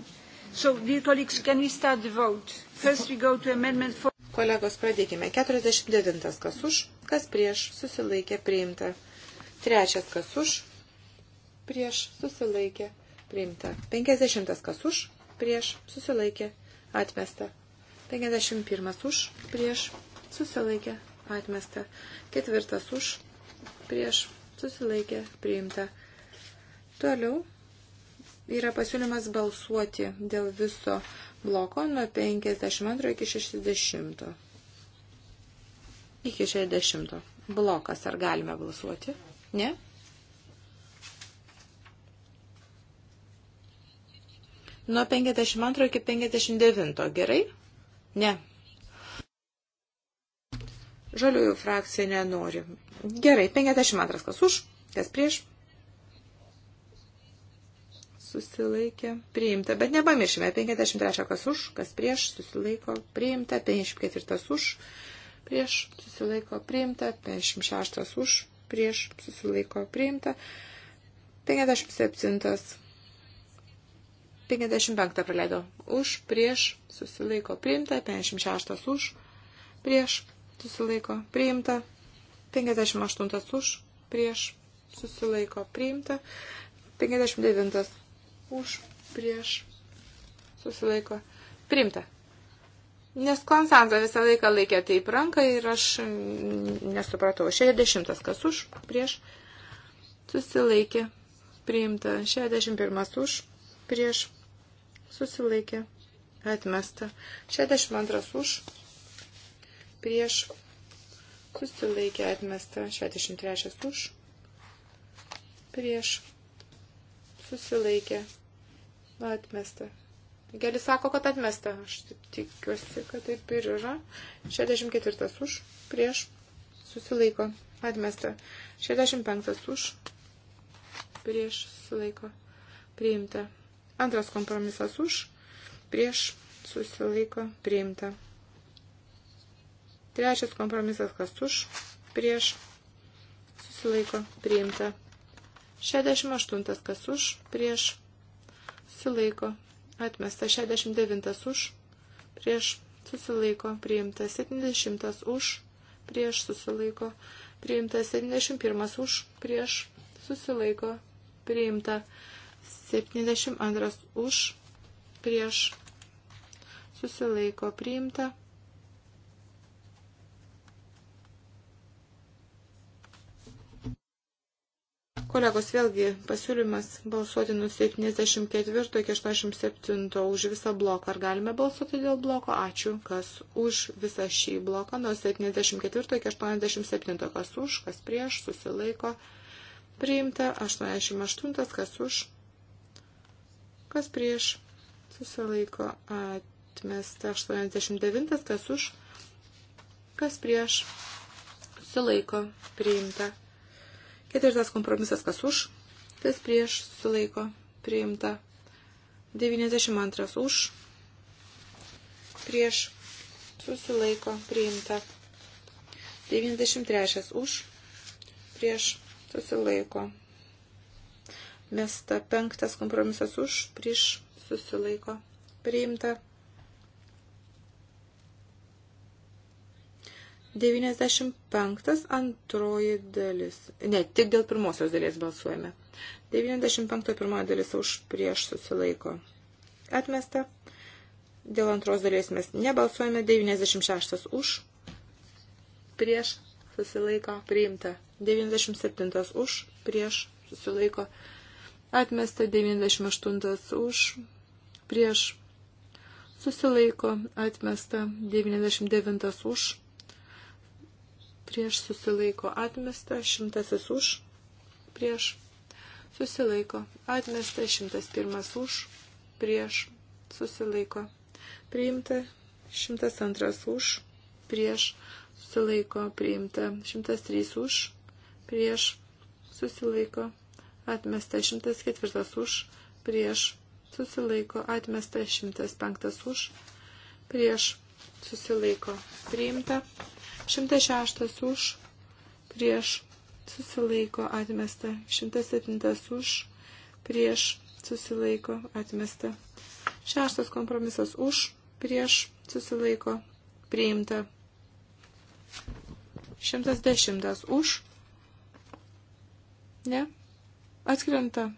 So, dear colleagues, can we start the vote? First we go to amendment 4. Kolegos, pradėkime. 49. Kas už, kas prieš, susilaikė, priimta. Trečias, kas už, prieš susilaikė priimta. 50 kas už, prieš susilaikė atmesta. 51 už, prieš susilaikė atmesta. Ketvirtas už, prieš susilaikė priimta. Toliau yra pasiūlymas balsuoti dėl viso bloko nuo 52 iki 60. Iki 60. Blokas, ar galime balsuoti? Ne? nuo 52 iki 59. Gerai? Ne. Žaliųjų frakcija nenori. Gerai, 52. Kas už? Kas prieš? Susilaikė. Priimta. Bet nepamiršime. 53. Kas už? Kas prieš? Susilaiko. Priimta. 54. Už. Prieš. Susilaiko. Priimta. 56. Už. Prieš. Susilaiko. Priimta. 57 55 praleido už, prieš, susilaiko priimta, 56 už, prieš, susilaiko priimta, 58 už, prieš, susilaiko priimta, 59 už, prieš, susilaiko priimta. Nes Konstanta visą laiką laikė taip ranką ir aš nesupratau. 60 kas už, prieš, susilaikė, priimta. 61 už, prieš, susilaikė, atmesta. 62 už, prieš, susilaikė, atmesta. 63 už, prieš, susilaikė, atmesta. Gelis sako, kad atmesta. Aš tikiuosi, kad taip ir yra. 64 už, prieš, susilaiko, atmesta. 65 už, prieš, susilaiko, priimta. Antras kompromisas už, prieš susilaiko priimta. Trečias kompromisas kas už, prieš susilaiko priimta. 68 kas už, prieš susilaiko atmesta. 69 už, prieš susilaiko priimta. 70 už, prieš susilaiko priimta. 71 už, prieš susilaiko priimta. 72 už, prieš, susilaiko priimta. Kolegos, vėlgi pasiūlymas balsuoti nuo 74 iki 87 už visą bloką. Ar galime balsuoti dėl bloko? Ačiū, kas už visą šį bloką nuo 74 iki 87, kas už, kas prieš, susilaiko. Priimta 88, kas už, kas prieš susilaiko atmesta 89, kas už, kas prieš susilaiko priimta. Ketvirtas kompromisas, kas už, kas prieš susilaiko priimta. 92 už, prieš susilaiko priimta. 93 už, prieš susilaiko Mesta penktas kompromisas už, prieš susilaiko priimta. 95 antroji dalis. Ne, tik dėl pirmosios dalies balsuojame. 95 pirmoji dalis už prieš susilaiko atmesta. Dėl antros dalies mes nebalsuojame. 96 už prieš susilaiko priimta. 97 už prieš susilaiko priimta Atmesta 98 už, prieš, susilaiko, atmesta 99 už, prieš, susilaiko, atmesta 100 už, prieš, susilaiko, atmesta 101 už, prieš, susilaiko, priimta 102 už, prieš, susilaiko, priimta 103 už, prieš, susilaiko, atmesta 104 už, prieš susilaiko, atmesta 105 už, prieš susilaiko, priimta 106 už, prieš susilaiko, atmesta 107 už, prieš susilaiko, atmesta. Šeštas kompromisas už, prieš susilaiko, priimta. 110 už, ne, Atkrenta.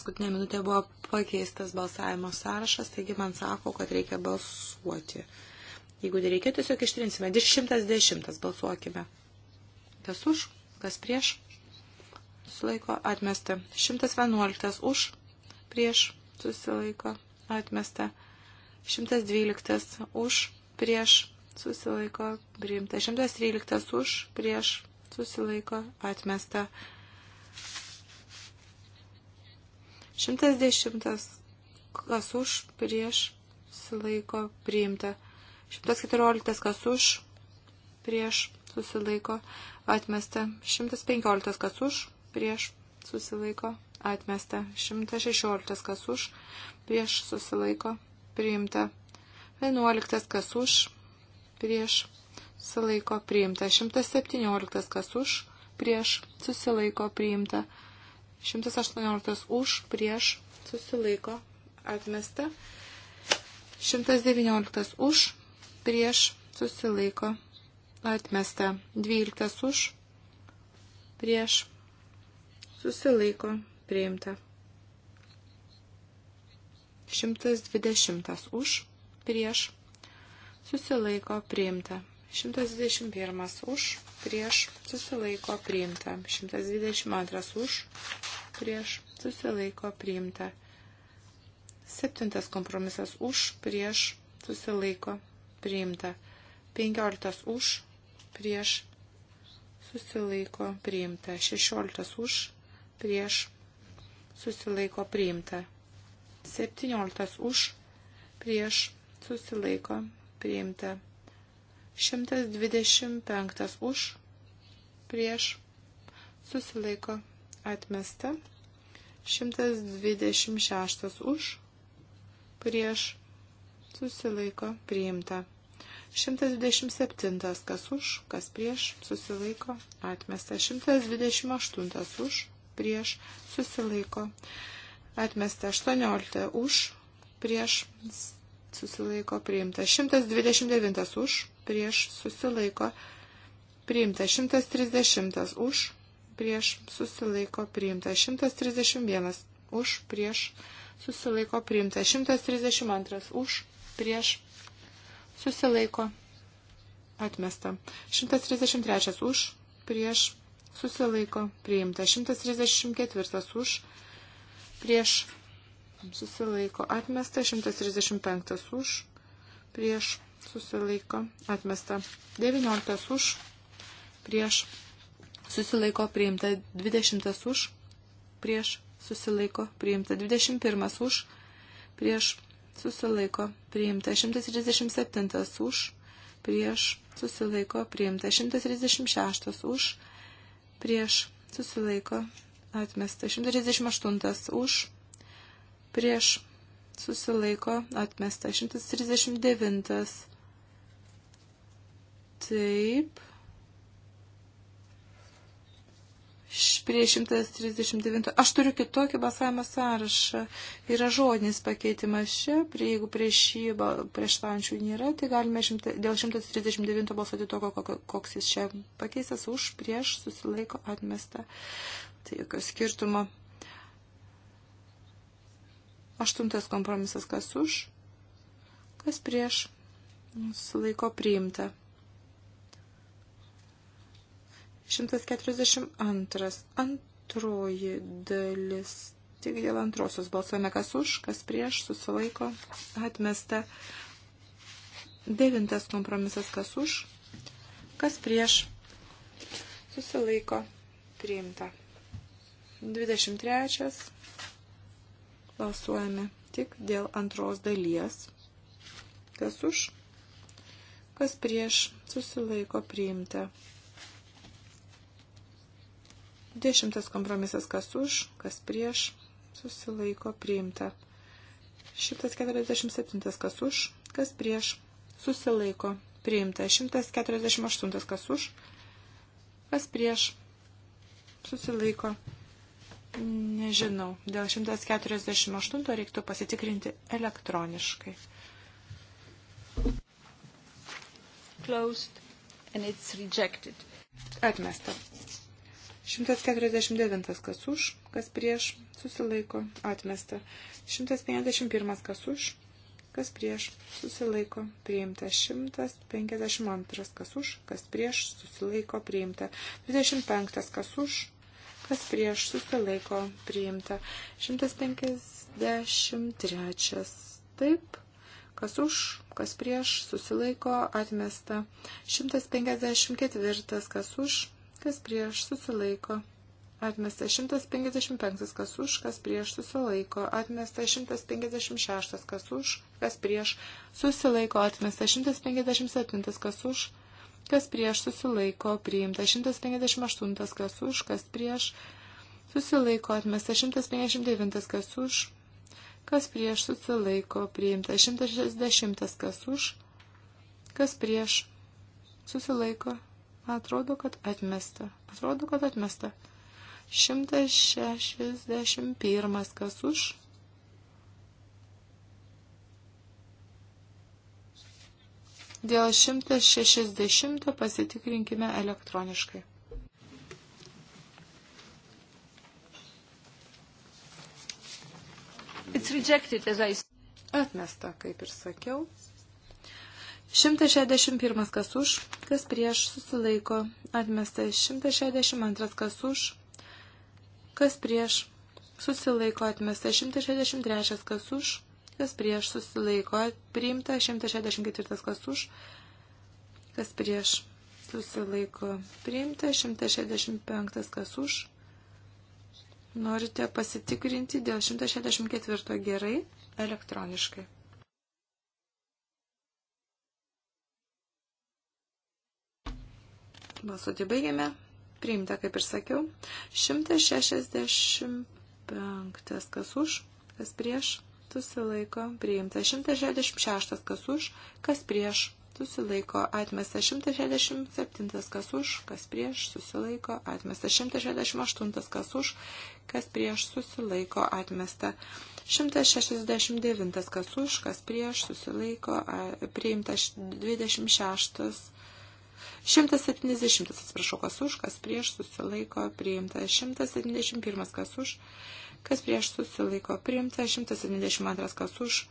paskutinė minutė buvo pakeistas balsavimo sąrašas, taigi man sako, kad reikia balsuoti. Jeigu reikia, tiesiog ištrinsime. 110 balsuokime. Kas už, kas prieš. Sulaiko atmesta. 111 už, prieš, susilaiko atmesta. 112 už, prieš, susilaiko priimta. 113 už, prieš, susilaiko atmesta. 110. Kas už, prieš, susilaiko, priimta. 114. Kas už, prieš, susilaiko, atmesta. 115. Kas už, prieš, susilaiko, atmesta. 116. Kas už, prieš, susilaiko, priimta. 11. Kas už, prieš, susilaiko, priimta. 117. Kas už, prieš, susilaiko, priimta. 118 už, prieš, susilaiko, atmesta. 119 už, prieš, susilaiko, atmesta. 12 už, prieš, susilaiko, priimta. 120 už, prieš, susilaiko, priimta. 121 už, prieš, susilaiko priimta. 122 už, prieš, susilaiko priimta. 7 kompromisas už, prieš, susilaiko priimta. 15 už, prieš, susilaiko priimta. 16 už, prieš, susilaiko priimta. 17 už, prieš, susilaiko priimta. 125 už, prieš, susilaiko, atmesta. 126 už, prieš, susilaiko, priimta. 127 kas už, kas prieš, susilaiko, atmesta. 128 už, prieš, susilaiko, atmesta. 18 už, prieš, susilaiko priimta. 129 už, prieš susilaiko priimta. 130 už, prieš susilaiko priimta. 131 už, prieš susilaiko priimta. 132 už, prieš susilaiko atmesta. 133 už, prieš susilaiko priimta. 134 už, prieš susilaiko atmesta, 135 už, prieš susilaiko atmesta, 19 už, prieš susilaiko priimta, 20 už, prieš susilaiko priimta, 21 už, prieš susilaiko priimta, 137 už, prieš susilaiko priimta, 136 už, prieš susilaiko atmesta, 138 už, prieš susilaiko atmesta 139. Taip. Prie 139. Aš turiu kitokį balsavimo sąrašą. Yra žodinis pakeitimas čia. Prie, jeigu prieš jį prieštančių nėra, tai galime šimta, dėl 139 balsuoti to, koks jis čia pakeistas. Už prieš susilaiko atmesta. Tai jokio skirtumo. Aštuntas kompromisas kas už, kas prieš, sulaiko priimta. 142. Antroji dalis. Tik dėl antrosios balsuojame kas už, kas prieš, susilaiko, atmesta. Devintas kompromisas kas už, kas prieš, susilaiko, priimta. 23. Balsuojame tik dėl antros dalies. Kas už, kas prieš, susilaiko priimta. Dešimtas kompromisas, kas už, kas prieš, susilaiko priimta. 147 kas už, kas prieš, susilaiko priimta. 148 kas už, kas prieš, susilaiko priimta Nežinau. Dėl 148 reiktų pasitikrinti elektroniškai. Closed and it's rejected. Atmesta. 149 kas už, kas prieš, susilaiko, atmesta. 151 kas už, kas prieš, susilaiko, priimta 152, kas už, kas prieš, susilaiko, priimta 25, kas už, kas prieš susilaiko priimta. 153. Taip, kas už, kas prieš susilaiko atmesta. 154. Kas už, kas prieš susilaiko atmesta 155, kas už, kas prieš susilaiko, atmesta 156, kas už, kas prieš susilaiko, atmesta 157, kas už, kas prieš susilaiko priimta 158, kas už, kas prieš susilaiko atmesta 159, kas už, kas prieš susilaiko priimta 160, kas už, kas prieš susilaiko, atrodo, kad atmesta, atrodo, kad atmesta 161, kas už, Dėl 160 pasitikrinkime elektroniškai. I... Atmesta, kaip ir sakiau. 161 kas už, kas prieš susilaiko. Atmesta 162 kas už, kas prieš susilaiko. Atmesta 163 kas už kas prieš susilaiko priimta, 164 kas už, kas prieš susilaiko priimta, 165 kas už. Norite pasitikrinti dėl 164 gerai elektroniškai. Balsuoti baigiame. Priimta, kaip ir sakiau. 165. Kas už, kas prieš susilaiko priimta. 166 kas už, kas prieš susilaiko atmesta 167 kas už, kas prieš susilaiko atmesta 168 kas už, kas prieš susilaiko atmesta 169 kas už, kas prieš susilaiko priimta 26 170 atsiprašau kas už, kas prieš susilaiko priimta 171 kas už kas prieš susilaiko priimta, 172 kas už,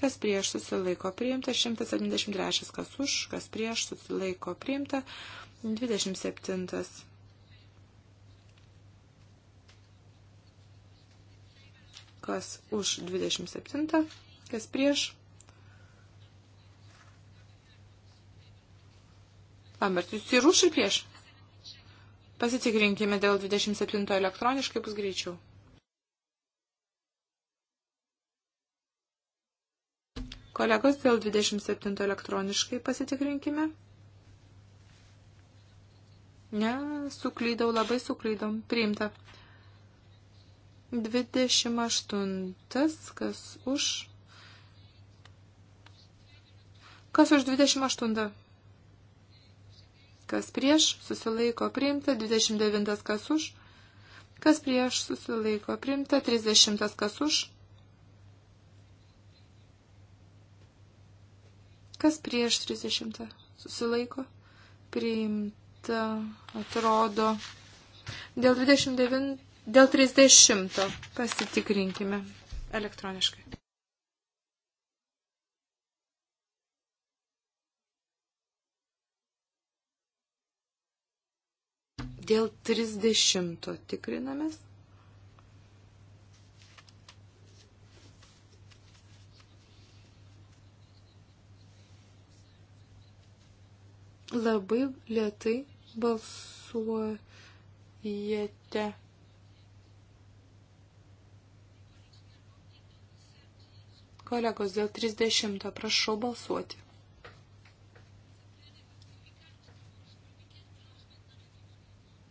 kas prieš susilaiko priimta, 173 kas už, kas prieš susilaiko priimta, 27. Kas už 27, kas prieš. Lambert, jūs ir už ir prieš? Pasitikrinkime dėl 27 elektroniškai bus greičiau. Kolegos, dėl 27 elektroniškai pasitikrinkime. Ne, suklydau, labai suklydom. Priimta. 28. Kas už? Kas už 28? Kas prieš? Susilaiko priimta. 29. Kas už? Kas prieš? Susilaiko priimta. 30. Kas už? Kas prieš 30 susilaiko? Priimta, atrodo. Dėl 29, dėl 30 pasitikrinkime elektroniškai. Dėl 30 tikrinamės. labai lietai balsuojate. Kolegos, dėl 30 prašau balsuoti.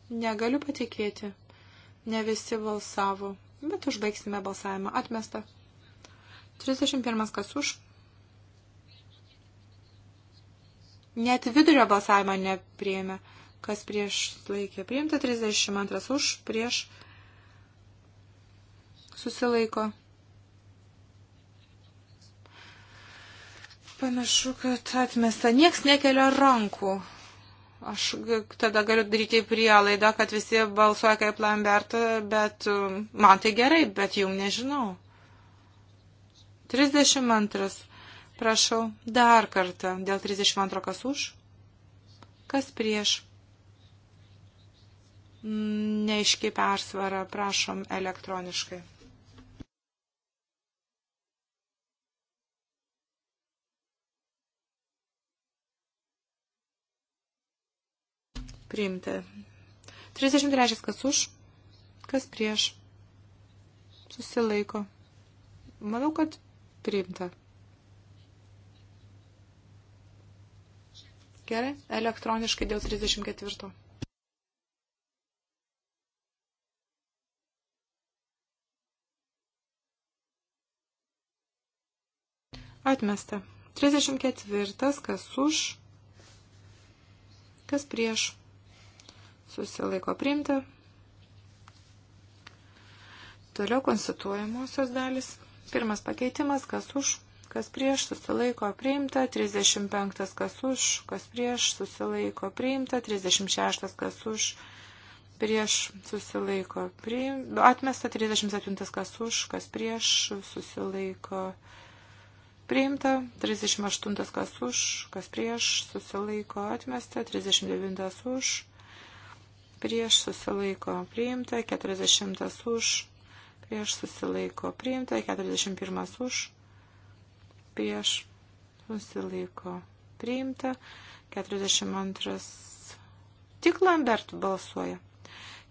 Negaliu patikėti. Ne visi balsavo, bet užbaigsime balsavimą. Atmesta. 31 kas už, Net vidurio balsavimą nepriėmė. Kas prieš laikė priimta 32 už, prieš susilaiko. Panašu, kad atmesta. Niekas nekelia rankų. Aš tada galiu daryti prielaidą, kad visi balsuoja kaip Lamberta, bet um, man tai gerai, bet jum nežinau. 32. Prašau, dar kartą dėl 32 kas už, kas prieš. Neiški persvara, prašom elektroniškai. Priimti. 33 kas už, kas prieš. Susilaiko. Manau, kad priimta. Gerai, elektroniškai dėl 34. Atmesta. 34. Kas už, kas prieš. Susilaiko priimta. Toliau konstituojamosios dalis. Pirmas pakeitimas, kas už, kas prieš susilaiko priimta, 35 kas už, kas prieš susilaiko priimta, 36 kas už, prieš susilaiko priimta, atmesta 37 kas už, kas prieš susilaiko priimta, 38 kas už, kas prieš susilaiko atmesta, 39 už, prieš susilaiko priimta, 40 už, prieš susilaiko priimta, 41 už prieš susilaiko priimta. 42 tik Lambert balsuoja.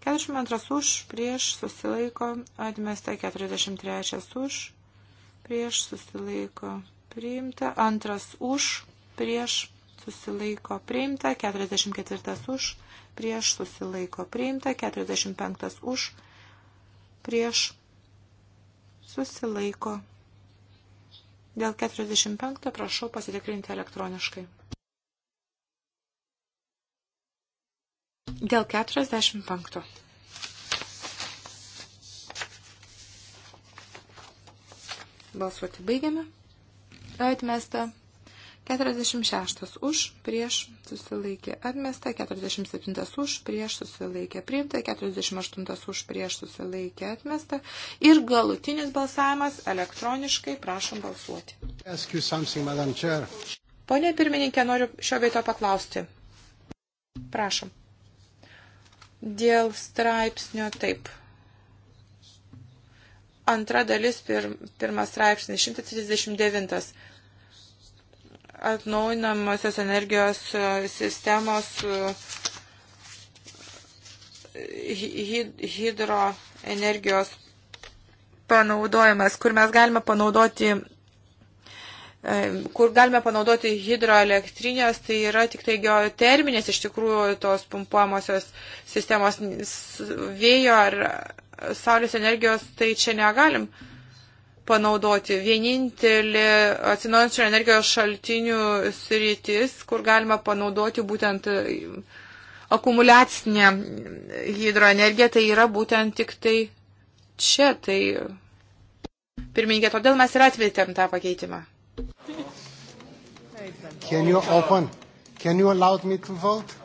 42 už prieš susilaiko atmesta, 43 už prieš susilaiko priimta, antras už prieš susilaiko priimta, 44 už prieš susilaiko priimta, 45 už prieš susilaiko priimta Dėl 45 prašau pasitikrinti elektroniškai. Dėl 45. Balsuoti baigiame. Atmesta. 46 už, prieš susilaikė atmesta, 47 už, prieš susilaikė priimta, 48 už, prieš susilaikė atmesta. Ir galutinis balsavimas elektroniškai, prašom balsuoti. Pone pirmininkė, noriu šio veito paklausti. Prašom. Dėl straipsnio taip antra dalis, pir, pirmas straipsnis, 139 atnaujinamosios energijos e, sistemos e, hidroenergijos panaudojimas, kur mes galime panaudoti e, kur galime panaudoti hidroelektrinės, tai yra tik tai geoterminės iš tikrųjų tos pumpuojamosios sistemos vėjo ar saulės energijos, tai čia negalim. Uh, panaudoti. Vienintelė atsinaujančio energijos šaltinių sritis, kur galima panaudoti būtent e, akumuliacinę hidroenergiją, tai yra būtent tik tai čia. Tai pirmininkė, todėl mes ir atvietėm tą pakeitimą. Can you open? Can you allow me to vote?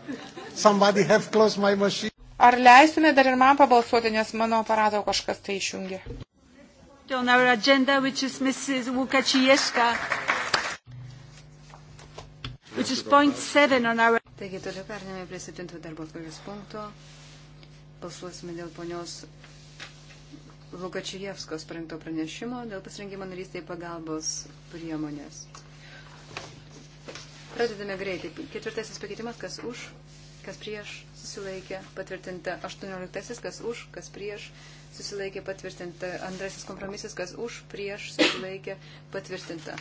Somebody have closed my machine. Ar leistumėte dar ir man pabalsuoti, nes mano aparato kažkas tai išjungė point on our agenda, which is Mrs. Łukacijewska, which is point seven on our. Taigi, toliau pernėme prie septinto darbo atvarkės punkto. Balsuosime dėl ponios Lukačijevskos parengto pranešimo dėl pasirinkimo narystėje pagalbos priemonės. Pradedame greitai. Ketvirtasis pakeitimas, kas už, kas prieš, susilaikė, patvirtinta. Aštuonioliktasis, kas už, kas prieš, susilaikė patvirtinta. Antrasis kompromisas, kas už, prieš, susilaikė patvirtinta.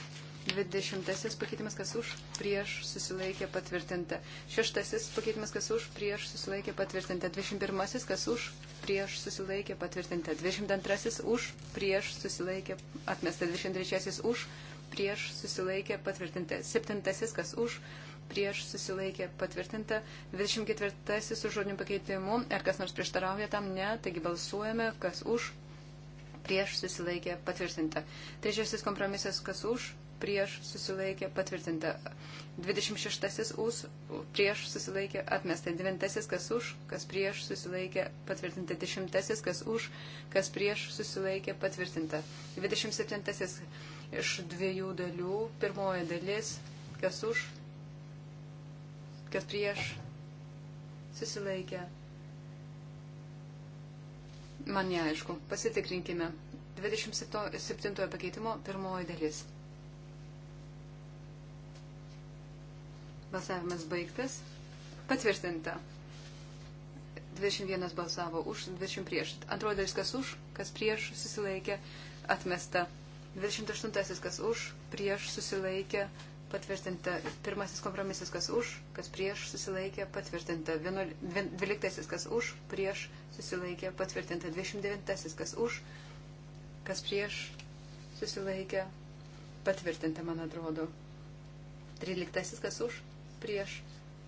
Dvidešimtasis pakeitimas, kas už, prieš, susilaikė patvirtinta. Šeštasis pakeitimas, kas už, prieš, susilaikė patvirtinta. Dvidešimt pirmasis, kas už, prieš, susilaikė patvirtinta. Dvidešimt antrasis, už, prieš, susilaikė atmesta. Dvidešimt trečiasis, už, prieš, susilaikė patvirtinta. Septintasis, kas už, prieš, prieš susilaikė patvirtinta, 24 su žodiniu pakeitimu, ar kas nors prieštarauja tam, ne, taigi balsuojame, kas už, prieš susilaikė patvirtinta. Trečiasis kompromisas, kas už, prieš susilaikė patvirtinta. 26 už, prieš susilaikė atmesta. 9 kas už, kas prieš susilaikė patvirtinta. 10 kas už, kas prieš susilaikė patvirtinta. 27 iš dviejų dalių. Pirmoji dalis, kas už, kas prieš, susilaikė. Man neaišku, pasitikrinkime. 27 pakeitimo pirmoji dalis. Balsavimas baigtas. Patvirtinta. 21 balsavo už, 20 prieš. Antroji dalis kas už, kas prieš susilaikė, atmesta. 28 kas už, prieš susilaikė, atmesta patvirtinta. Pirmasis kompromisas, kas už, kas prieš, susilaikė, patvirtinta. Dvyliktasis, kas už, prieš, susilaikė, patvirtinta. Dvidešimt devintasis, kas už, kas prieš, susilaikė, patvirtinta, man atrodo. Tryliktasis, kas už, prieš,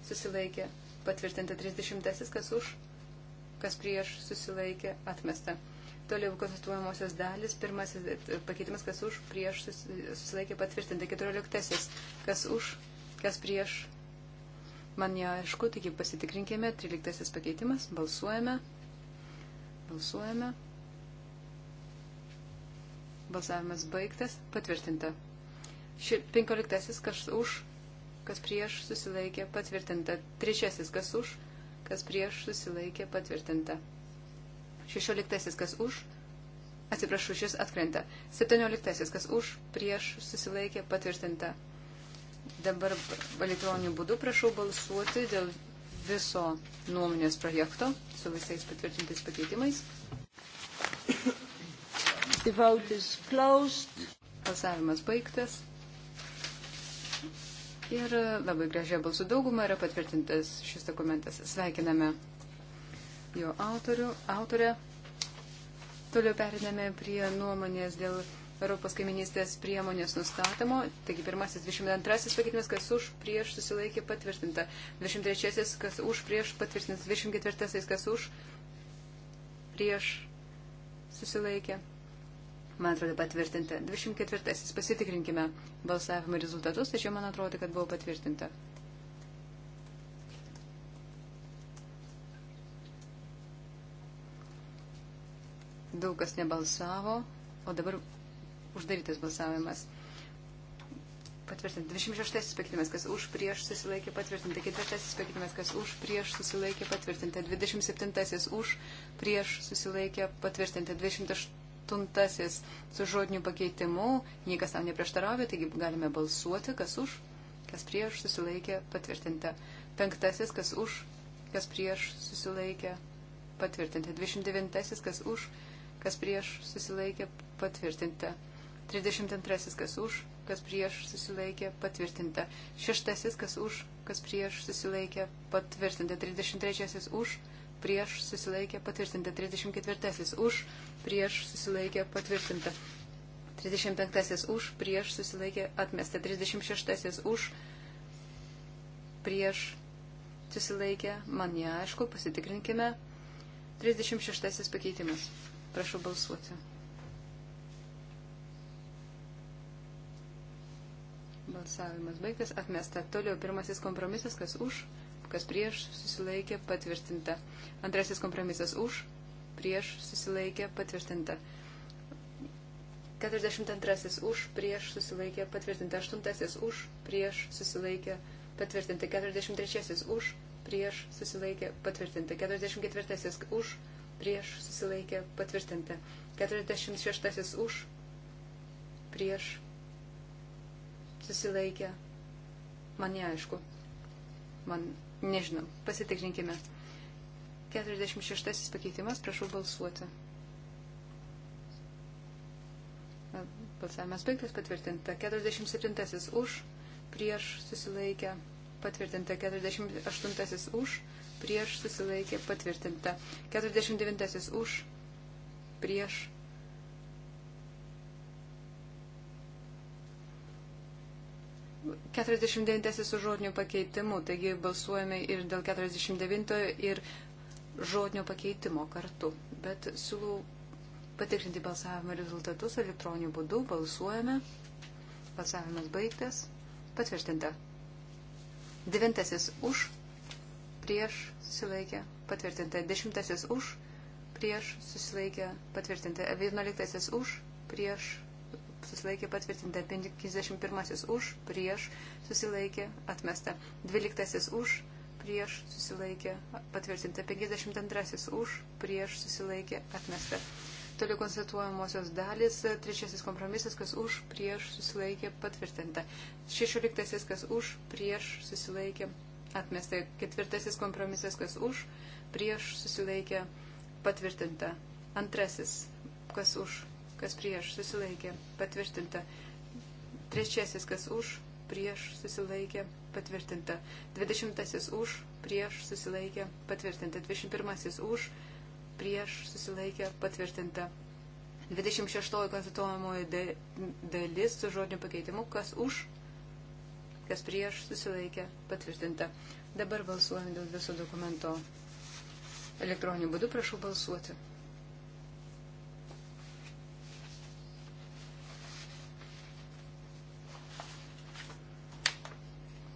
susilaikė, patvirtinta. Trisdešimtasis, kas už, kas prieš, susilaikė, atmesta. Toliau konstatuojamosios dalis. Pirmasis e, pakeitimas, kas už, prieš, susilaikė patvirtinta. Keturioliktasis, kas už, kas prieš. Man neaišku, taigi pasitikrinkime. Tryliktasis pakeitimas. Balsuojame. Balsuojame. Balsavimas baigtas. Patvirtinta. Ši, penkioliktasis, kas už, kas prieš, susilaikė patvirtinta. Trečiasis, kas už, kas prieš, susilaikė patvirtinta. 16 kas už, atsiprašau, šis atkrenta. 17 kas už, prieš susilaikė patvirtinta. Dabar elektroniniu būdu prašau balsuoti dėl viso nuomonės projekto su visais patvirtintais pakeitimais. The vote is closed. Balsavimas baigtas. Ir labai gražiai balsų dauguma yra patvirtintas šis dokumentas. Sveikiname jo autorių, autorę. Toliau periname prie nuomonės dėl Europos kaiminystės priemonės nustatymo. Taigi pirmasis 22 pakeitimas, kas už prieš susilaikė patvirtinta. 23 kas už prieš patvirtintas. 24 kas už prieš susilaikė. Man atrodo patvirtinta. 24 pasitikrinkime balsavimo rezultatus, tačiau man atrodo, kad buvo patvirtinta. daug kas nebalsavo, o dabar uždarytas balsavimas. Patvirtinti. 26 pakeitimas, kas už prieš susilaikė patvirtinti. 4 pakeitimas, kas už prieš susilaikė patvirtinti. 27 už prieš susilaikė patvirtinti. 28 su žodiniu pakeitimu. Niekas tam neprieštaravė, taigi galime balsuoti, kas už, kas prieš susilaikė patvirtinti. 5 kas už, kas prieš susilaikė patvirtinti. 29 kas už kas prieš susilaikė patvirtinta. 32 kas už, kas prieš susilaikė patvirtinta. 6 kas už, kas prieš susilaikė patvirtinta. 33 už, prieš susilaikė patvirtinta. 34 už, prieš susilaikė patvirtinta. 35 už, prieš susilaikė atmesta. 36 už, prieš susilaikė, man neaišku, pasitikrinkime. 36 pakeitimas. Prašau balsuoti. Balsavimas baigtas, atmesta. Toliau pirmasis kompromisas, kas už, kas prieš, susilaikė, patvirtinta. Antrasis kompromisas už, prieš, susilaikė, patvirtinta. 42 už, prieš, susilaikė, patvirtinta. 8 už, prieš, susilaikė, patvirtinta. 43 už, prieš, susilaikė, patvirtinta. 44 už, prieš susilaikė patvirtinta. 46 už prieš susilaikė. Man neaišku. Man nežinau. Pasitikrinkime. 46 pakeitimas, prašau balsuoti. Balsavimas baigtas patvirtinta. 47 už prieš susilaikė patvirtinta. 48 už prieš susilaikė patvirtinta. 49 už, prieš. Keturiasdešimt devintasis su žodiniu pakeitimu, taigi balsuojame ir dėl keturiasdešimt devintojo ir žodinio pakeitimo kartu. Bet siūlau patikrinti balsavimo rezultatus elektroniniu būdu, balsuojame. Balsavimas baigtas, patvirtinta. Devintasis už, prieš susilaikė patvirtinta. Dešimtasis už, prieš susilaikė patvirtinta. Vienuoliktasis už, prieš susilaikė patvirtinta. 51 už, prieš susilaikė atmesta. 12 už, prieš susilaikė patvirtinta. 52 už, prieš susilaikė atmesta. Toliau konstatuojamosios dalis, trečiasis kompromisas, kas už, prieš susilaikė patvirtinta. Šešioliktasis, kas už, prieš susilaikė atmesta. Ketvirtasis kompromisas, kas už, prieš susilaikė, patvirtinta. Antrasis, kas už, kas prieš susilaikė, patvirtinta. Trečiasis, kas už, prieš susilaikė, patvirtinta. Dvidešimtasis už, prieš susilaikė, patvirtinta. Dvidešimt pirmasis už, prieš susilaikė, patvirtinta. 26 konstatuojamoji dalis su žodiniu pakeitimu, kas už, kas prieš susilaikė patvirtinta. Dabar balsuojame dėl viso dokumento elektroniniu būdu, prašau balsuoti.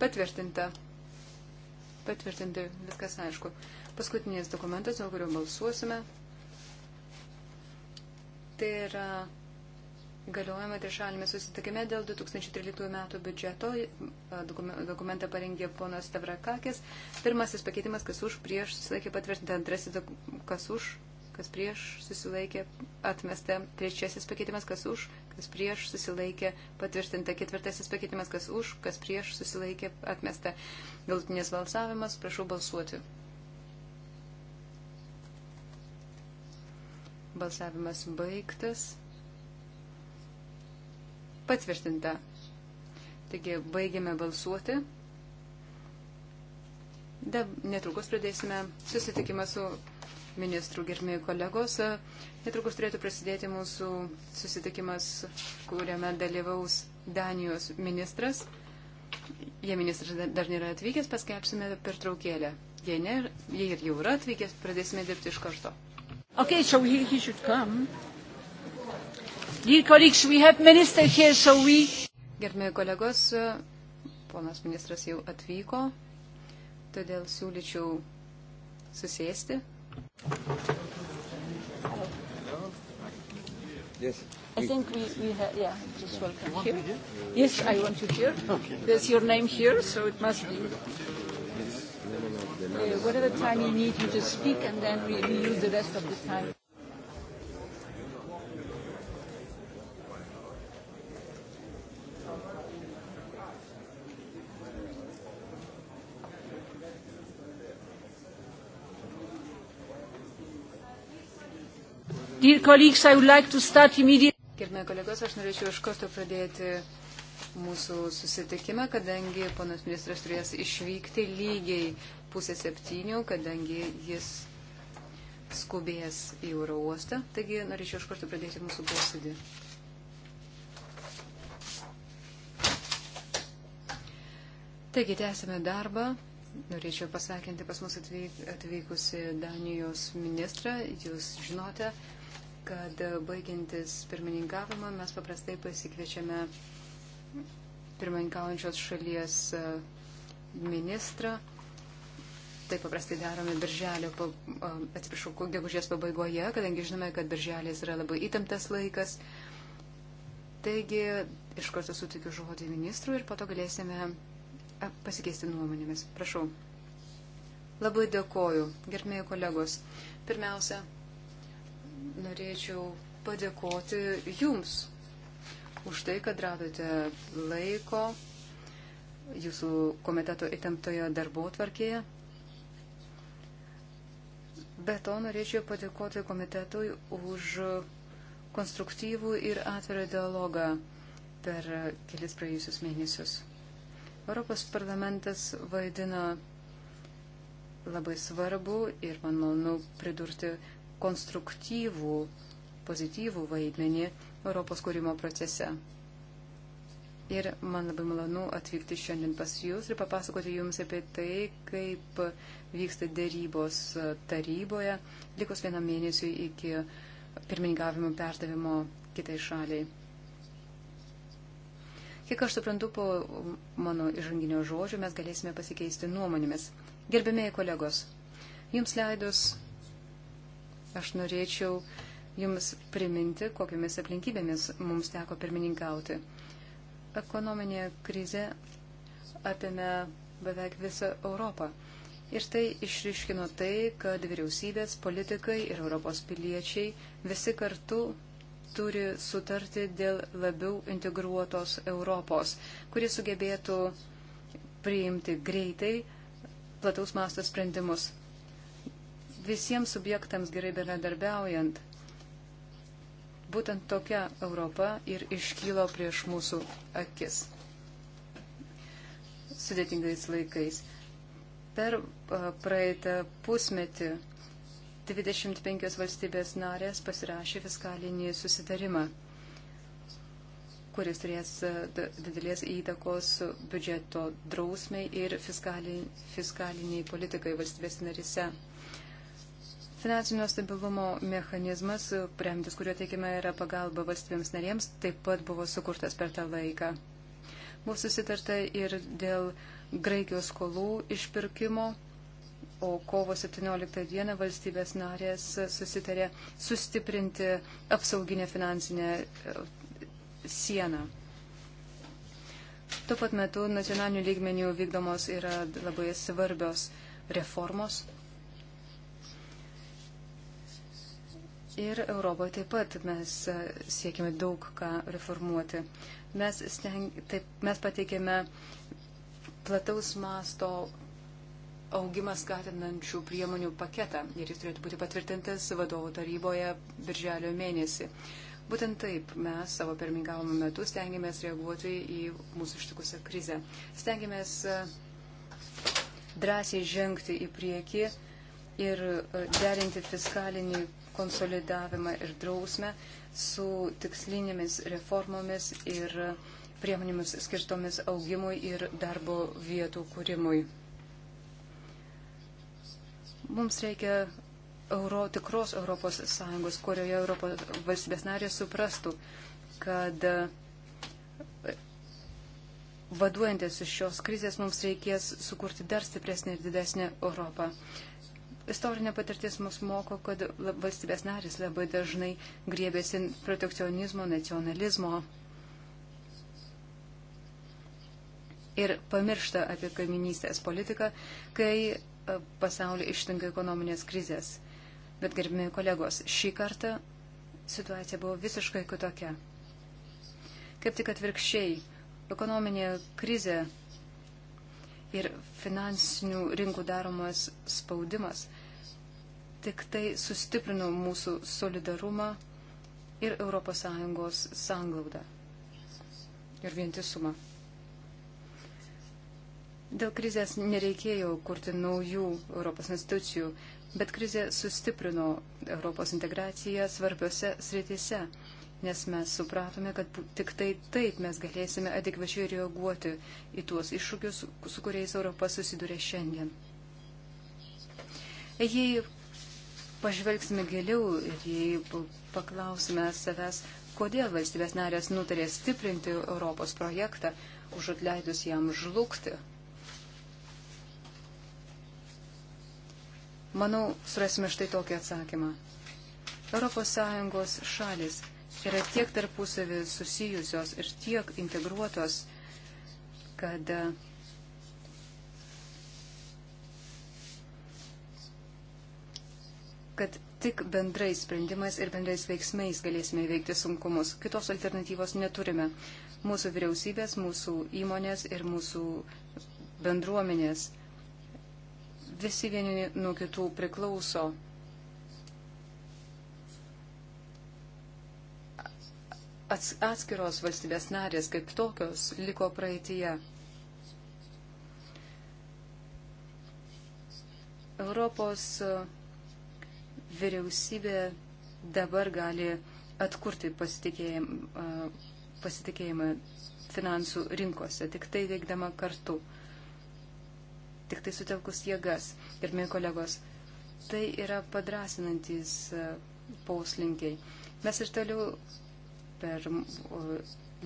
Patvirtinta. Patvirtinti, viskas aišku. Paskutinis dokumentas, dėl kurio balsuosime, tai yra galiojama trišalime susitikime dėl 2013 metų biudžeto. E, dokumentą parengė ponas Tavrakakis. Pirmasis pakeitimas, kas už, prieš, susilaikė patvirtinta. Antrasis, kas už, kas prieš, susilaikė atmesta. Trečiasis pakeitimas, kas už, kas prieš, susilaikė patvirtinta. Ketvirtasis pakeitimas, kas už, kas prieš, susilaikė atmesta. Galutinės balsavimas, prašau balsuoti. Balsavimas baigtas patvirtinta. Taigi baigiame balsuoti. Dab, netrukus pradėsime susitikimą su ministrų gerbėjų kolegos. Netrukus turėtų prasidėti mūsų susitikimas, kuriame dalyvaus Danijos ministras. Jei ministras dar nėra atvykęs, paskelbsime per traukėlę. Jei, ne, jei ir jau yra atvykęs, pradėsime dirbti iš karto. Okay, so he, he should come. So we... Gerbėjai kolegos, ponas ministras jau atvyko, todėl siūlyčiau susėsti. Yes. I think we, we have, yeah, just welcome here. Yes, I want you here. There's your name here, so it must be. Uh, whatever time you need, you just speak, and then we, we use the rest of the time. Gerbėjai kolegos, aš norėčiau iš kosto pradėti mūsų susitikimą, kadangi ponas ministras turės išvykti lygiai pusę septynių, kadangi jis skubės į Euro uostą. Taigi norėčiau iš karto pradėti mūsų posėdį. Taigi tęsime darbą. Norėčiau pasakinti pas mus atvykusi Danijos ministrą. Jūs žinote, kad e, baigiantis pirmininkavimą mes paprastai pasikviečiame pirmininkaujančios šalies e, ministrą. Tai paprastai darome birželio, atsiprašau, gegužės pabaigoje, kadangi žinome, kad birželis yra labai įtemptas laikas. Taigi iš karto sutikiu žodį ministrų ir po to galėsime pasikeisti nuomonėmis. Prašau. Labai dėkoju, gerbėjai kolegos. Pirmiausia, norėčiau padėkoti Jums už tai, kad radote laiko Jūsų komiteto įtemptoje darbo tvarkėje. Be to norėčiau padėkoti komitetui už konstruktyvų ir atvirą dialogą per kelis praėjusius mėnesius. Europos parlamentas vaidina labai svarbu ir man malonu pridurti konstruktyvų, pozityvų vaidmenį Europos kūrimo procese. Ir man labai malonu atvykti šiandien pas Jūs ir papasakoti Jums apie tai, kaip vyksta dėrybos taryboje, likus vienam mėnesiui iki pirmininkavimo perdavimo kitai šaliai. Kiek aš suprantu, po mano įžanginio žodžio mes galėsime pasikeisti nuomonėmis. Gerbėmiai kolegos, jums leidus Aš norėčiau Jums priminti, kokiamis aplinkybėmis mums teko pirmininkauti. Ekonominė krize apėmė beveik visą Europą. Ir tai išriškino tai, kad vyriausybės, politikai ir Europos piliečiai visi kartu turi sutarti dėl labiau integruotos Europos, kuri sugebėtų priimti greitai plataus masto sprendimus visiems subjektams gerai bendradarbiaujant, būtent tokia Europa ir iškylo prieš mūsų akis sudėtingais laikais. Per praeitą pusmetį 25 valstybės narės pasirašė fiskalinį susitarimą, kuris turės didelės įtakos biudžeto drausmiai ir fiskaliniai, fiskaliniai politikai valstybės narise. Finansinio stabilumo mechanizmas, remtis kuriuo teikime yra pagalba valstybėms narėms, taip pat buvo sukurtas per tą laiką. Buvo susitarta ir dėl Graikijos skolų išpirkimo, o kovo 17 dieną valstybės narės susitarė sustiprinti apsauginę finansinę e, sieną. Tuo pat metu nacionalinių lygmenių vykdomos yra labai svarbios reformos Ir Europoje taip pat mes e, siekime daug ką reformuoti. Mes, steng, taip, mes pateikėme plataus masto augimą skatinančių priemonių paketą ir jis turėtų būti patvirtintas vadovų taryboje birželio mėnesį. Būtent taip mes savo pirmingavimo metu stengiamės reaguoti į mūsų ištikusią krizę. Stengiamės e, drąsiai žengti į priekį ir e, derinti fiskalinį konsolidavimą ir drausmę su tikslinėmis reformomis ir priemonėmis skirtomis augimui ir darbo vietų kūrimui. Mums reikia euro, tikros Europos Sąjungos, kurioje Europos valstybės narės suprastų, kad e, vaduojantis iš šios krizės mums reikės sukurti dar stipresnį ir didesnį Europą. Istorinė patirtis mus moko, kad valstybės narys labai dažnai griebėsi protekcionizmo, nacionalizmo ir pamiršta apie kaiminystės politiką, kai e, pasaulį ištinka ekonominės krizės. Bet, gerbimi kolegos, šį kartą situacija buvo visiškai kitokia. Kaip tik atvirkščiai, ekonominė krizė ir finansinių rinkų daromas spaudimas tik tai sustiprino mūsų solidarumą ir ES sanglaudą ir vientisumą. Dėl krizės nereikėjo kurti naujų Europos institucijų, bet krizė sustiprino Europos integraciją svarbiose srityse, nes mes supratome, kad tik tai taip mes galėsime adekvačiai reaguoti į tuos iššūkius, su kuriais Europa susiduria šiandien. Jei pažvelgsime giliau ir jei paklausime savęs, kodėl valstybės narės nutarė stiprinti Europos projektą, už atleidus jam žlugti. Manau, surasime štai tokį atsakymą. ES šalis yra tiek tarpusavį susijusios ir tiek integruotos, kad kad tik bendrais sprendimais ir bendrais veiksmais galėsime įveikti sunkumus. Kitos alternatyvos neturime. Mūsų vyriausybės, mūsų įmonės ir mūsų bendruomenės visi vieni nuo kitų priklauso. Ats, atskiros valstybės narės kaip tokios liko praeitie. Europos uh, vyriausybė dabar gali atkurti pasitikėjimą, pasitikėjimą finansų rinkose, tik tai veikdama kartu, tik tai sutelkus jėgas. Gerbimi kolegos, tai yra padrasinantis poslinkiai. Mes ir toliau per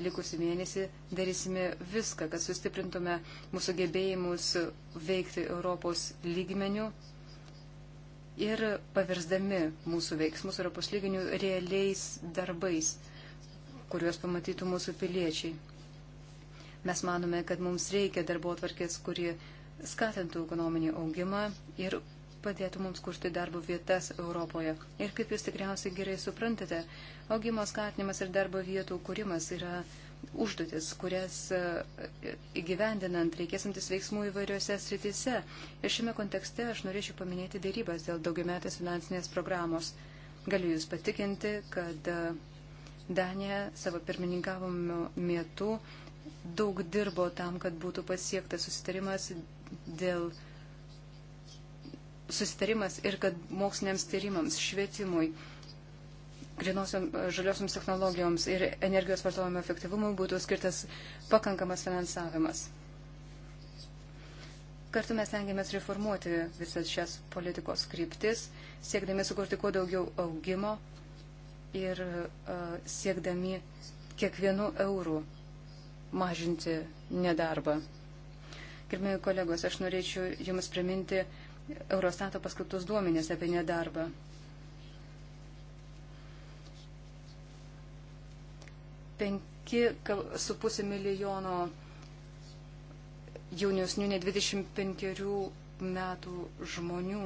likusį mėnesį darysime viską, kad sustiprintume mūsų gebėjimus veikti Europos lygmenių ir pavirsdami mūsų veiksmus Europos lyginių realiais darbais, kuriuos pamatytų mūsų piliečiai. Mes manome, kad mums reikia darbo atvarkės, kurie skatintų ekonominį augimą ir padėtų mums kurti darbo vietas Europoje. Ir kaip jūs tikriausiai gerai suprantate, augimo skatinimas ir darbo vietų kūrimas yra užduotis, kurias e, įgyvendinant reikėsimtis veiksmų įvairiose sritise. Ir šiame kontekste aš norėčiau paminėti dėrybas dėl daugiametės finansinės programos. Galiu Jūs patikinti, kad e, Danija savo pirmininkavimo metu daug dirbo tam, kad būtų pasiektas susitarimas dėl susitarimas ir kad moksliniams tyrimams, švietimui, E, žaliosioms technologijoms ir energijos vartojimo efektyvumui būtų skirtas pakankamas finansavimas. Kartu mes tengiamės reformuoti visas šias politikos kryptis, siekdami sukurti kuo daugiau augimo ir uh, siekdami kiekvienu eurų mažinti nedarbą. Kirmėjų kolegos, aš norėčiau Jums priminti Eurostato paskelbtus duomenės apie nedarbą. 5,5 milijono jaunesnių nei 25 metų žmonių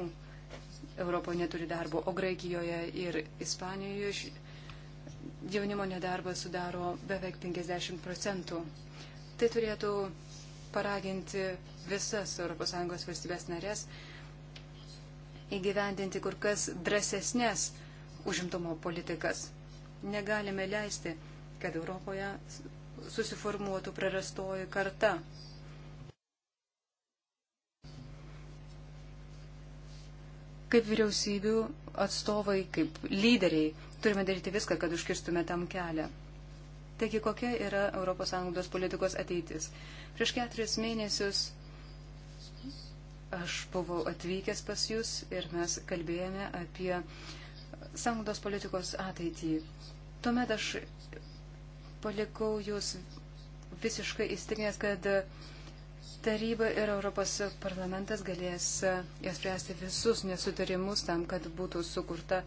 Europoje neturi darbo, o Graikijoje ir Ispanijoje jaunimo nedarbas sudaro beveik 50 procentų. Tai turėtų paraginti visas ES valstybės narės įgyvendinti kur kas drąsesnės užimtumo politikas. Negalime leisti, kad Europoje susiformuotų prarastoji karta. Kaip vyriausybių atstovai, kaip lyderiai, turime daryti viską, kad užkirstume tam kelią. Taigi, kokia yra ES politikos ateitis? Prieš keturis mėnesius aš buvau atvykęs pas jūs ir mes kalbėjome apie sąnaudos politikos ateitį. Tuomet aš palikau jūs visiškai įstikinęs, kad taryba ir Europos parlamentas galės įspręsti e, visus nesutarimus tam, kad būtų sukurta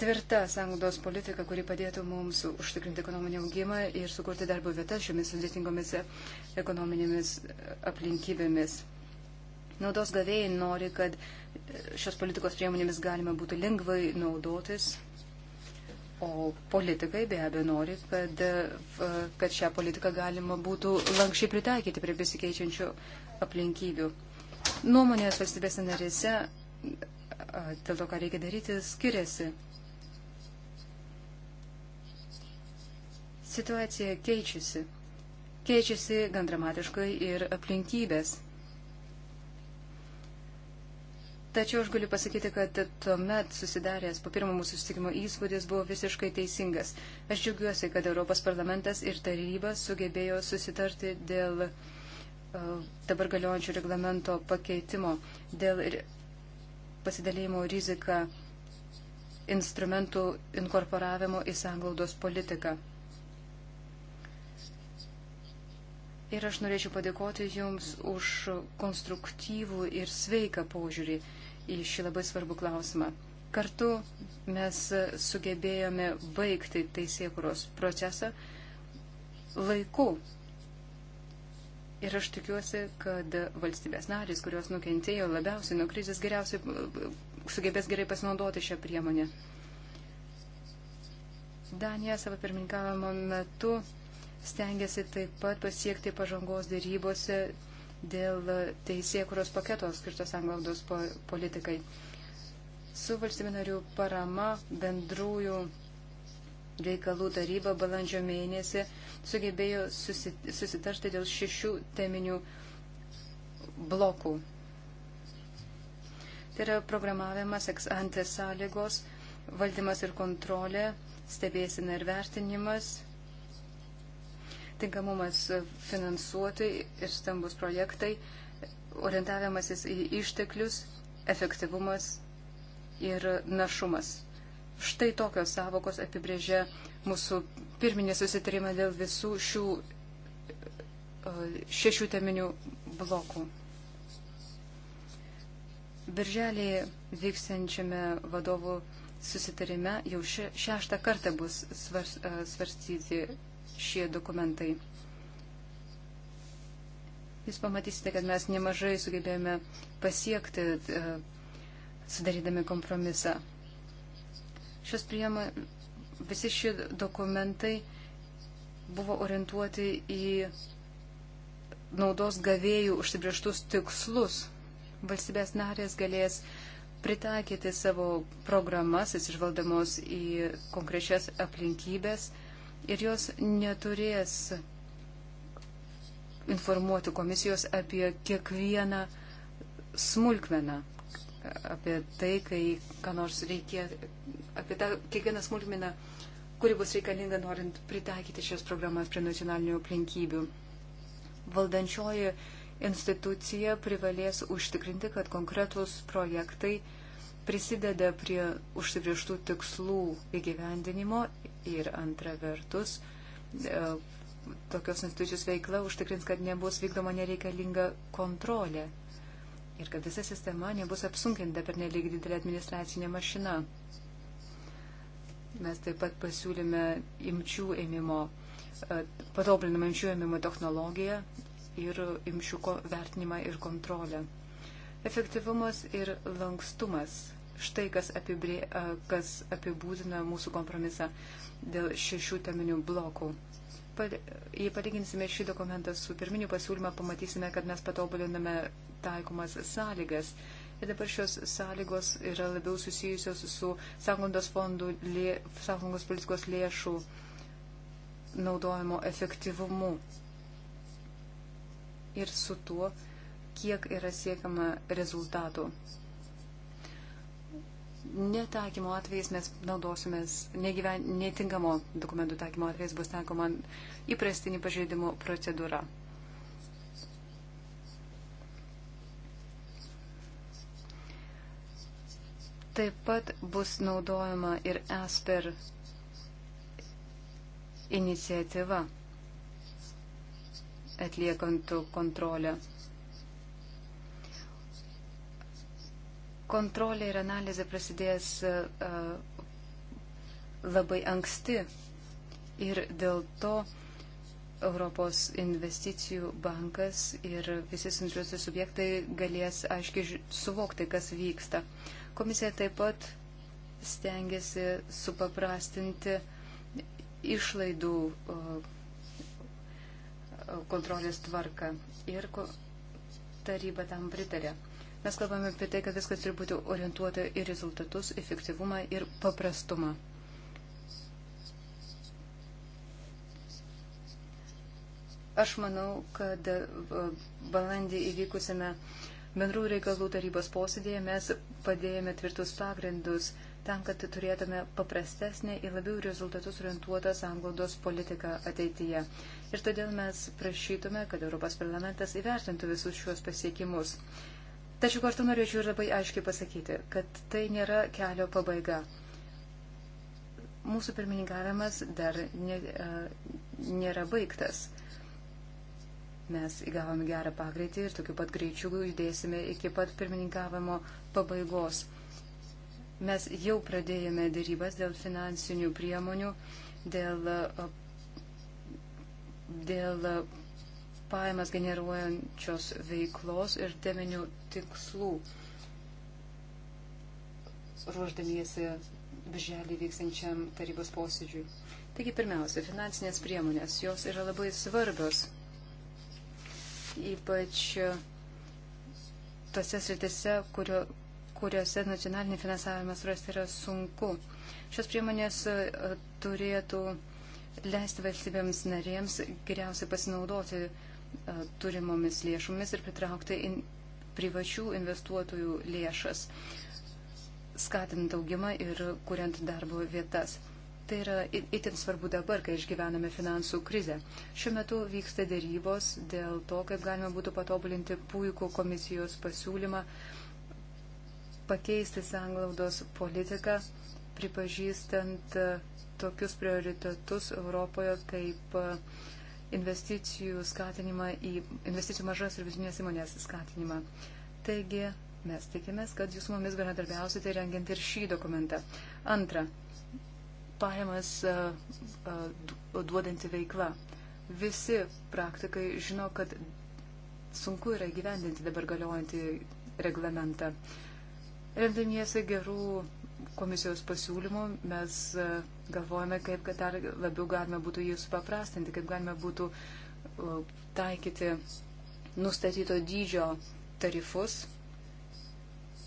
tvirta sąnaudos politika, kuri padėtų mums užtikrinti ekonominį augimą ir sukurti darbo vietas šiomis sudėtingomis ekonominėmis aplinkybėmis. Naudos gavėjai nori, kad šios politikos priemonėmis galima būtų lengvai naudotis O politikai be abejo nori, kad, e, kad šią politiką galima būtų lankščiai pritaikyti prie besikeičiančių aplinkybių. Nuomonės valstybės narėse e, dėl to, ką reikia daryti, skiriasi. Situacija keičiasi. Keičiasi gan dramatiškai ir aplinkybės. Tačiau aš galiu pasakyti, kad tuomet susidaręs po pirmo mūsų susitikimo įspūdis buvo visiškai teisingas. Aš džiaugiuosi, kad Europos parlamentas ir taryba sugebėjo susitarti dėl e, dabar galiojančių reglamento pakeitimo, dėl pasidalėjimo riziką instrumentų inkorporavimo į sanglaudos politiką. Ir aš norėčiau padėkoti Jums už konstruktyvų ir sveiką požiūrį į šį labai svarbų klausimą. Kartu mes sugebėjome baigti teisėkuros procesą laiku. Ir aš tikiuosi, kad valstybės narys, kurios nukentėjo labiausiai nuo krizės, geriausiai sugebės gerai pasinaudoti šią priemonę. Danija savo pirmininkavimo metu stengiasi taip pat pasiekti pažangos dėrybose dėl teisėkuros paketo skirtos anglaudos politikai. Su valstybinarių parama bendrųjų reikalų taryba balandžio mėnesį sugebėjo susitarti dėl šešių teminių blokų. Tai yra programavimas, eksantės sąlygos, valdymas ir kontrolė, stebėsina ir vertinimas, tinkamumas finansuoti ir stambus projektai, orientavimasis į išteklius, efektyvumas ir našumas. Štai tokios savokos apibrėžia mūsų pirminį susitarimą dėl visų šių e, šešių teminių blokų. Birželį vyksiančiame vadovų susitarime jau šeštą kartą bus svars, e, svarstyti šie dokumentai. Jūs pamatysite, kad mes nemažai sugebėjome pasiekti, e, sudarydami kompromisą. Šios priemo, visi šie dokumentai buvo orientuoti į naudos gavėjų užsibrieštus tikslus. Valstybės narės galės pritaikyti savo programas, atsižvaldamos į konkrečias aplinkybės ir jos neturės informuoti komisijos apie kiekvieną smulkmeną, apie tai, kai ką nors reikia, apie tą kiekvieną smulkmeną, kuri bus reikalinga norint pritaikyti šios programas prie nacionalinių aplinkybių. Valdančioji institucija privalės užtikrinti, kad konkretus projektai prisideda prie užsibrieštų tikslų įgyvendinimo ir antra vertus, e, tokios institucijos veikla užtikrins, kad nebus vykdoma nereikalinga kontrolė ir kad visa sistema nebus apsunkinta per nelik didelį administracinę mašiną. Mes taip pat pasiūlėme imčių ėmimo, e, patobulinamą imčių ėmimo technologiją ir imčių vertinimą ir kontrolę. Efektyvumas ir lankstumas. Štai kas, apibrė, e, kas apibūdina mūsų kompromisą dėl šešių teminių blokų. Jei palyginsime šį dokumentą su pirminiu pasiūlymą, pamatysime, kad mes patobuliname taikomas sąlygas. Ir dabar šios sąlygos yra labiau susijusios su sąjungos fondų, lė, sąjungos politikos lėšų naudojimo efektyvumu ir su tuo, kiek yra siekiama rezultatų netaikymo atvejais mes naudosimės, negyven, netinkamo dokumentų taikymo atvejais bus taikoma įprastinį pažeidimo procedūrą. Taip pat bus naudojama ir ESPER iniciatyva atliekant kontrolę. Kontrolė ir analizė prasidės e, e, labai anksti ir dėl to Europos investicijų bankas ir visi suinteresuoti subjektai galės aiškiai suvokti, kas vyksta. Komisija taip pat stengiasi supaprastinti išlaidų kontrolės tvarką ir taryba tam pritarė. Mes kalbame apie tai, kad viskas turi būti orientuota į rezultatus, efektyvumą ir paprastumą. Aš manau, kad e, balandį įvykusiame bendrų reikalų tarybos posėdėje mes padėjome tvirtus pagrindus tam, kad turėtume paprastesnę ir labiau rezultatus orientuotą sanglaudos politiką ateityje. Ir todėl mes prašytume, kad Europos parlamentas įvertintų visus šiuos pasiekimus. Tačiau kartu norėčiau ir labai aiškiai pasakyti, kad tai nėra kelio pabaiga. Mūsų pirmininkavimas dar nė, e, nėra baigtas. Mes įgavome gerą pagreitį ir tokiu pat greičiu judėsime iki pat pirmininkavimo pabaigos. Mes jau pradėjome dėrybas dėl finansinių priemonių, dėl, e, dėl pajamas generuojančios veiklos ir teminių tikslų. Ruoždamiesi birželį vyksančiam tarybos posėdžiui. Taigi pirmiausia, finansinės priemonės, jos yra labai svarbios, ypač e, tose sritise, kurio, kuriuose nacionalinį finansavimą surasti yra sunku. Šios priemonės e, turėtų leisti valstybėms narėms geriausiai pasinaudoti uh, E, turimomis lėšomis ir pritraukti in, privačių investuotojų lėšas, skatint augimą ir kuriant darbo vietas. Tai yra itin svarbu dabar, kai išgyvename finansų krizę. Šiuo metu vyksta dėrybos dėl to, kaip galima būtų patobulinti puikų komisijos pasiūlymą pakeisti sanglaudos politiką, pripažįstant tokius prioritetus Europoje kaip uh, investicijų skatinimą į investicijų mažas ir vidutinės įmonės skatinimą. Taigi mes tikimės, kad jūs mumis bendradarbiausite rengiant ir šį dokumentą. Antra, pajamas duodanti veikla. Visi praktikai žino, kad sunku yra gyvendinti dabar galiojantį reglamentą. Remdamiesi gerų komisijos pasiūlymų mes e, galvojame, kaip kad dar labiau galime būtų jį supaprastinti, kaip galime būtų taikyti nustatyto dydžio tarifus.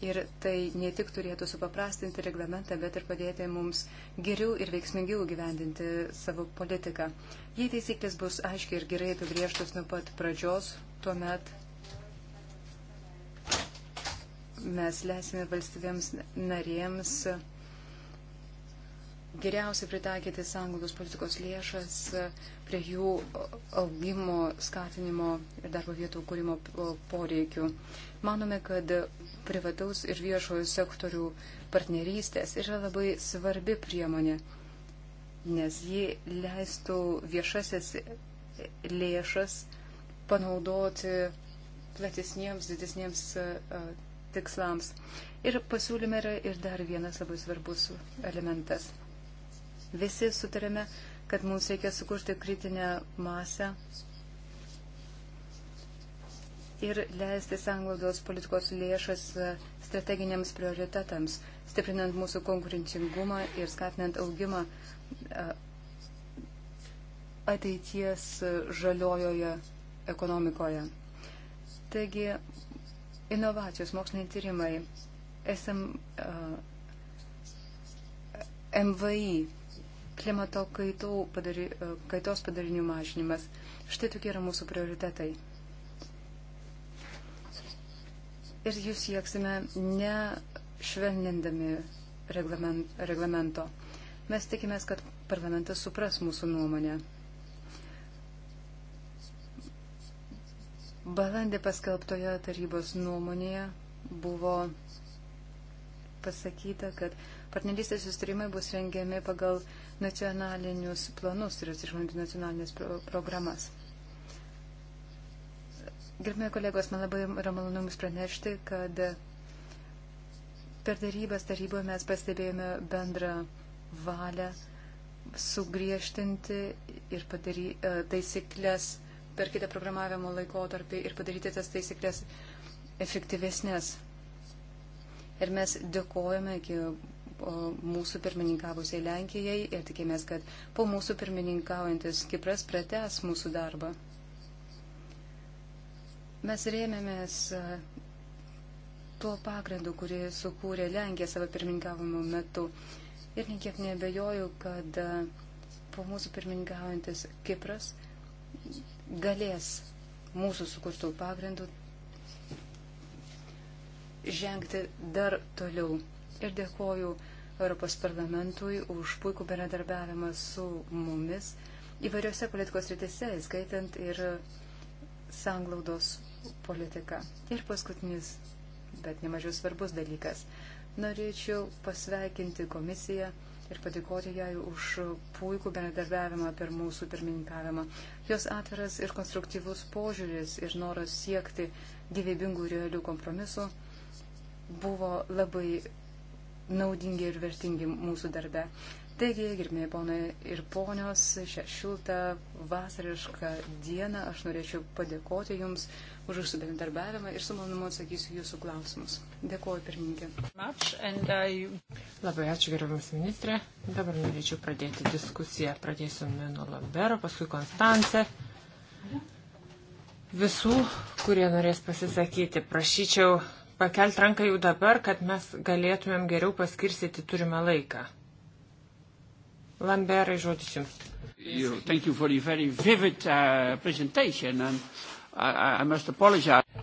Ir tai ne tik turėtų supaprastinti reglamentą, bet ir padėti mums geriau ir veiksmingiau gyvendinti savo politiką. Jei taisyklės bus aiškiai ir gerai apibrieštos nuo pat pradžios, tuomet mes leisime valstybėms narėms geriausiai pritaikyti sąnglaudos politikos lėšas prie jų augimo, skatinimo ir darbo vietų kūrimo poreikių. Manome, kad privataus ir viešojo sektorių partnerystės yra labai svarbi priemonė, nes ji leistų viešasis lėšas panaudoti platesniems, didesniems tikslams. Ir pasiūlyme yra ir dar vienas labai svarbus elementas. Visi sutarėme, kad mums reikia sukurti kritinę masę ir leisti sanglaudos politikos lėšas strateginiams prioritetams, stiprinant mūsų konkurencingumą ir skatinant augimą ateities žaliojoje ekonomikoje. Taigi Inovacijos moksliniai tyrimai, SM, uh, MVI, klimato kaitų padary, uh, kaitos padarinių mažinimas. Štai tokie yra mūsų prioritetai. Ir jūs sieksime ne švelnindami reglament, reglamento. Mes tikimės, kad parlamentas supras mūsų nuomonę. Balandį paskelbtoje tarybos nuomonėje buvo pasakyta, kad partnerystės sustarimai bus rengiami pagal nacionalinius planus ir atsižvelgiant nacionalinės pro programas. Gerbėjai kolegos, man labai yra malonu Jums pranešti, kad per darybas taryboje mes pastebėjome bendrą valią sugriežtinti ir padary, e, taisyklės per kitą programavimo laikotarpį ir padaryti tas taisyklės efektyvesnės. Ir mes dėkojame mūsų pirmininkavusiai Lenkijai ir tikimės, kad po mūsų pirmininkaujantis Kipras pratęs mūsų darbą. Mes rėmėmės tuo pagrindu, kurį sukūrė Lenkija savo pirmininkavimo metu. Ir niekiek nebejoju, kad po mūsų pirmininkaujantis Kipras galės mūsų sukurtų pagrindų žengti dar toliau. Ir dėkoju Europos parlamentui už puikų bendradarbiavimą su mumis įvairiose politikos rytise, įskaitant ir sanglaudos politiką. Ir paskutinis, bet nemažiau svarbus dalykas. Norėčiau pasveikinti komisiją ir padėkoti jai už puikų bendradarbiavimą per mūsų pirmininkavimą. Jos atviras ir konstruktyvus požiūris ir noras siekti gyvybingų ir realių kompromisų buvo labai naudingi ir vertingi mūsų darbe. Taigi, gerbėjai ponai ir ponios, šią šiltą vasarišką dieną aš norėčiau padėkoti Jums už Jūsų bendarbiavimą ir su manimu atsakysiu Jūsų klausimus. Dėkuoju, pirmininkė. Labai ačiū, gerbiamas ministrė. Dabar norėčiau pradėti diskusiją. Pradėsime nuo Lambero, paskui Konstance. Visų, kurie norės pasisakyti, prašyčiau pakelt ranką jau dabar, kad mes galėtumėm geriau paskirstyti turimą laiką. Lamberai, žodis jums. Vivid, uh, I, I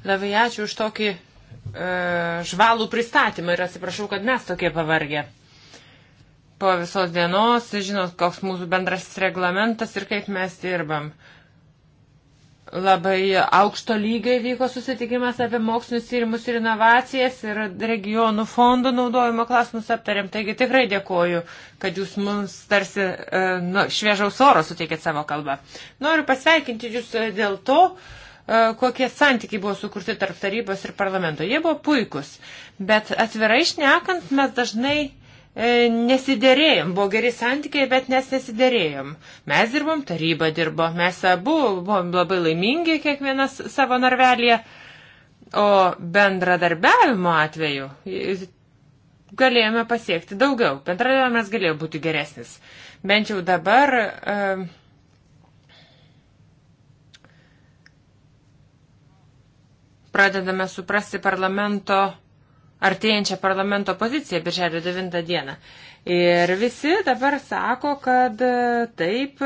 Labai ačiū už tokį uh, žvalų pristatymą ir atsiprašau, kad mes tokie pavargę. Po visos dienos, žinot, koks mūsų bendrasis reglamentas ir kaip mes dirbam. Uh, Labai aukšto lygio įvyko susitikimas apie mokslinius tyrimus ir inovacijas ir regionų fondų naudojimo klausimus aptarėm. Taigi tikrai dėkoju, kad jūs mums tarsi e, nu, šviežaus oro suteikėt savo kalbą. Noriu pasveikinti jūs e, dėl to, e, kokie santykiai buvo sukurti tarp tarybos ir parlamento. Jie buvo puikus, bet atvirai šnekant mes dažnai E, nesiderėjom, buvo geri santykiai, bet mes nesiderėjom. Mes dirbom, taryba dirbo, mes abu buvom labai laimingi kiekvienas savo narvelėje, o bendradarbiavimo atveju galėjome pasiekti daugiau, bendradarbiavimas galėjo būti geresnis. Bent jau dabar. Uh, Pradedame suprasti parlamento artėjančią parlamento poziciją birželio 9 dieną. Ir visi dabar sako, kad e, taip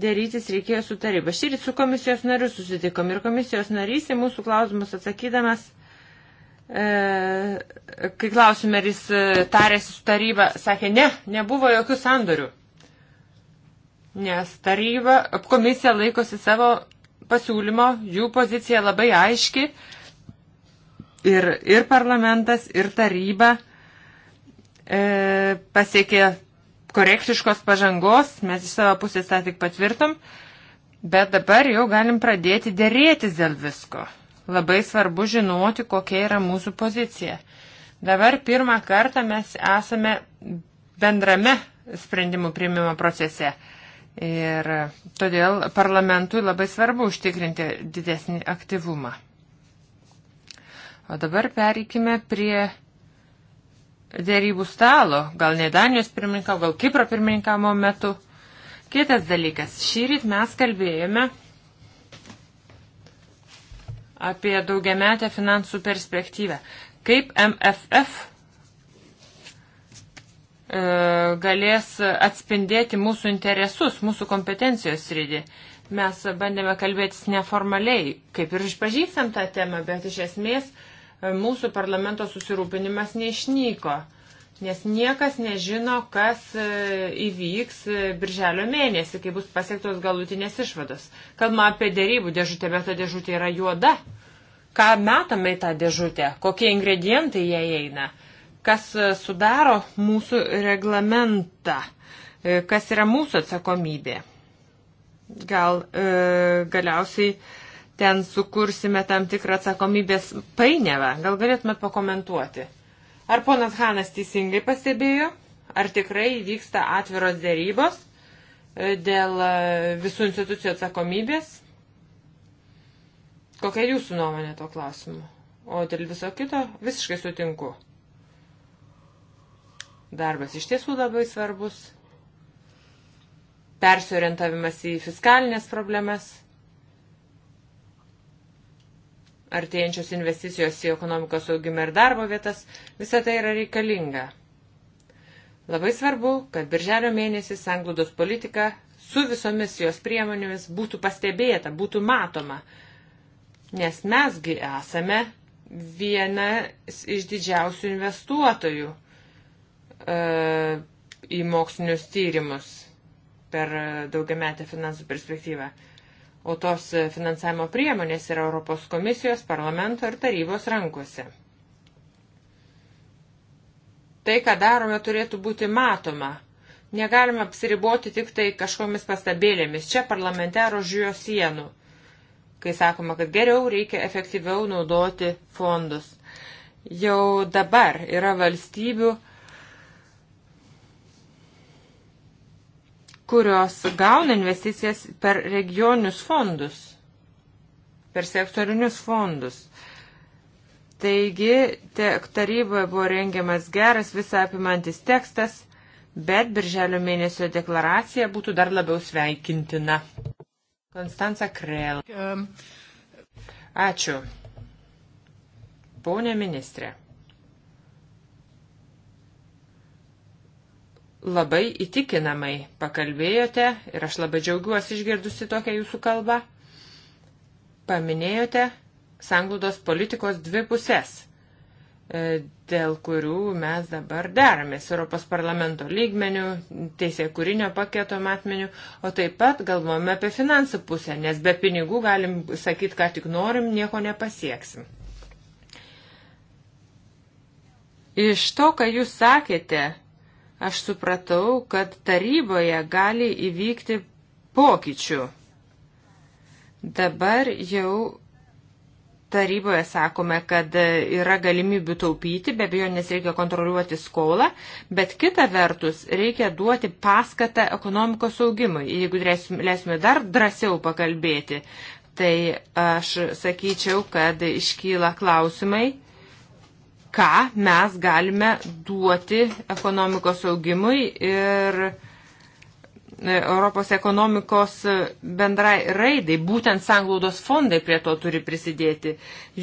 dėrytis reikėjo su taryba. Šį rytį su komisijos nariu susitikom ir komisijos narys į mūsų klausimus atsakydamas, e, kai klausime, ar jis e, tarėsi su taryba, sakė, ne, nebuvo jokių sandorių. Nes taryba, komisija laikosi savo pasiūlymo, jų pozicija labai aiški ir, ir parlamentas, ir taryba e, pasiekė korektiškos pažangos, mes iš savo pusės tą tik patvirtom, bet dabar jau galim pradėti dėrėtis dėl visko. Labai svarbu žinoti, kokia yra mūsų pozicija. Dabar pirmą kartą mes esame bendrame sprendimų priimimo procese. Ir todėl parlamentui labai svarbu užtikrinti didesnį aktyvumą. O dabar pereikime prie dėrybų stalo, gal ne Danijos pirmininkavo, gal Kipro pirmininkamo metu. Kitas dalykas, šį rytą mes kalbėjome apie daugiametę finansų perspektyvę. Kaip MFF e, galės atspindėti mūsų interesus, mūsų kompetencijos rydį. Mes bandėme kalbėtis neformaliai, kaip ir išpažįstam tą temą, bet iš esmės uh, mūsų parlamento susirūpinimas neišnyko, nes niekas nežino, kas e, įvyks e, birželio mėnesį, kai bus pasiektos galutinės išvados. Kalbama apie dėrybų dėžutę, bet ta dėžutė yra juoda. Ką metame į tą dėžutę, kokie ingredientai jie eina, kas e, sudaro mūsų reglamentą, kas yra mūsų atsakomybė. Gal e, galiausiai e, ten sukursime tam tikrą atsakomybės painiavą. Gal galėtumėt pakomentuoti? Ar ponas Hanas teisingai pastebėjo? Ar tikrai vyksta atviros dėrybos e, dėl e, visų institucijų atsakomybės? Kokia jūsų nuomonė to klausimu? O dėl viso kito visiškai sutinku. Darbas iš tiesų labai svarbus. Persiorientavimas į fiskalinės problemas – artėjančios investicijos į ekonomikos augimą ir darbo vietas, visa tai yra reikalinga. Labai svarbu, kad birželio mėnesį sanglūdos politika su visomis jos priemonėmis būtų pastebėta, būtų matoma, nes mesgi esame vienas iš didžiausių investuotojų e, į mokslinius tyrimus per daugiametę finansų perspektyvą o tos finansavimo priemonės yra Europos komisijos, parlamento ir tarybos rankose. Tai, ką darome, turėtų būti matoma. Negalime apsiriboti tik tai kažkomis pastabėlėmis. Čia parlamentaro žiūrio sienų, kai sakoma, kad geriau reikia efektyviau naudoti fondus. Jau dabar yra valstybių, kurios gauna investicijas per regionius fondus, per sektorinius fondus. Taigi, taryboje buvo rengiamas geras visą apimantis tekstas, bet birželio mėnesio deklaracija būtų dar labiau sveikintina. Konstanca Krell. Um, Ačiū. Pone ministrė. labai įtikinamai pakalbėjote ir aš labai džiaugiuosi išgirdusi tokią jūsų kalbą. Paminėjote sanglaudos politikos dvi pusės, e, dėl kurių mes dabar deramės Europos parlamento lygmenių, teisė kūrinio paketo matmenių, o taip pat galvojame apie finansų pusę, nes be pinigų galim sakyti, ką tik norim, nieko nepasieksim. Iš to, ką jūs sakėte, aš supratau, kad taryboje gali įvykti pokyčių. Dabar jau taryboje sakome, kad yra galimybių taupyti, be abejo, nes reikia kontroliuoti skolą, bet kita vertus reikia duoti paskatą ekonomikos augimui. Jeigu leisime dar drąsiau pakalbėti, tai aš sakyčiau, kad iškyla klausimai ką mes galime duoti ekonomikos augimui ir e, Europos ekonomikos bendrai raidai. Būtent sanglaudos fondai prie to turi prisidėti.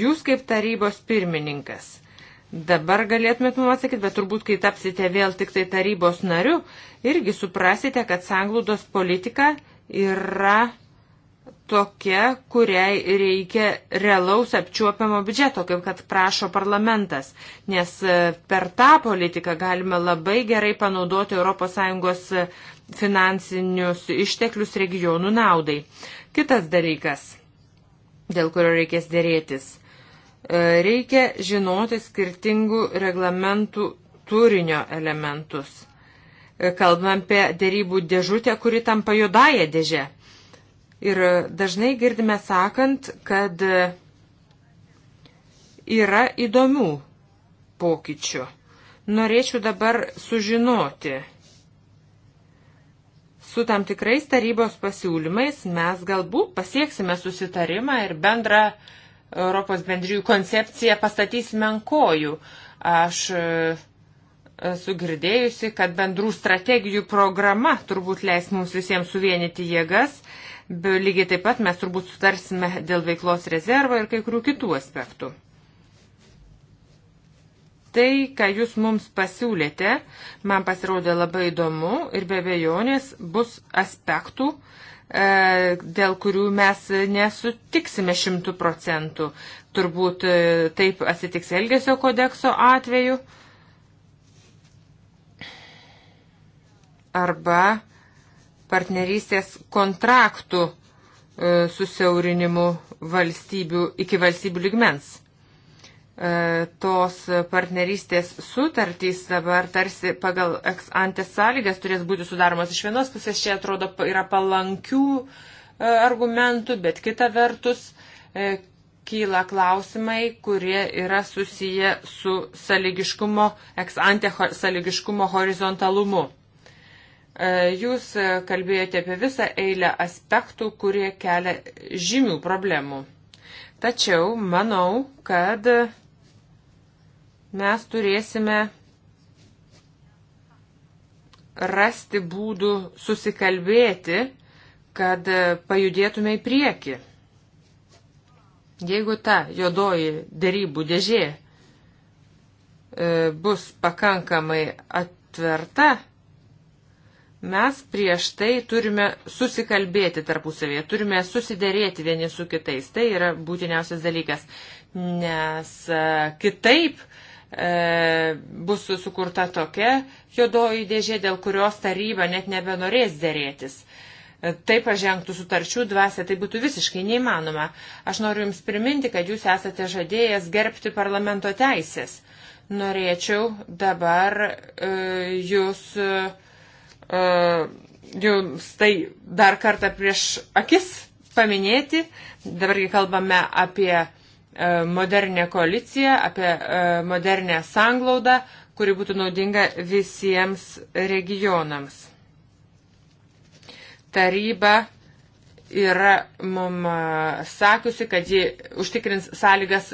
Jūs kaip tarybos pirmininkas. Dabar galėtumėt mums atsakyti, bet turbūt, kai tapsite vėl tik tai tarybos nariu, irgi suprasite, kad sanglaudos politika yra tokia, kuriai reikia realaus apčiuopiamo biudžeto, kaip kad prašo parlamentas, nes e, per tą politiką galime labai gerai panaudoti ES e, finansinius išteklius regionų naudai. Kitas dalykas, dėl kurio reikės dėrėtis. E, reikia žinoti skirtingų reglamentų turinio elementus. Kalbam apie dėrybų dėžutę, kuri tampa juodąją dėžę Ir dažnai girdime sakant, kad yra įdomių pokyčių. Norėčiau dabar sužinoti. Su tam tikrais tarybos pasiūlymais mes galbūt pasieksime susitarimą ir bendrą Europos bendrijų koncepciją pastatysime ant kojų. Aš e, esu girdėjusi, kad bendrų strategijų programa turbūt leis mums visiems suvienyti jėgas Be lygiai taip pat mes turbūt sutarsime dėl veiklos rezervo ir kai kurių kitų aspektų. Tai, ką jūs mums pasiūlėte, man pasirodė labai įdomu ir be bejonės bus aspektų, e, dėl kurių mes nesutiksime šimtų procentų. Turbūt e, taip atsitiks Elgesio kodekso atveju. Arba partnerystės kontraktų e, susiaurinimu valstybių, iki valstybių ligmens. E, tos partnerystės sutartys dabar tarsi pagal antės sąlygas turės būti sudaromas. Iš vienos pusės čia atrodo yra palankių e, argumentų, bet kita vertus kyla klausimai, kurie yra susiję su sąlygiškumo, ex ante sąlygiškumo horizontalumu. E, jūs kalbėjote apie visą eilę aspektų, kurie kelia žymių problemų. Tačiau manau, kad mes turėsime rasti būdų susikalbėti, kad pajudėtume į priekį. Jeigu ta jodoji dėrybų dėžė e, bus pakankamai atverta, Mes prieš tai turime susikalbėti tarpusavėje, turime susiderėti vieni su kitais. Tai yra būtiniausias dalykas, nes e, kitaip e, bus sukurta tokia juodoji dėžė, dėl kurios taryba net nebenorės dėrėtis. E, tai pažengtų sutarčių dvasia, tai būtų visiškai neįmanoma. Aš noriu Jums priminti, kad Jūs esate žadėjęs gerbti parlamento teisės. Norėčiau dabar e, Jūs. E, E, jums tai dar kartą prieš akis paminėti. Dabargi kalbame apie e, modernę koaliciją, apie e, modernę sanglaudą, kuri būtų naudinga visiems regionams. Taryba yra mum sakiusi, kad ji užtikrins sąlygas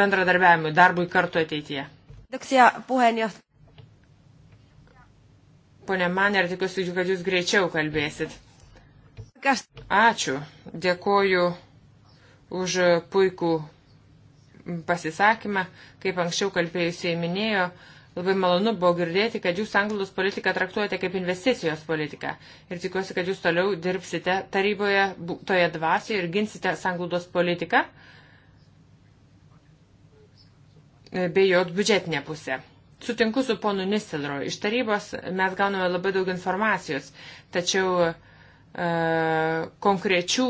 bendradarbiavimui darbui kartu ateityje. Kiitoksia puheenjohtaja. Pone man, ir tikiuosi, kad jūs greičiau kalbėsit. Kas? Ačiū. Dėkoju už puikų pasisakymą. Kaip anksčiau kalbėjusiai minėjo, labai malonu buvo girdėti, kad jūs anglos politiką traktuojate kaip investicijos politiką. Ir tikiuosi, kad jūs toliau dirbsite taryboje toje dvasioje ir ginsite anglos politiką e, bei jos biudžetinę pusę. Sutinku su ponu Nisilro. Iš tarybos mes gauname labai daug informacijos, tačiau e, konkrečių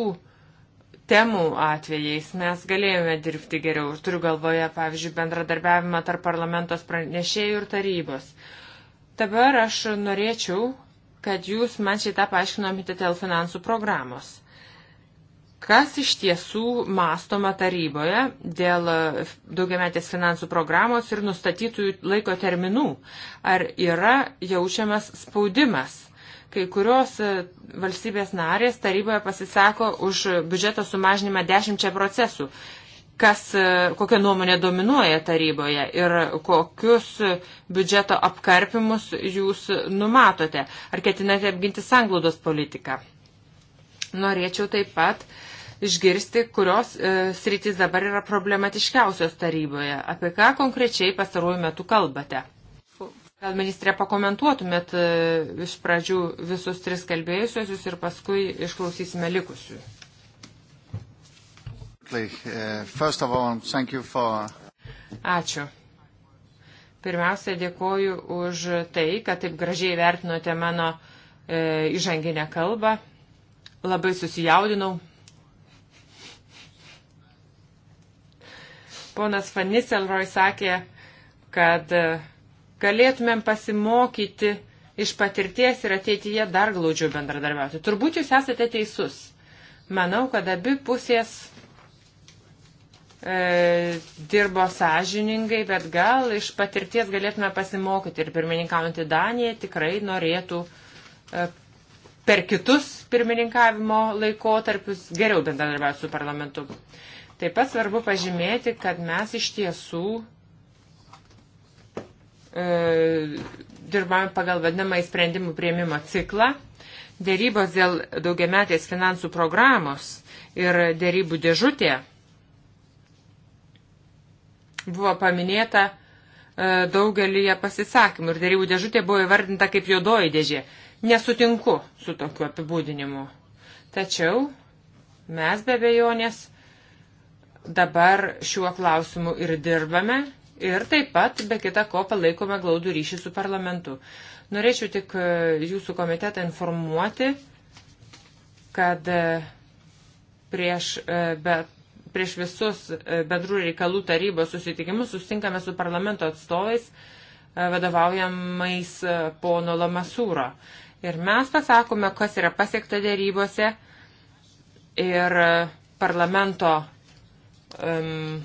temų atvejais mes galėjome dirbti geriau. Turiu galvoje, pavyzdžiui, bendradarbiavimą tarp parlamentos pranešėjų ir tarybos. Dabar aš norėčiau, kad jūs man šitą paaiškinomite dėl finansų programos kas iš tiesų mastoma taryboje dėl daugiametės finansų programos ir nustatytų laiko terminų. Ar yra jaučiamas spaudimas? Kai kurios e, valstybės narės taryboje pasisako už biudžeto sumažinimą 10 procesų. Kas, e, kokia nuomonė dominuoja taryboje ir kokius biudžeto apkarpimus jūs numatote? Ar ketinate apginti sanglaudos politiką? Norėčiau taip pat uh, išgirsti, kurios e, sritys dabar yra problematiškiausios taryboje. Apie ką konkrečiai pastaruoju metu kalbate? Gal ministrė pakomentuotumėt e, iš pradžių visus tris kalbėjusiosius ir paskui išklausysime likusių. Uh, Ačiū. Pirmiausia, dėkoju už tai, kad taip gražiai vertinote mano e, įžanginę kalbą. Labai susijaudinau. Ponas Faniselroj sakė, kad e, galėtumėm pasimokyti iš patirties ir ateityje dar glaudžiau bendradarbiauti. Turbūt jūs esate teisus. Manau, kad abi pusės e, dirbo sąžiningai, bet gal iš patirties galėtume pasimokyti ir pirmininkaujantį Daniją tikrai norėtų e, per kitus pirmininkavimo laikotarpius geriau bendradarbiauti su parlamentu. Taip pat svarbu pažymėti, kad mes iš tiesų e, dirbame pagal vadinamą sprendimų prieimimo ciklą. Dėrybos dėl daugiametės finansų programos ir dėrybų dėžutė buvo paminėta e, daugelį pasisakymų ir dėrybų dėžutė buvo įvardinta kaip juodoji dėžė. Nesutinku su tokiu apibūdinimu. Tačiau mes be bejonės Dabar šiuo klausimu ir dirbame ir taip pat, be kita ko, palaikome glaudų ryšį su parlamentu. Norėčiau tik e, jūsų komitetą informuoti, kad e, prieš, e, be, prieš visus bendrų reikalų tarybos susitikimus sustinkame su parlamento atstovais vadovaujamais pono Lamasūro. Ir mes pasakome, kas yra pasiekta dėrybose ir parlamento um,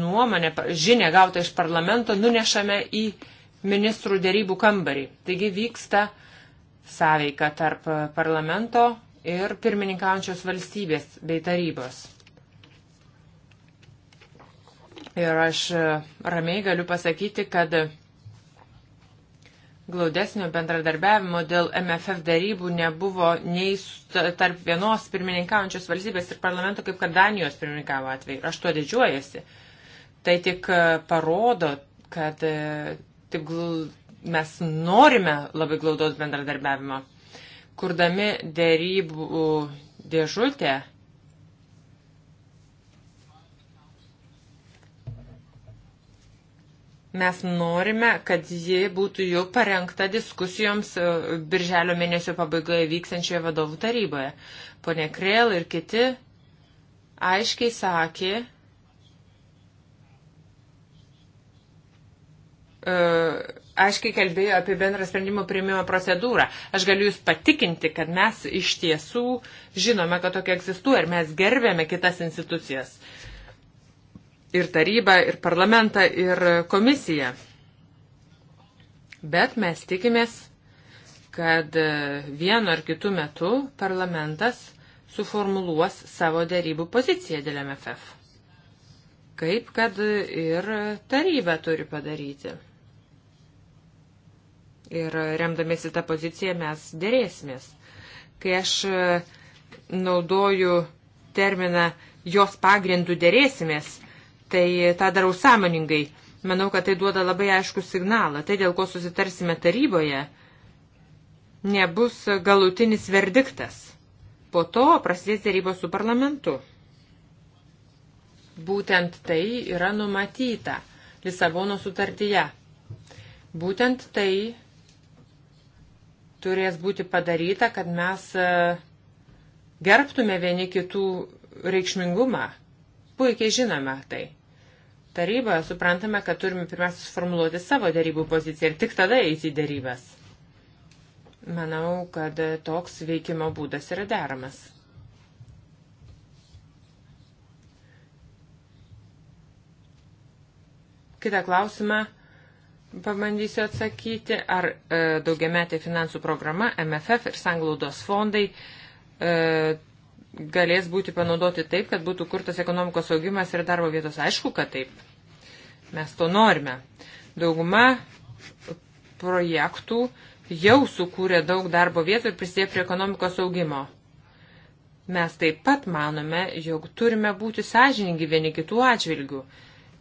nuomonę, žinę gautą iš parlamento nunešame į ministrų dėrybų kambarį. Taigi vyksta sąveika tarp parlamento ir pirmininkaujančios valstybės bei tarybos. Ir aš e, ramiai galiu pasakyti, kad glaudesnio bendradarbiavimo dėl MFF darybų nebuvo nei tarp vienos pirmininkaujančios valstybės ir parlamento, kaip kad Danijos pirmininkavo atveju. Aš tuo didžiuojasi. Tai tik e, parodo, kad e, tik mes norime labai glaudos bendradarbiavimo. Kurdami darybų dėžutę, Mes norime, kad ji būtų jau parengta diskusijoms e, birželio mėnesio pabaigoje vyksiančioje vadovų taryboje. Pone Krėl ir kiti aiškiai sakė, e, aiškiai kalbėjo apie bendrą sprendimų priimimo procedūrą. Aš galiu Jūs patikinti, kad mes iš tiesų žinome, kad tokia egzistuoja ir mes gerbėme kitas institucijas. Uh, ir tarybą, ir parlamentą, ir komisiją. Bet mes tikimės, kad vienu ar kitu metu parlamentas suformuluos savo dėrybų poziciją dėl MFF. Kaip kad ir taryba turi padaryti. Ir remdamėsi tą poziciją mes dėrėsimės. Kai aš naudoju terminą jos pagrindų dėrėsimės, tai tą darau sąmoningai. Manau, kad tai duoda labai aišku signalą. Tai, dėl ko susitarsime taryboje, nebus galutinis verdiktas. Po to prasidės dėrybos su parlamentu. Būtent tai yra numatyta Lisabono sutartyje. Būtent tai turės būti padaryta, kad mes e, gerbtume vieni kitų reikšmingumą. Puikiai žinome tai taryboje suprantame, kad turime pirmiausia suformuluoti savo darybų poziciją ir tik tada eiti į darybas. Manau, kad toks veikimo būdas yra deramas. Kita klausimą pabandysiu atsakyti, ar e, daugiametė finansų programa, MFF ir sanglaudos fondai e, galės būti panaudoti taip, kad būtų kurtas ekonomikos augimas ir darbo vietos. Aišku, kad taip. Mes to norime. Dauguma projektų jau sukūrė daug darbo vietų ir prisidėjo prie ekonomikos augimo. Mes taip pat manome, jog turime būti sąžiningi vieni kitų atžvilgių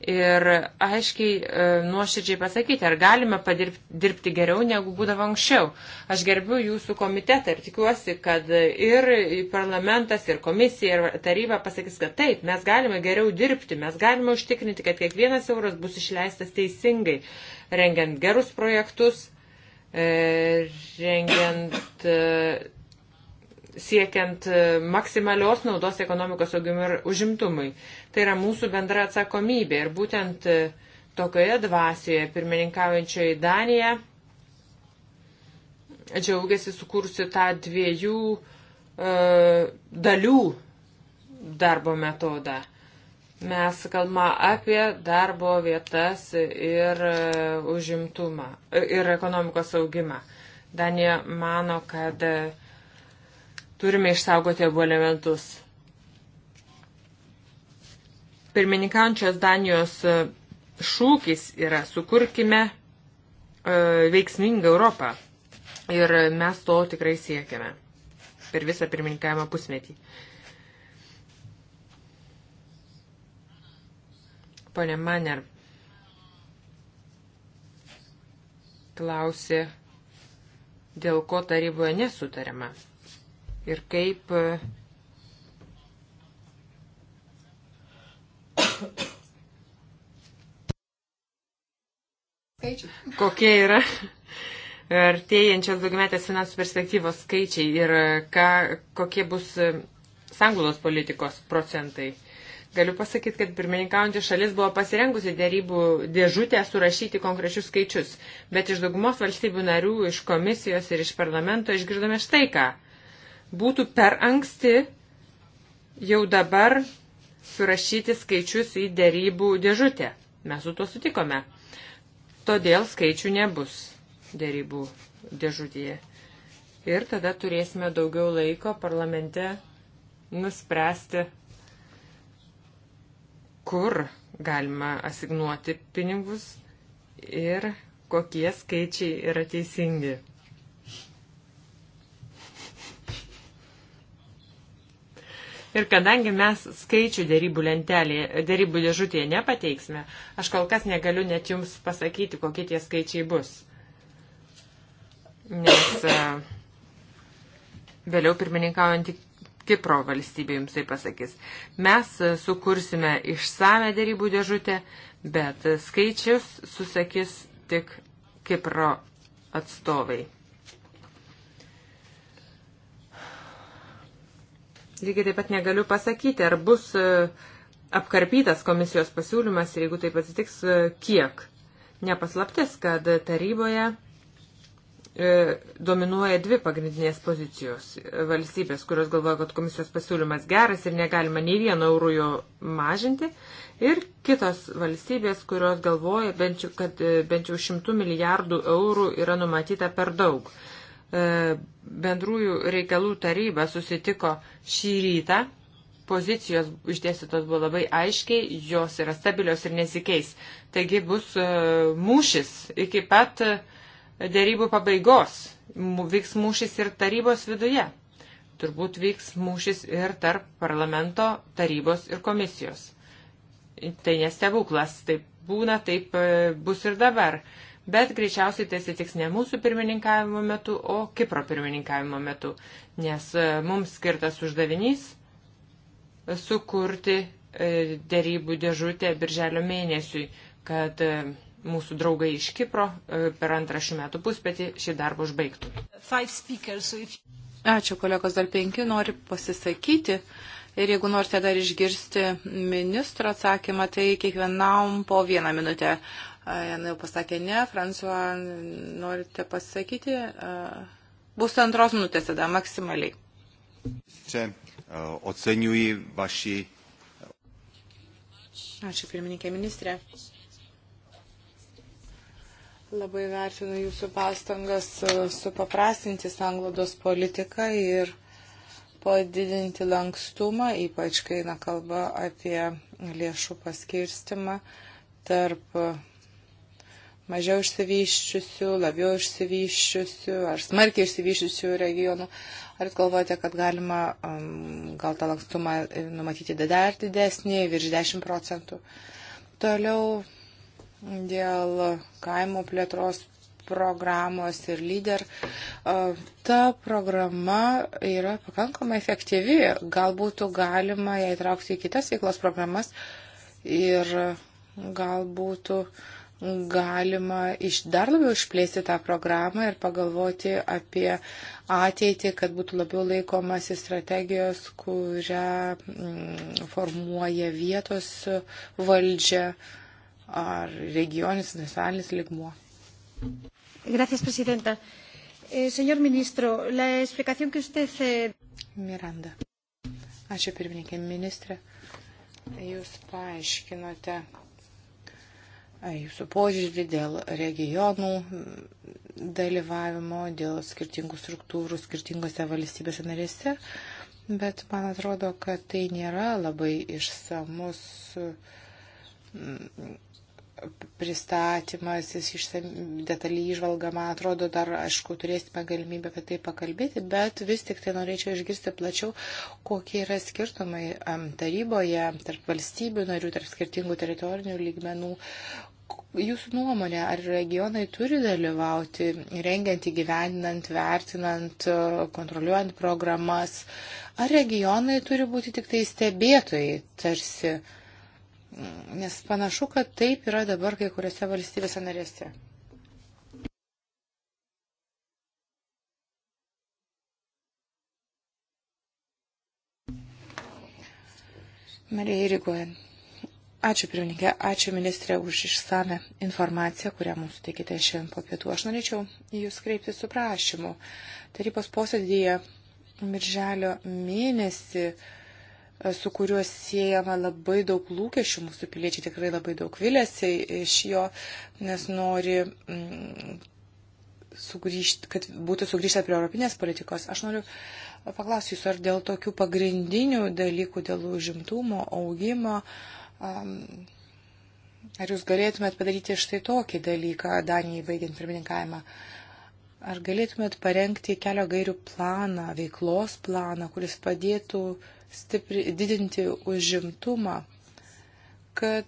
ir aiškiai e, nuoširdžiai pasakyti, ar galime padirbti geriau, negu būdavo anksčiau. Aš gerbiu jūsų komitetą ir tikiuosi, kad ir parlamentas, ir komisija, ir taryba pasakys, kad taip, mes galime geriau dirbti, mes galime užtikrinti, kad kiekvienas euras bus išleistas teisingai, rengiant gerus projektus, e, rengiant e, siekiant e, maksimalios naudos ekonomikos augimui ir užimtumui. Tai yra mūsų bendra atsakomybė ir būtent e, tokioje dvasioje pirmininkaujančioje Danija džiaugiasi sukūrusi tą dviejų e, dalių darbo metodą. Mes kalbame apie darbo vietas ir e, užimtumą, ir ekonomikos augimą. Danija mano, kad e, Turime išsaugoti abu elementus. Pirmininkančios Danijos e, šūkis yra sukurkime e, veiksmingą Europą. Ir mes to tikrai siekiame per visą pirmininkavimo pusmetį. Pone Maner klausė, dėl ko taryboje nesutariama ir kaip kokie yra artėjančios daugiametės finansų perspektyvos skaičiai ir ką, kokie bus sanglaudos politikos procentai. Galiu pasakyti, kad pirmininkaujantys šalis buvo pasirengusi dėrybų dėžutę surašyti konkrečius skaičius, bet iš daugumos valstybių narių, iš komisijos ir iš parlamento išgirdome štai ką būtų per anksti jau dabar surašyti skaičius į dėrybų dėžutę. Mes su tuo sutikome. Todėl skaičių nebus dėrybų dėžutėje. Ir tada turėsime daugiau laiko parlamente nuspręsti, kur galima asignuoti pinigus ir kokie skaičiai yra teisingi. Ir kadangi mes skaičių dėrybų lentelėje, dėrybų dėžutėje nepateiksime, aš kol kas negaliu net jums pasakyti, kokie tie skaičiai bus. Nes e, vėliau pirmininkaujantį Kipro valstybė jums tai pasakys. Mes e, sukursime išsame dėrybų dėžutę, bet skaičius susakys tik Kipro atstovai. Lygiai taip pat negaliu pasakyti, ar bus e, apkarpytas komisijos pasiūlymas ir jeigu taip atsitiks, e, kiek. Nepaslaptis, kad taryboje e, dominuoja dvi pagrindinės pozicijos valstybės, kurios galvoja, kad komisijos pasiūlymas geras ir negalima nei vieno eurų jo mažinti, ir kitos valstybės, kurios galvoja, bent, kad bent jau šimtų milijardų eurų yra numatyta per daug. E, bendrųjų reikalų taryba susitiko šį rytą. Pozicijos išdėstytos buvo labai aiškiai, jos yra stabilios ir nesikeis. Taigi bus e, mūšis iki pat e, dėrybų pabaigos. Vyks mūšis ir tarybos viduje. Turbūt vyks mūšis ir tarp parlamento, tarybos ir komisijos. Tai nestebuklas, taip būna, taip bus ir dabar bet greičiausiai tai atsitiks ne mūsų pirmininkavimo metu, o Kipro pirmininkavimo metu, nes e, mums skirtas uždavinys sukurti e, dėrybų dėžutę birželio mėnesiui, kad e, mūsų draugai iš Kipro per antrą šių metų pusmetį šį darbą užbaigtų. Ačiū, kolegos, dar penki nori pasisakyti. Ir jeigu norite dar išgirsti ministro atsakymą, tai kiekvienam po vieną minutę. Jana jau pasakė ne, Fransuo, norite pasakyti? Bus antros minutės tada maksimaliai. Čia oceniui vaši. Ačiū pirmininkė ministrė. Labai vertinu jūsų pastangas supaprastinti sanglodos politiką ir padidinti lankstumą, ypač kai eina kalba apie lėšų paskirstimą tarp mažiau išsivyščiusių, labiau išsivyščiusių ar smarkiai išsivyščiusių regionų. Ar galvojate, kad galima um, gal tą lankstumą e, numatyti dar didesnį, virš 10 procentų? Toliau dėl kaimo plėtros programos ir lyder. Ta programa yra pakankamai efektyvi. Gal būtų galima ją įtraukti į kitas veiklos programas ir gal būtų galima iš dar labiau išplėsti tą programą ir pagalvoti apie ateitį, kad būtų labiau laikomasi strategijos, kurią mm, formuoja vietos valdžia ar regionis, nacionalinis ligmuo. Gracias, Presidenta. Eh, señor Ministro, la explicación que usted. Eh... Miranda. Ačiū pirmininkė ministrė. Jūs paaiškinote, jūsų požiūrį dėl regionų dalyvavimo, dėl skirtingų struktūrų skirtingose valstybėse narėse, bet man atrodo, kad tai nėra labai išsamus pristatymas, jis išsami detaliai išvalga, man atrodo, dar, aišku, turėsime galimybę apie tai pakalbėti, bet vis tik tai norėčiau išgirsti plačiau, kokie yra skirtumai taryboje tarp valstybių narių, tarp skirtingų teritorinių lygmenų. Jūsų nuomonė, ar regionai turi dalyvauti, rengiant, įgyvendinant, vertinant, kontroliuojant programas, ar regionai turi būti tik tai stebėtojai, tarsi uh, Nes panašu, kad taip yra dabar kai kuriuose valstybėse narėse. Marija Irigoje. Ačiū pirmininkė, ačiū ministrė už išsame informaciją, kurią mums teikite šiandien po pietų. Aš norėčiau jūs kreipti su prašymu. Tarybos posėdėje Mirželio mėnesį uh, E, su kuriuo siejama labai daug lūkesčių, mūsų piliečiai tikrai labai daug vilėsi iš jo, nes nori, mm, sugrįžt, kad būtų sugrįžta prie europinės politikos. Aš noriu e, paklausti jūsų, ar dėl tokių pagrindinių dalykų, dėl užimtumo, augimo, ar jūs galėtumėt padaryti štai tokį dalyką Danijai baigiant pirmininkavimą? Ar galėtumėt parengti kelio gairių planą, veiklos planą, kuris padėtų uh, stipri, didinti užimtumą, kad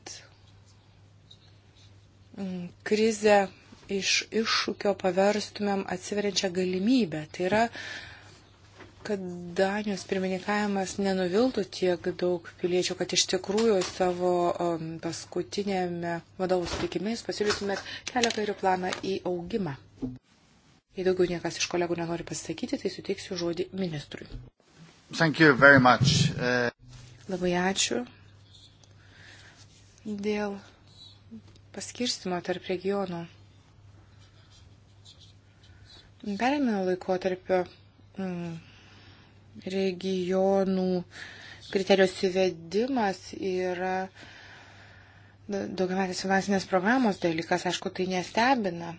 mm, krizę iš iššūkio paverstumėm atsiveriančią galimybę. Tai yra, kad Danijos pirmininkavimas nenuviltų tiek daug piliečių, kad iš tikrųjų savo um, paskutinėme vadovų sutikime jūs pasiūlytumėt kelią kairių planą į augimą. Jei daugiau niekas iš kolegų nenori pasakyti, tai suteiksiu žodį ministrui. Thank you very much. Uh... Labai ačiū. Dėl paskirstimo tarp regionų. Perėmino laikotarpio mm, regionų kriterijos įvedimas yra daugiametės finansinės programos dalykas, aišku, tai nestebina.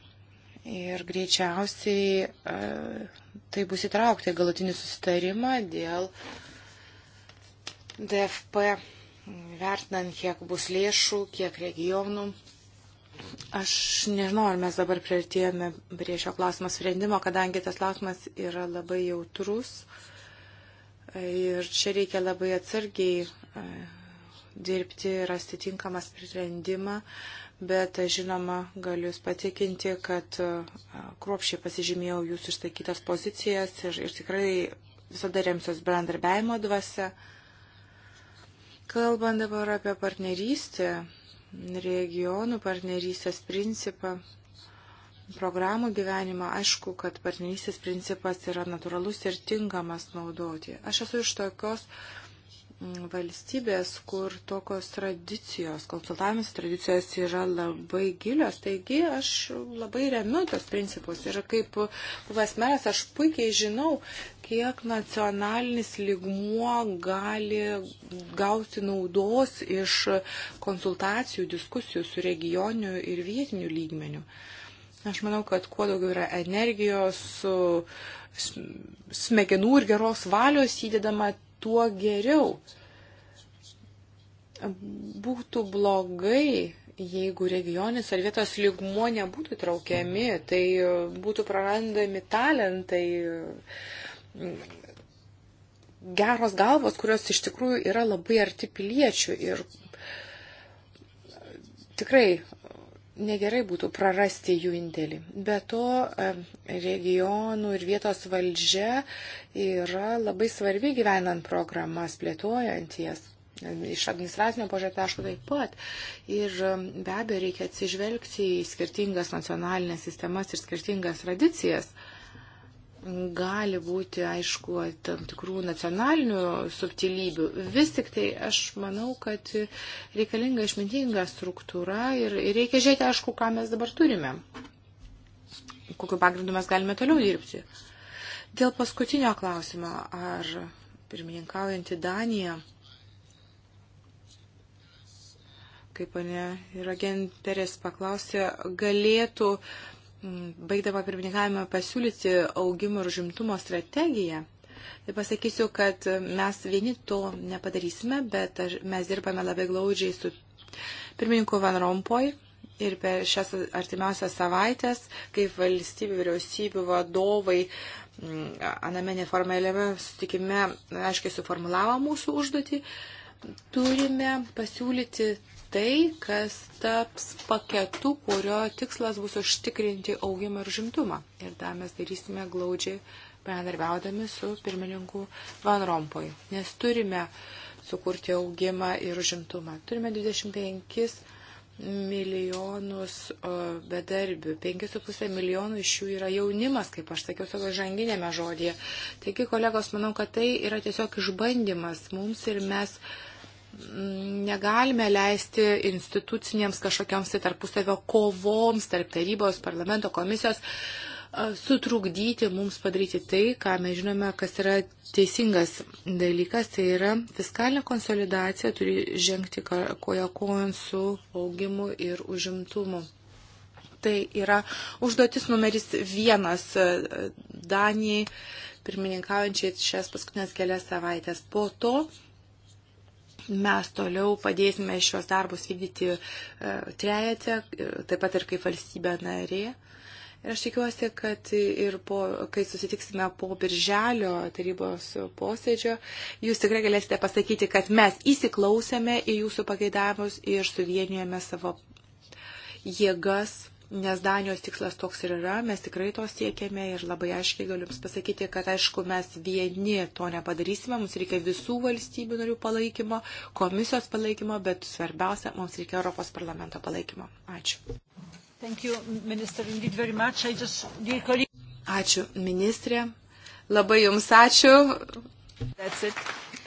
Ir greičiausiai uh, tai bus įtraukta į galutinį susitarimą dėl DFP, vertinant, kiek bus lėšų, kiek regionų. Aš nežinau, ar mes dabar prieartėjome prie šio klausimo sprendimo, kadangi tas klausimas yra labai jautrus ir čia reikia labai atsargiai e, dirbti, rasti tinkamą sprendimą, bet žinoma, galiu jūs patikinti, kad e, kruopšiai pasižymėjau jūsų išsakytas pozicijas ir, ir tikrai visada remsiuos bendarbiajimo dvasia. Kalbant dabar apie partnerystę, regionų partnerystės principą, programų gyvenimą, aišku, kad partnerystės principas yra natūralus ir tinkamas naudoti. Aš esu iš tokios uh, valstybės, kur tokios tradicijos, konsultavimas tradicijos yra labai gilios. Taigi aš labai remiu tos principus. Ir kaip buvęs meras, aš puikiai žinau, kiek nacionalinis ligmuo gali gauti naudos iš konsultacijų, diskusijų su regioniniu ir vietiniu lygmeniu. Aš manau, kad kuo daugiau yra energijos, smegenų ir geros valios įdedama, tuo geriau. Būtų blogai, jeigu regionis ar vietos lygmuo nebūtų traukiami, tai būtų prarandami talentai, geros galvos, kurios iš tikrųjų yra labai arti piliečių. Ir tikrai negerai būtų prarasti jų indėlį. Be to, e, regionų ir vietos valdžia yra labai svarbi gyvenant programas, plėtojant jas. E, iš administracinio požiūrio taško taip pat. Ir e, be abejo reikia atsižvelgti į skirtingas nacionalinės sistemas ir skirtingas tradicijas. Uh, gali būti, aišku, tam tikrų nacionalinių subtilybių. Vis tik tai aš manau, kad reikalinga išmintinga struktūra ir, ir reikia žiūrėti, aišku, ką mes dabar turime, kokiu pagrindu mes galime toliau dirbti. Dėl paskutinio klausimo, ar pirmininkaujantį Daniją, kaip pane ir agenterės paklausė, galėtų uh, baigdama pirmininkavimą pasiūlyti augimo ir žimtumo strategiją. Tai pasakysiu, kad mes vieni to nepadarysime, bet mes dirbame labai glaudžiai su pirmininku Van Rompoj ir per šias artimiausias savaitės, kaip valstybių vyriausybių vadovai mm, aname neformaliame sutikime aiškiai suformulavo mūsų užduotį, turime pasiūlyti tai, kas taps paketu, kurio tikslas bus užtikrinti augimą ir žimtumą. Ir tą mes darysime glaudžiai bendarbiaudami su pirmininku Van Rompoj. Nes turime sukurti augimą ir užimtumą. Turime 25 milijonus bedarbių. 5,5 milijonų iš jų yra jaunimas, kaip aš sakiau savo žanginėme žodėje. Taigi, kolegos, manau, kad tai yra tiesiog išbandymas mums ir mes uh, negalime leisti institucinėms kažkokiams tai tarpusavio kovoms tarp tarybos, parlamento komisijos sutrukdyti mums padaryti tai, ką mes žinome, kas yra teisingas dalykas, tai yra fiskalinė konsolidacija turi žengti koja kojon su augimu ir užimtumu. Tai yra užduotis numeris vienas Danijai, pirmininkaujančiai šias paskutinės kelias savaitės. Po to Mes toliau padėsime šios darbus vykdyti e, trejate, taip pat ir kaip valstybė narė. Ir aš tikiuosi, kad ir po, kai susitiksime po birželio tarybos posėdžio, jūs tikrai galėsite pasakyti, kad mes įsiklausėme į jūsų pageidavimus ir suvienijome savo jėgas nes Danijos tikslas toks ir yra, mes tikrai to siekėme ir labai aiškiai galiu Jums pasakyti, kad aišku, mes vieni to nepadarysime, mums reikia visų valstybių narių palaikymo, komisijos palaikymo, bet svarbiausia, mums reikia Europos parlamento palaikymo. Ačiū. You, minister, just... Ačiū, ministrė. Labai Jums ačiū. Like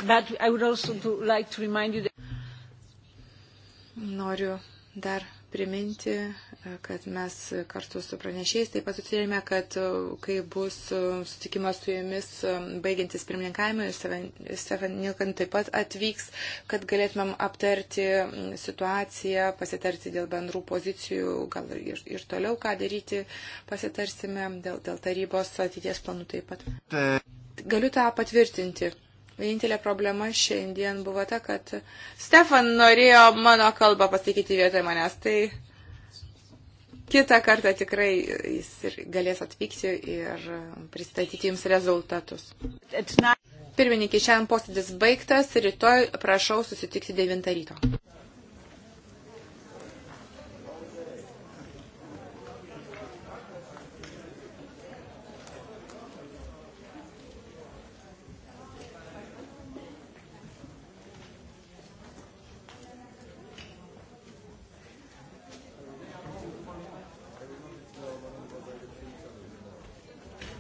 that... Noriu dar priminti, kad mes kartu su pranešėjais taip pat sutarėme, kad e, kai bus e, sutikimas su jumis e, baigiantis pirmininkavimui, Stefan Nilkan taip pat atvyks, kad galėtumėm aptarti situaciją, pasitarti dėl bendrų pozicijų, gal ir, ir toliau ką daryti, pasitarsime dėl, dėl tarybos ateities planų taip pat. Galiu tą patvirtinti. Vienintelė problema šiandien buvo ta, kad Stefan norėjo mano kalbą pasakyti vietoj manęs, tai kitą kartą tikrai jis ir galės atvykti ir pristatyti jums rezultatus. Pirmininkai, šiandien posėdis baigtas, rytoj prašau susitikti 9 ryto.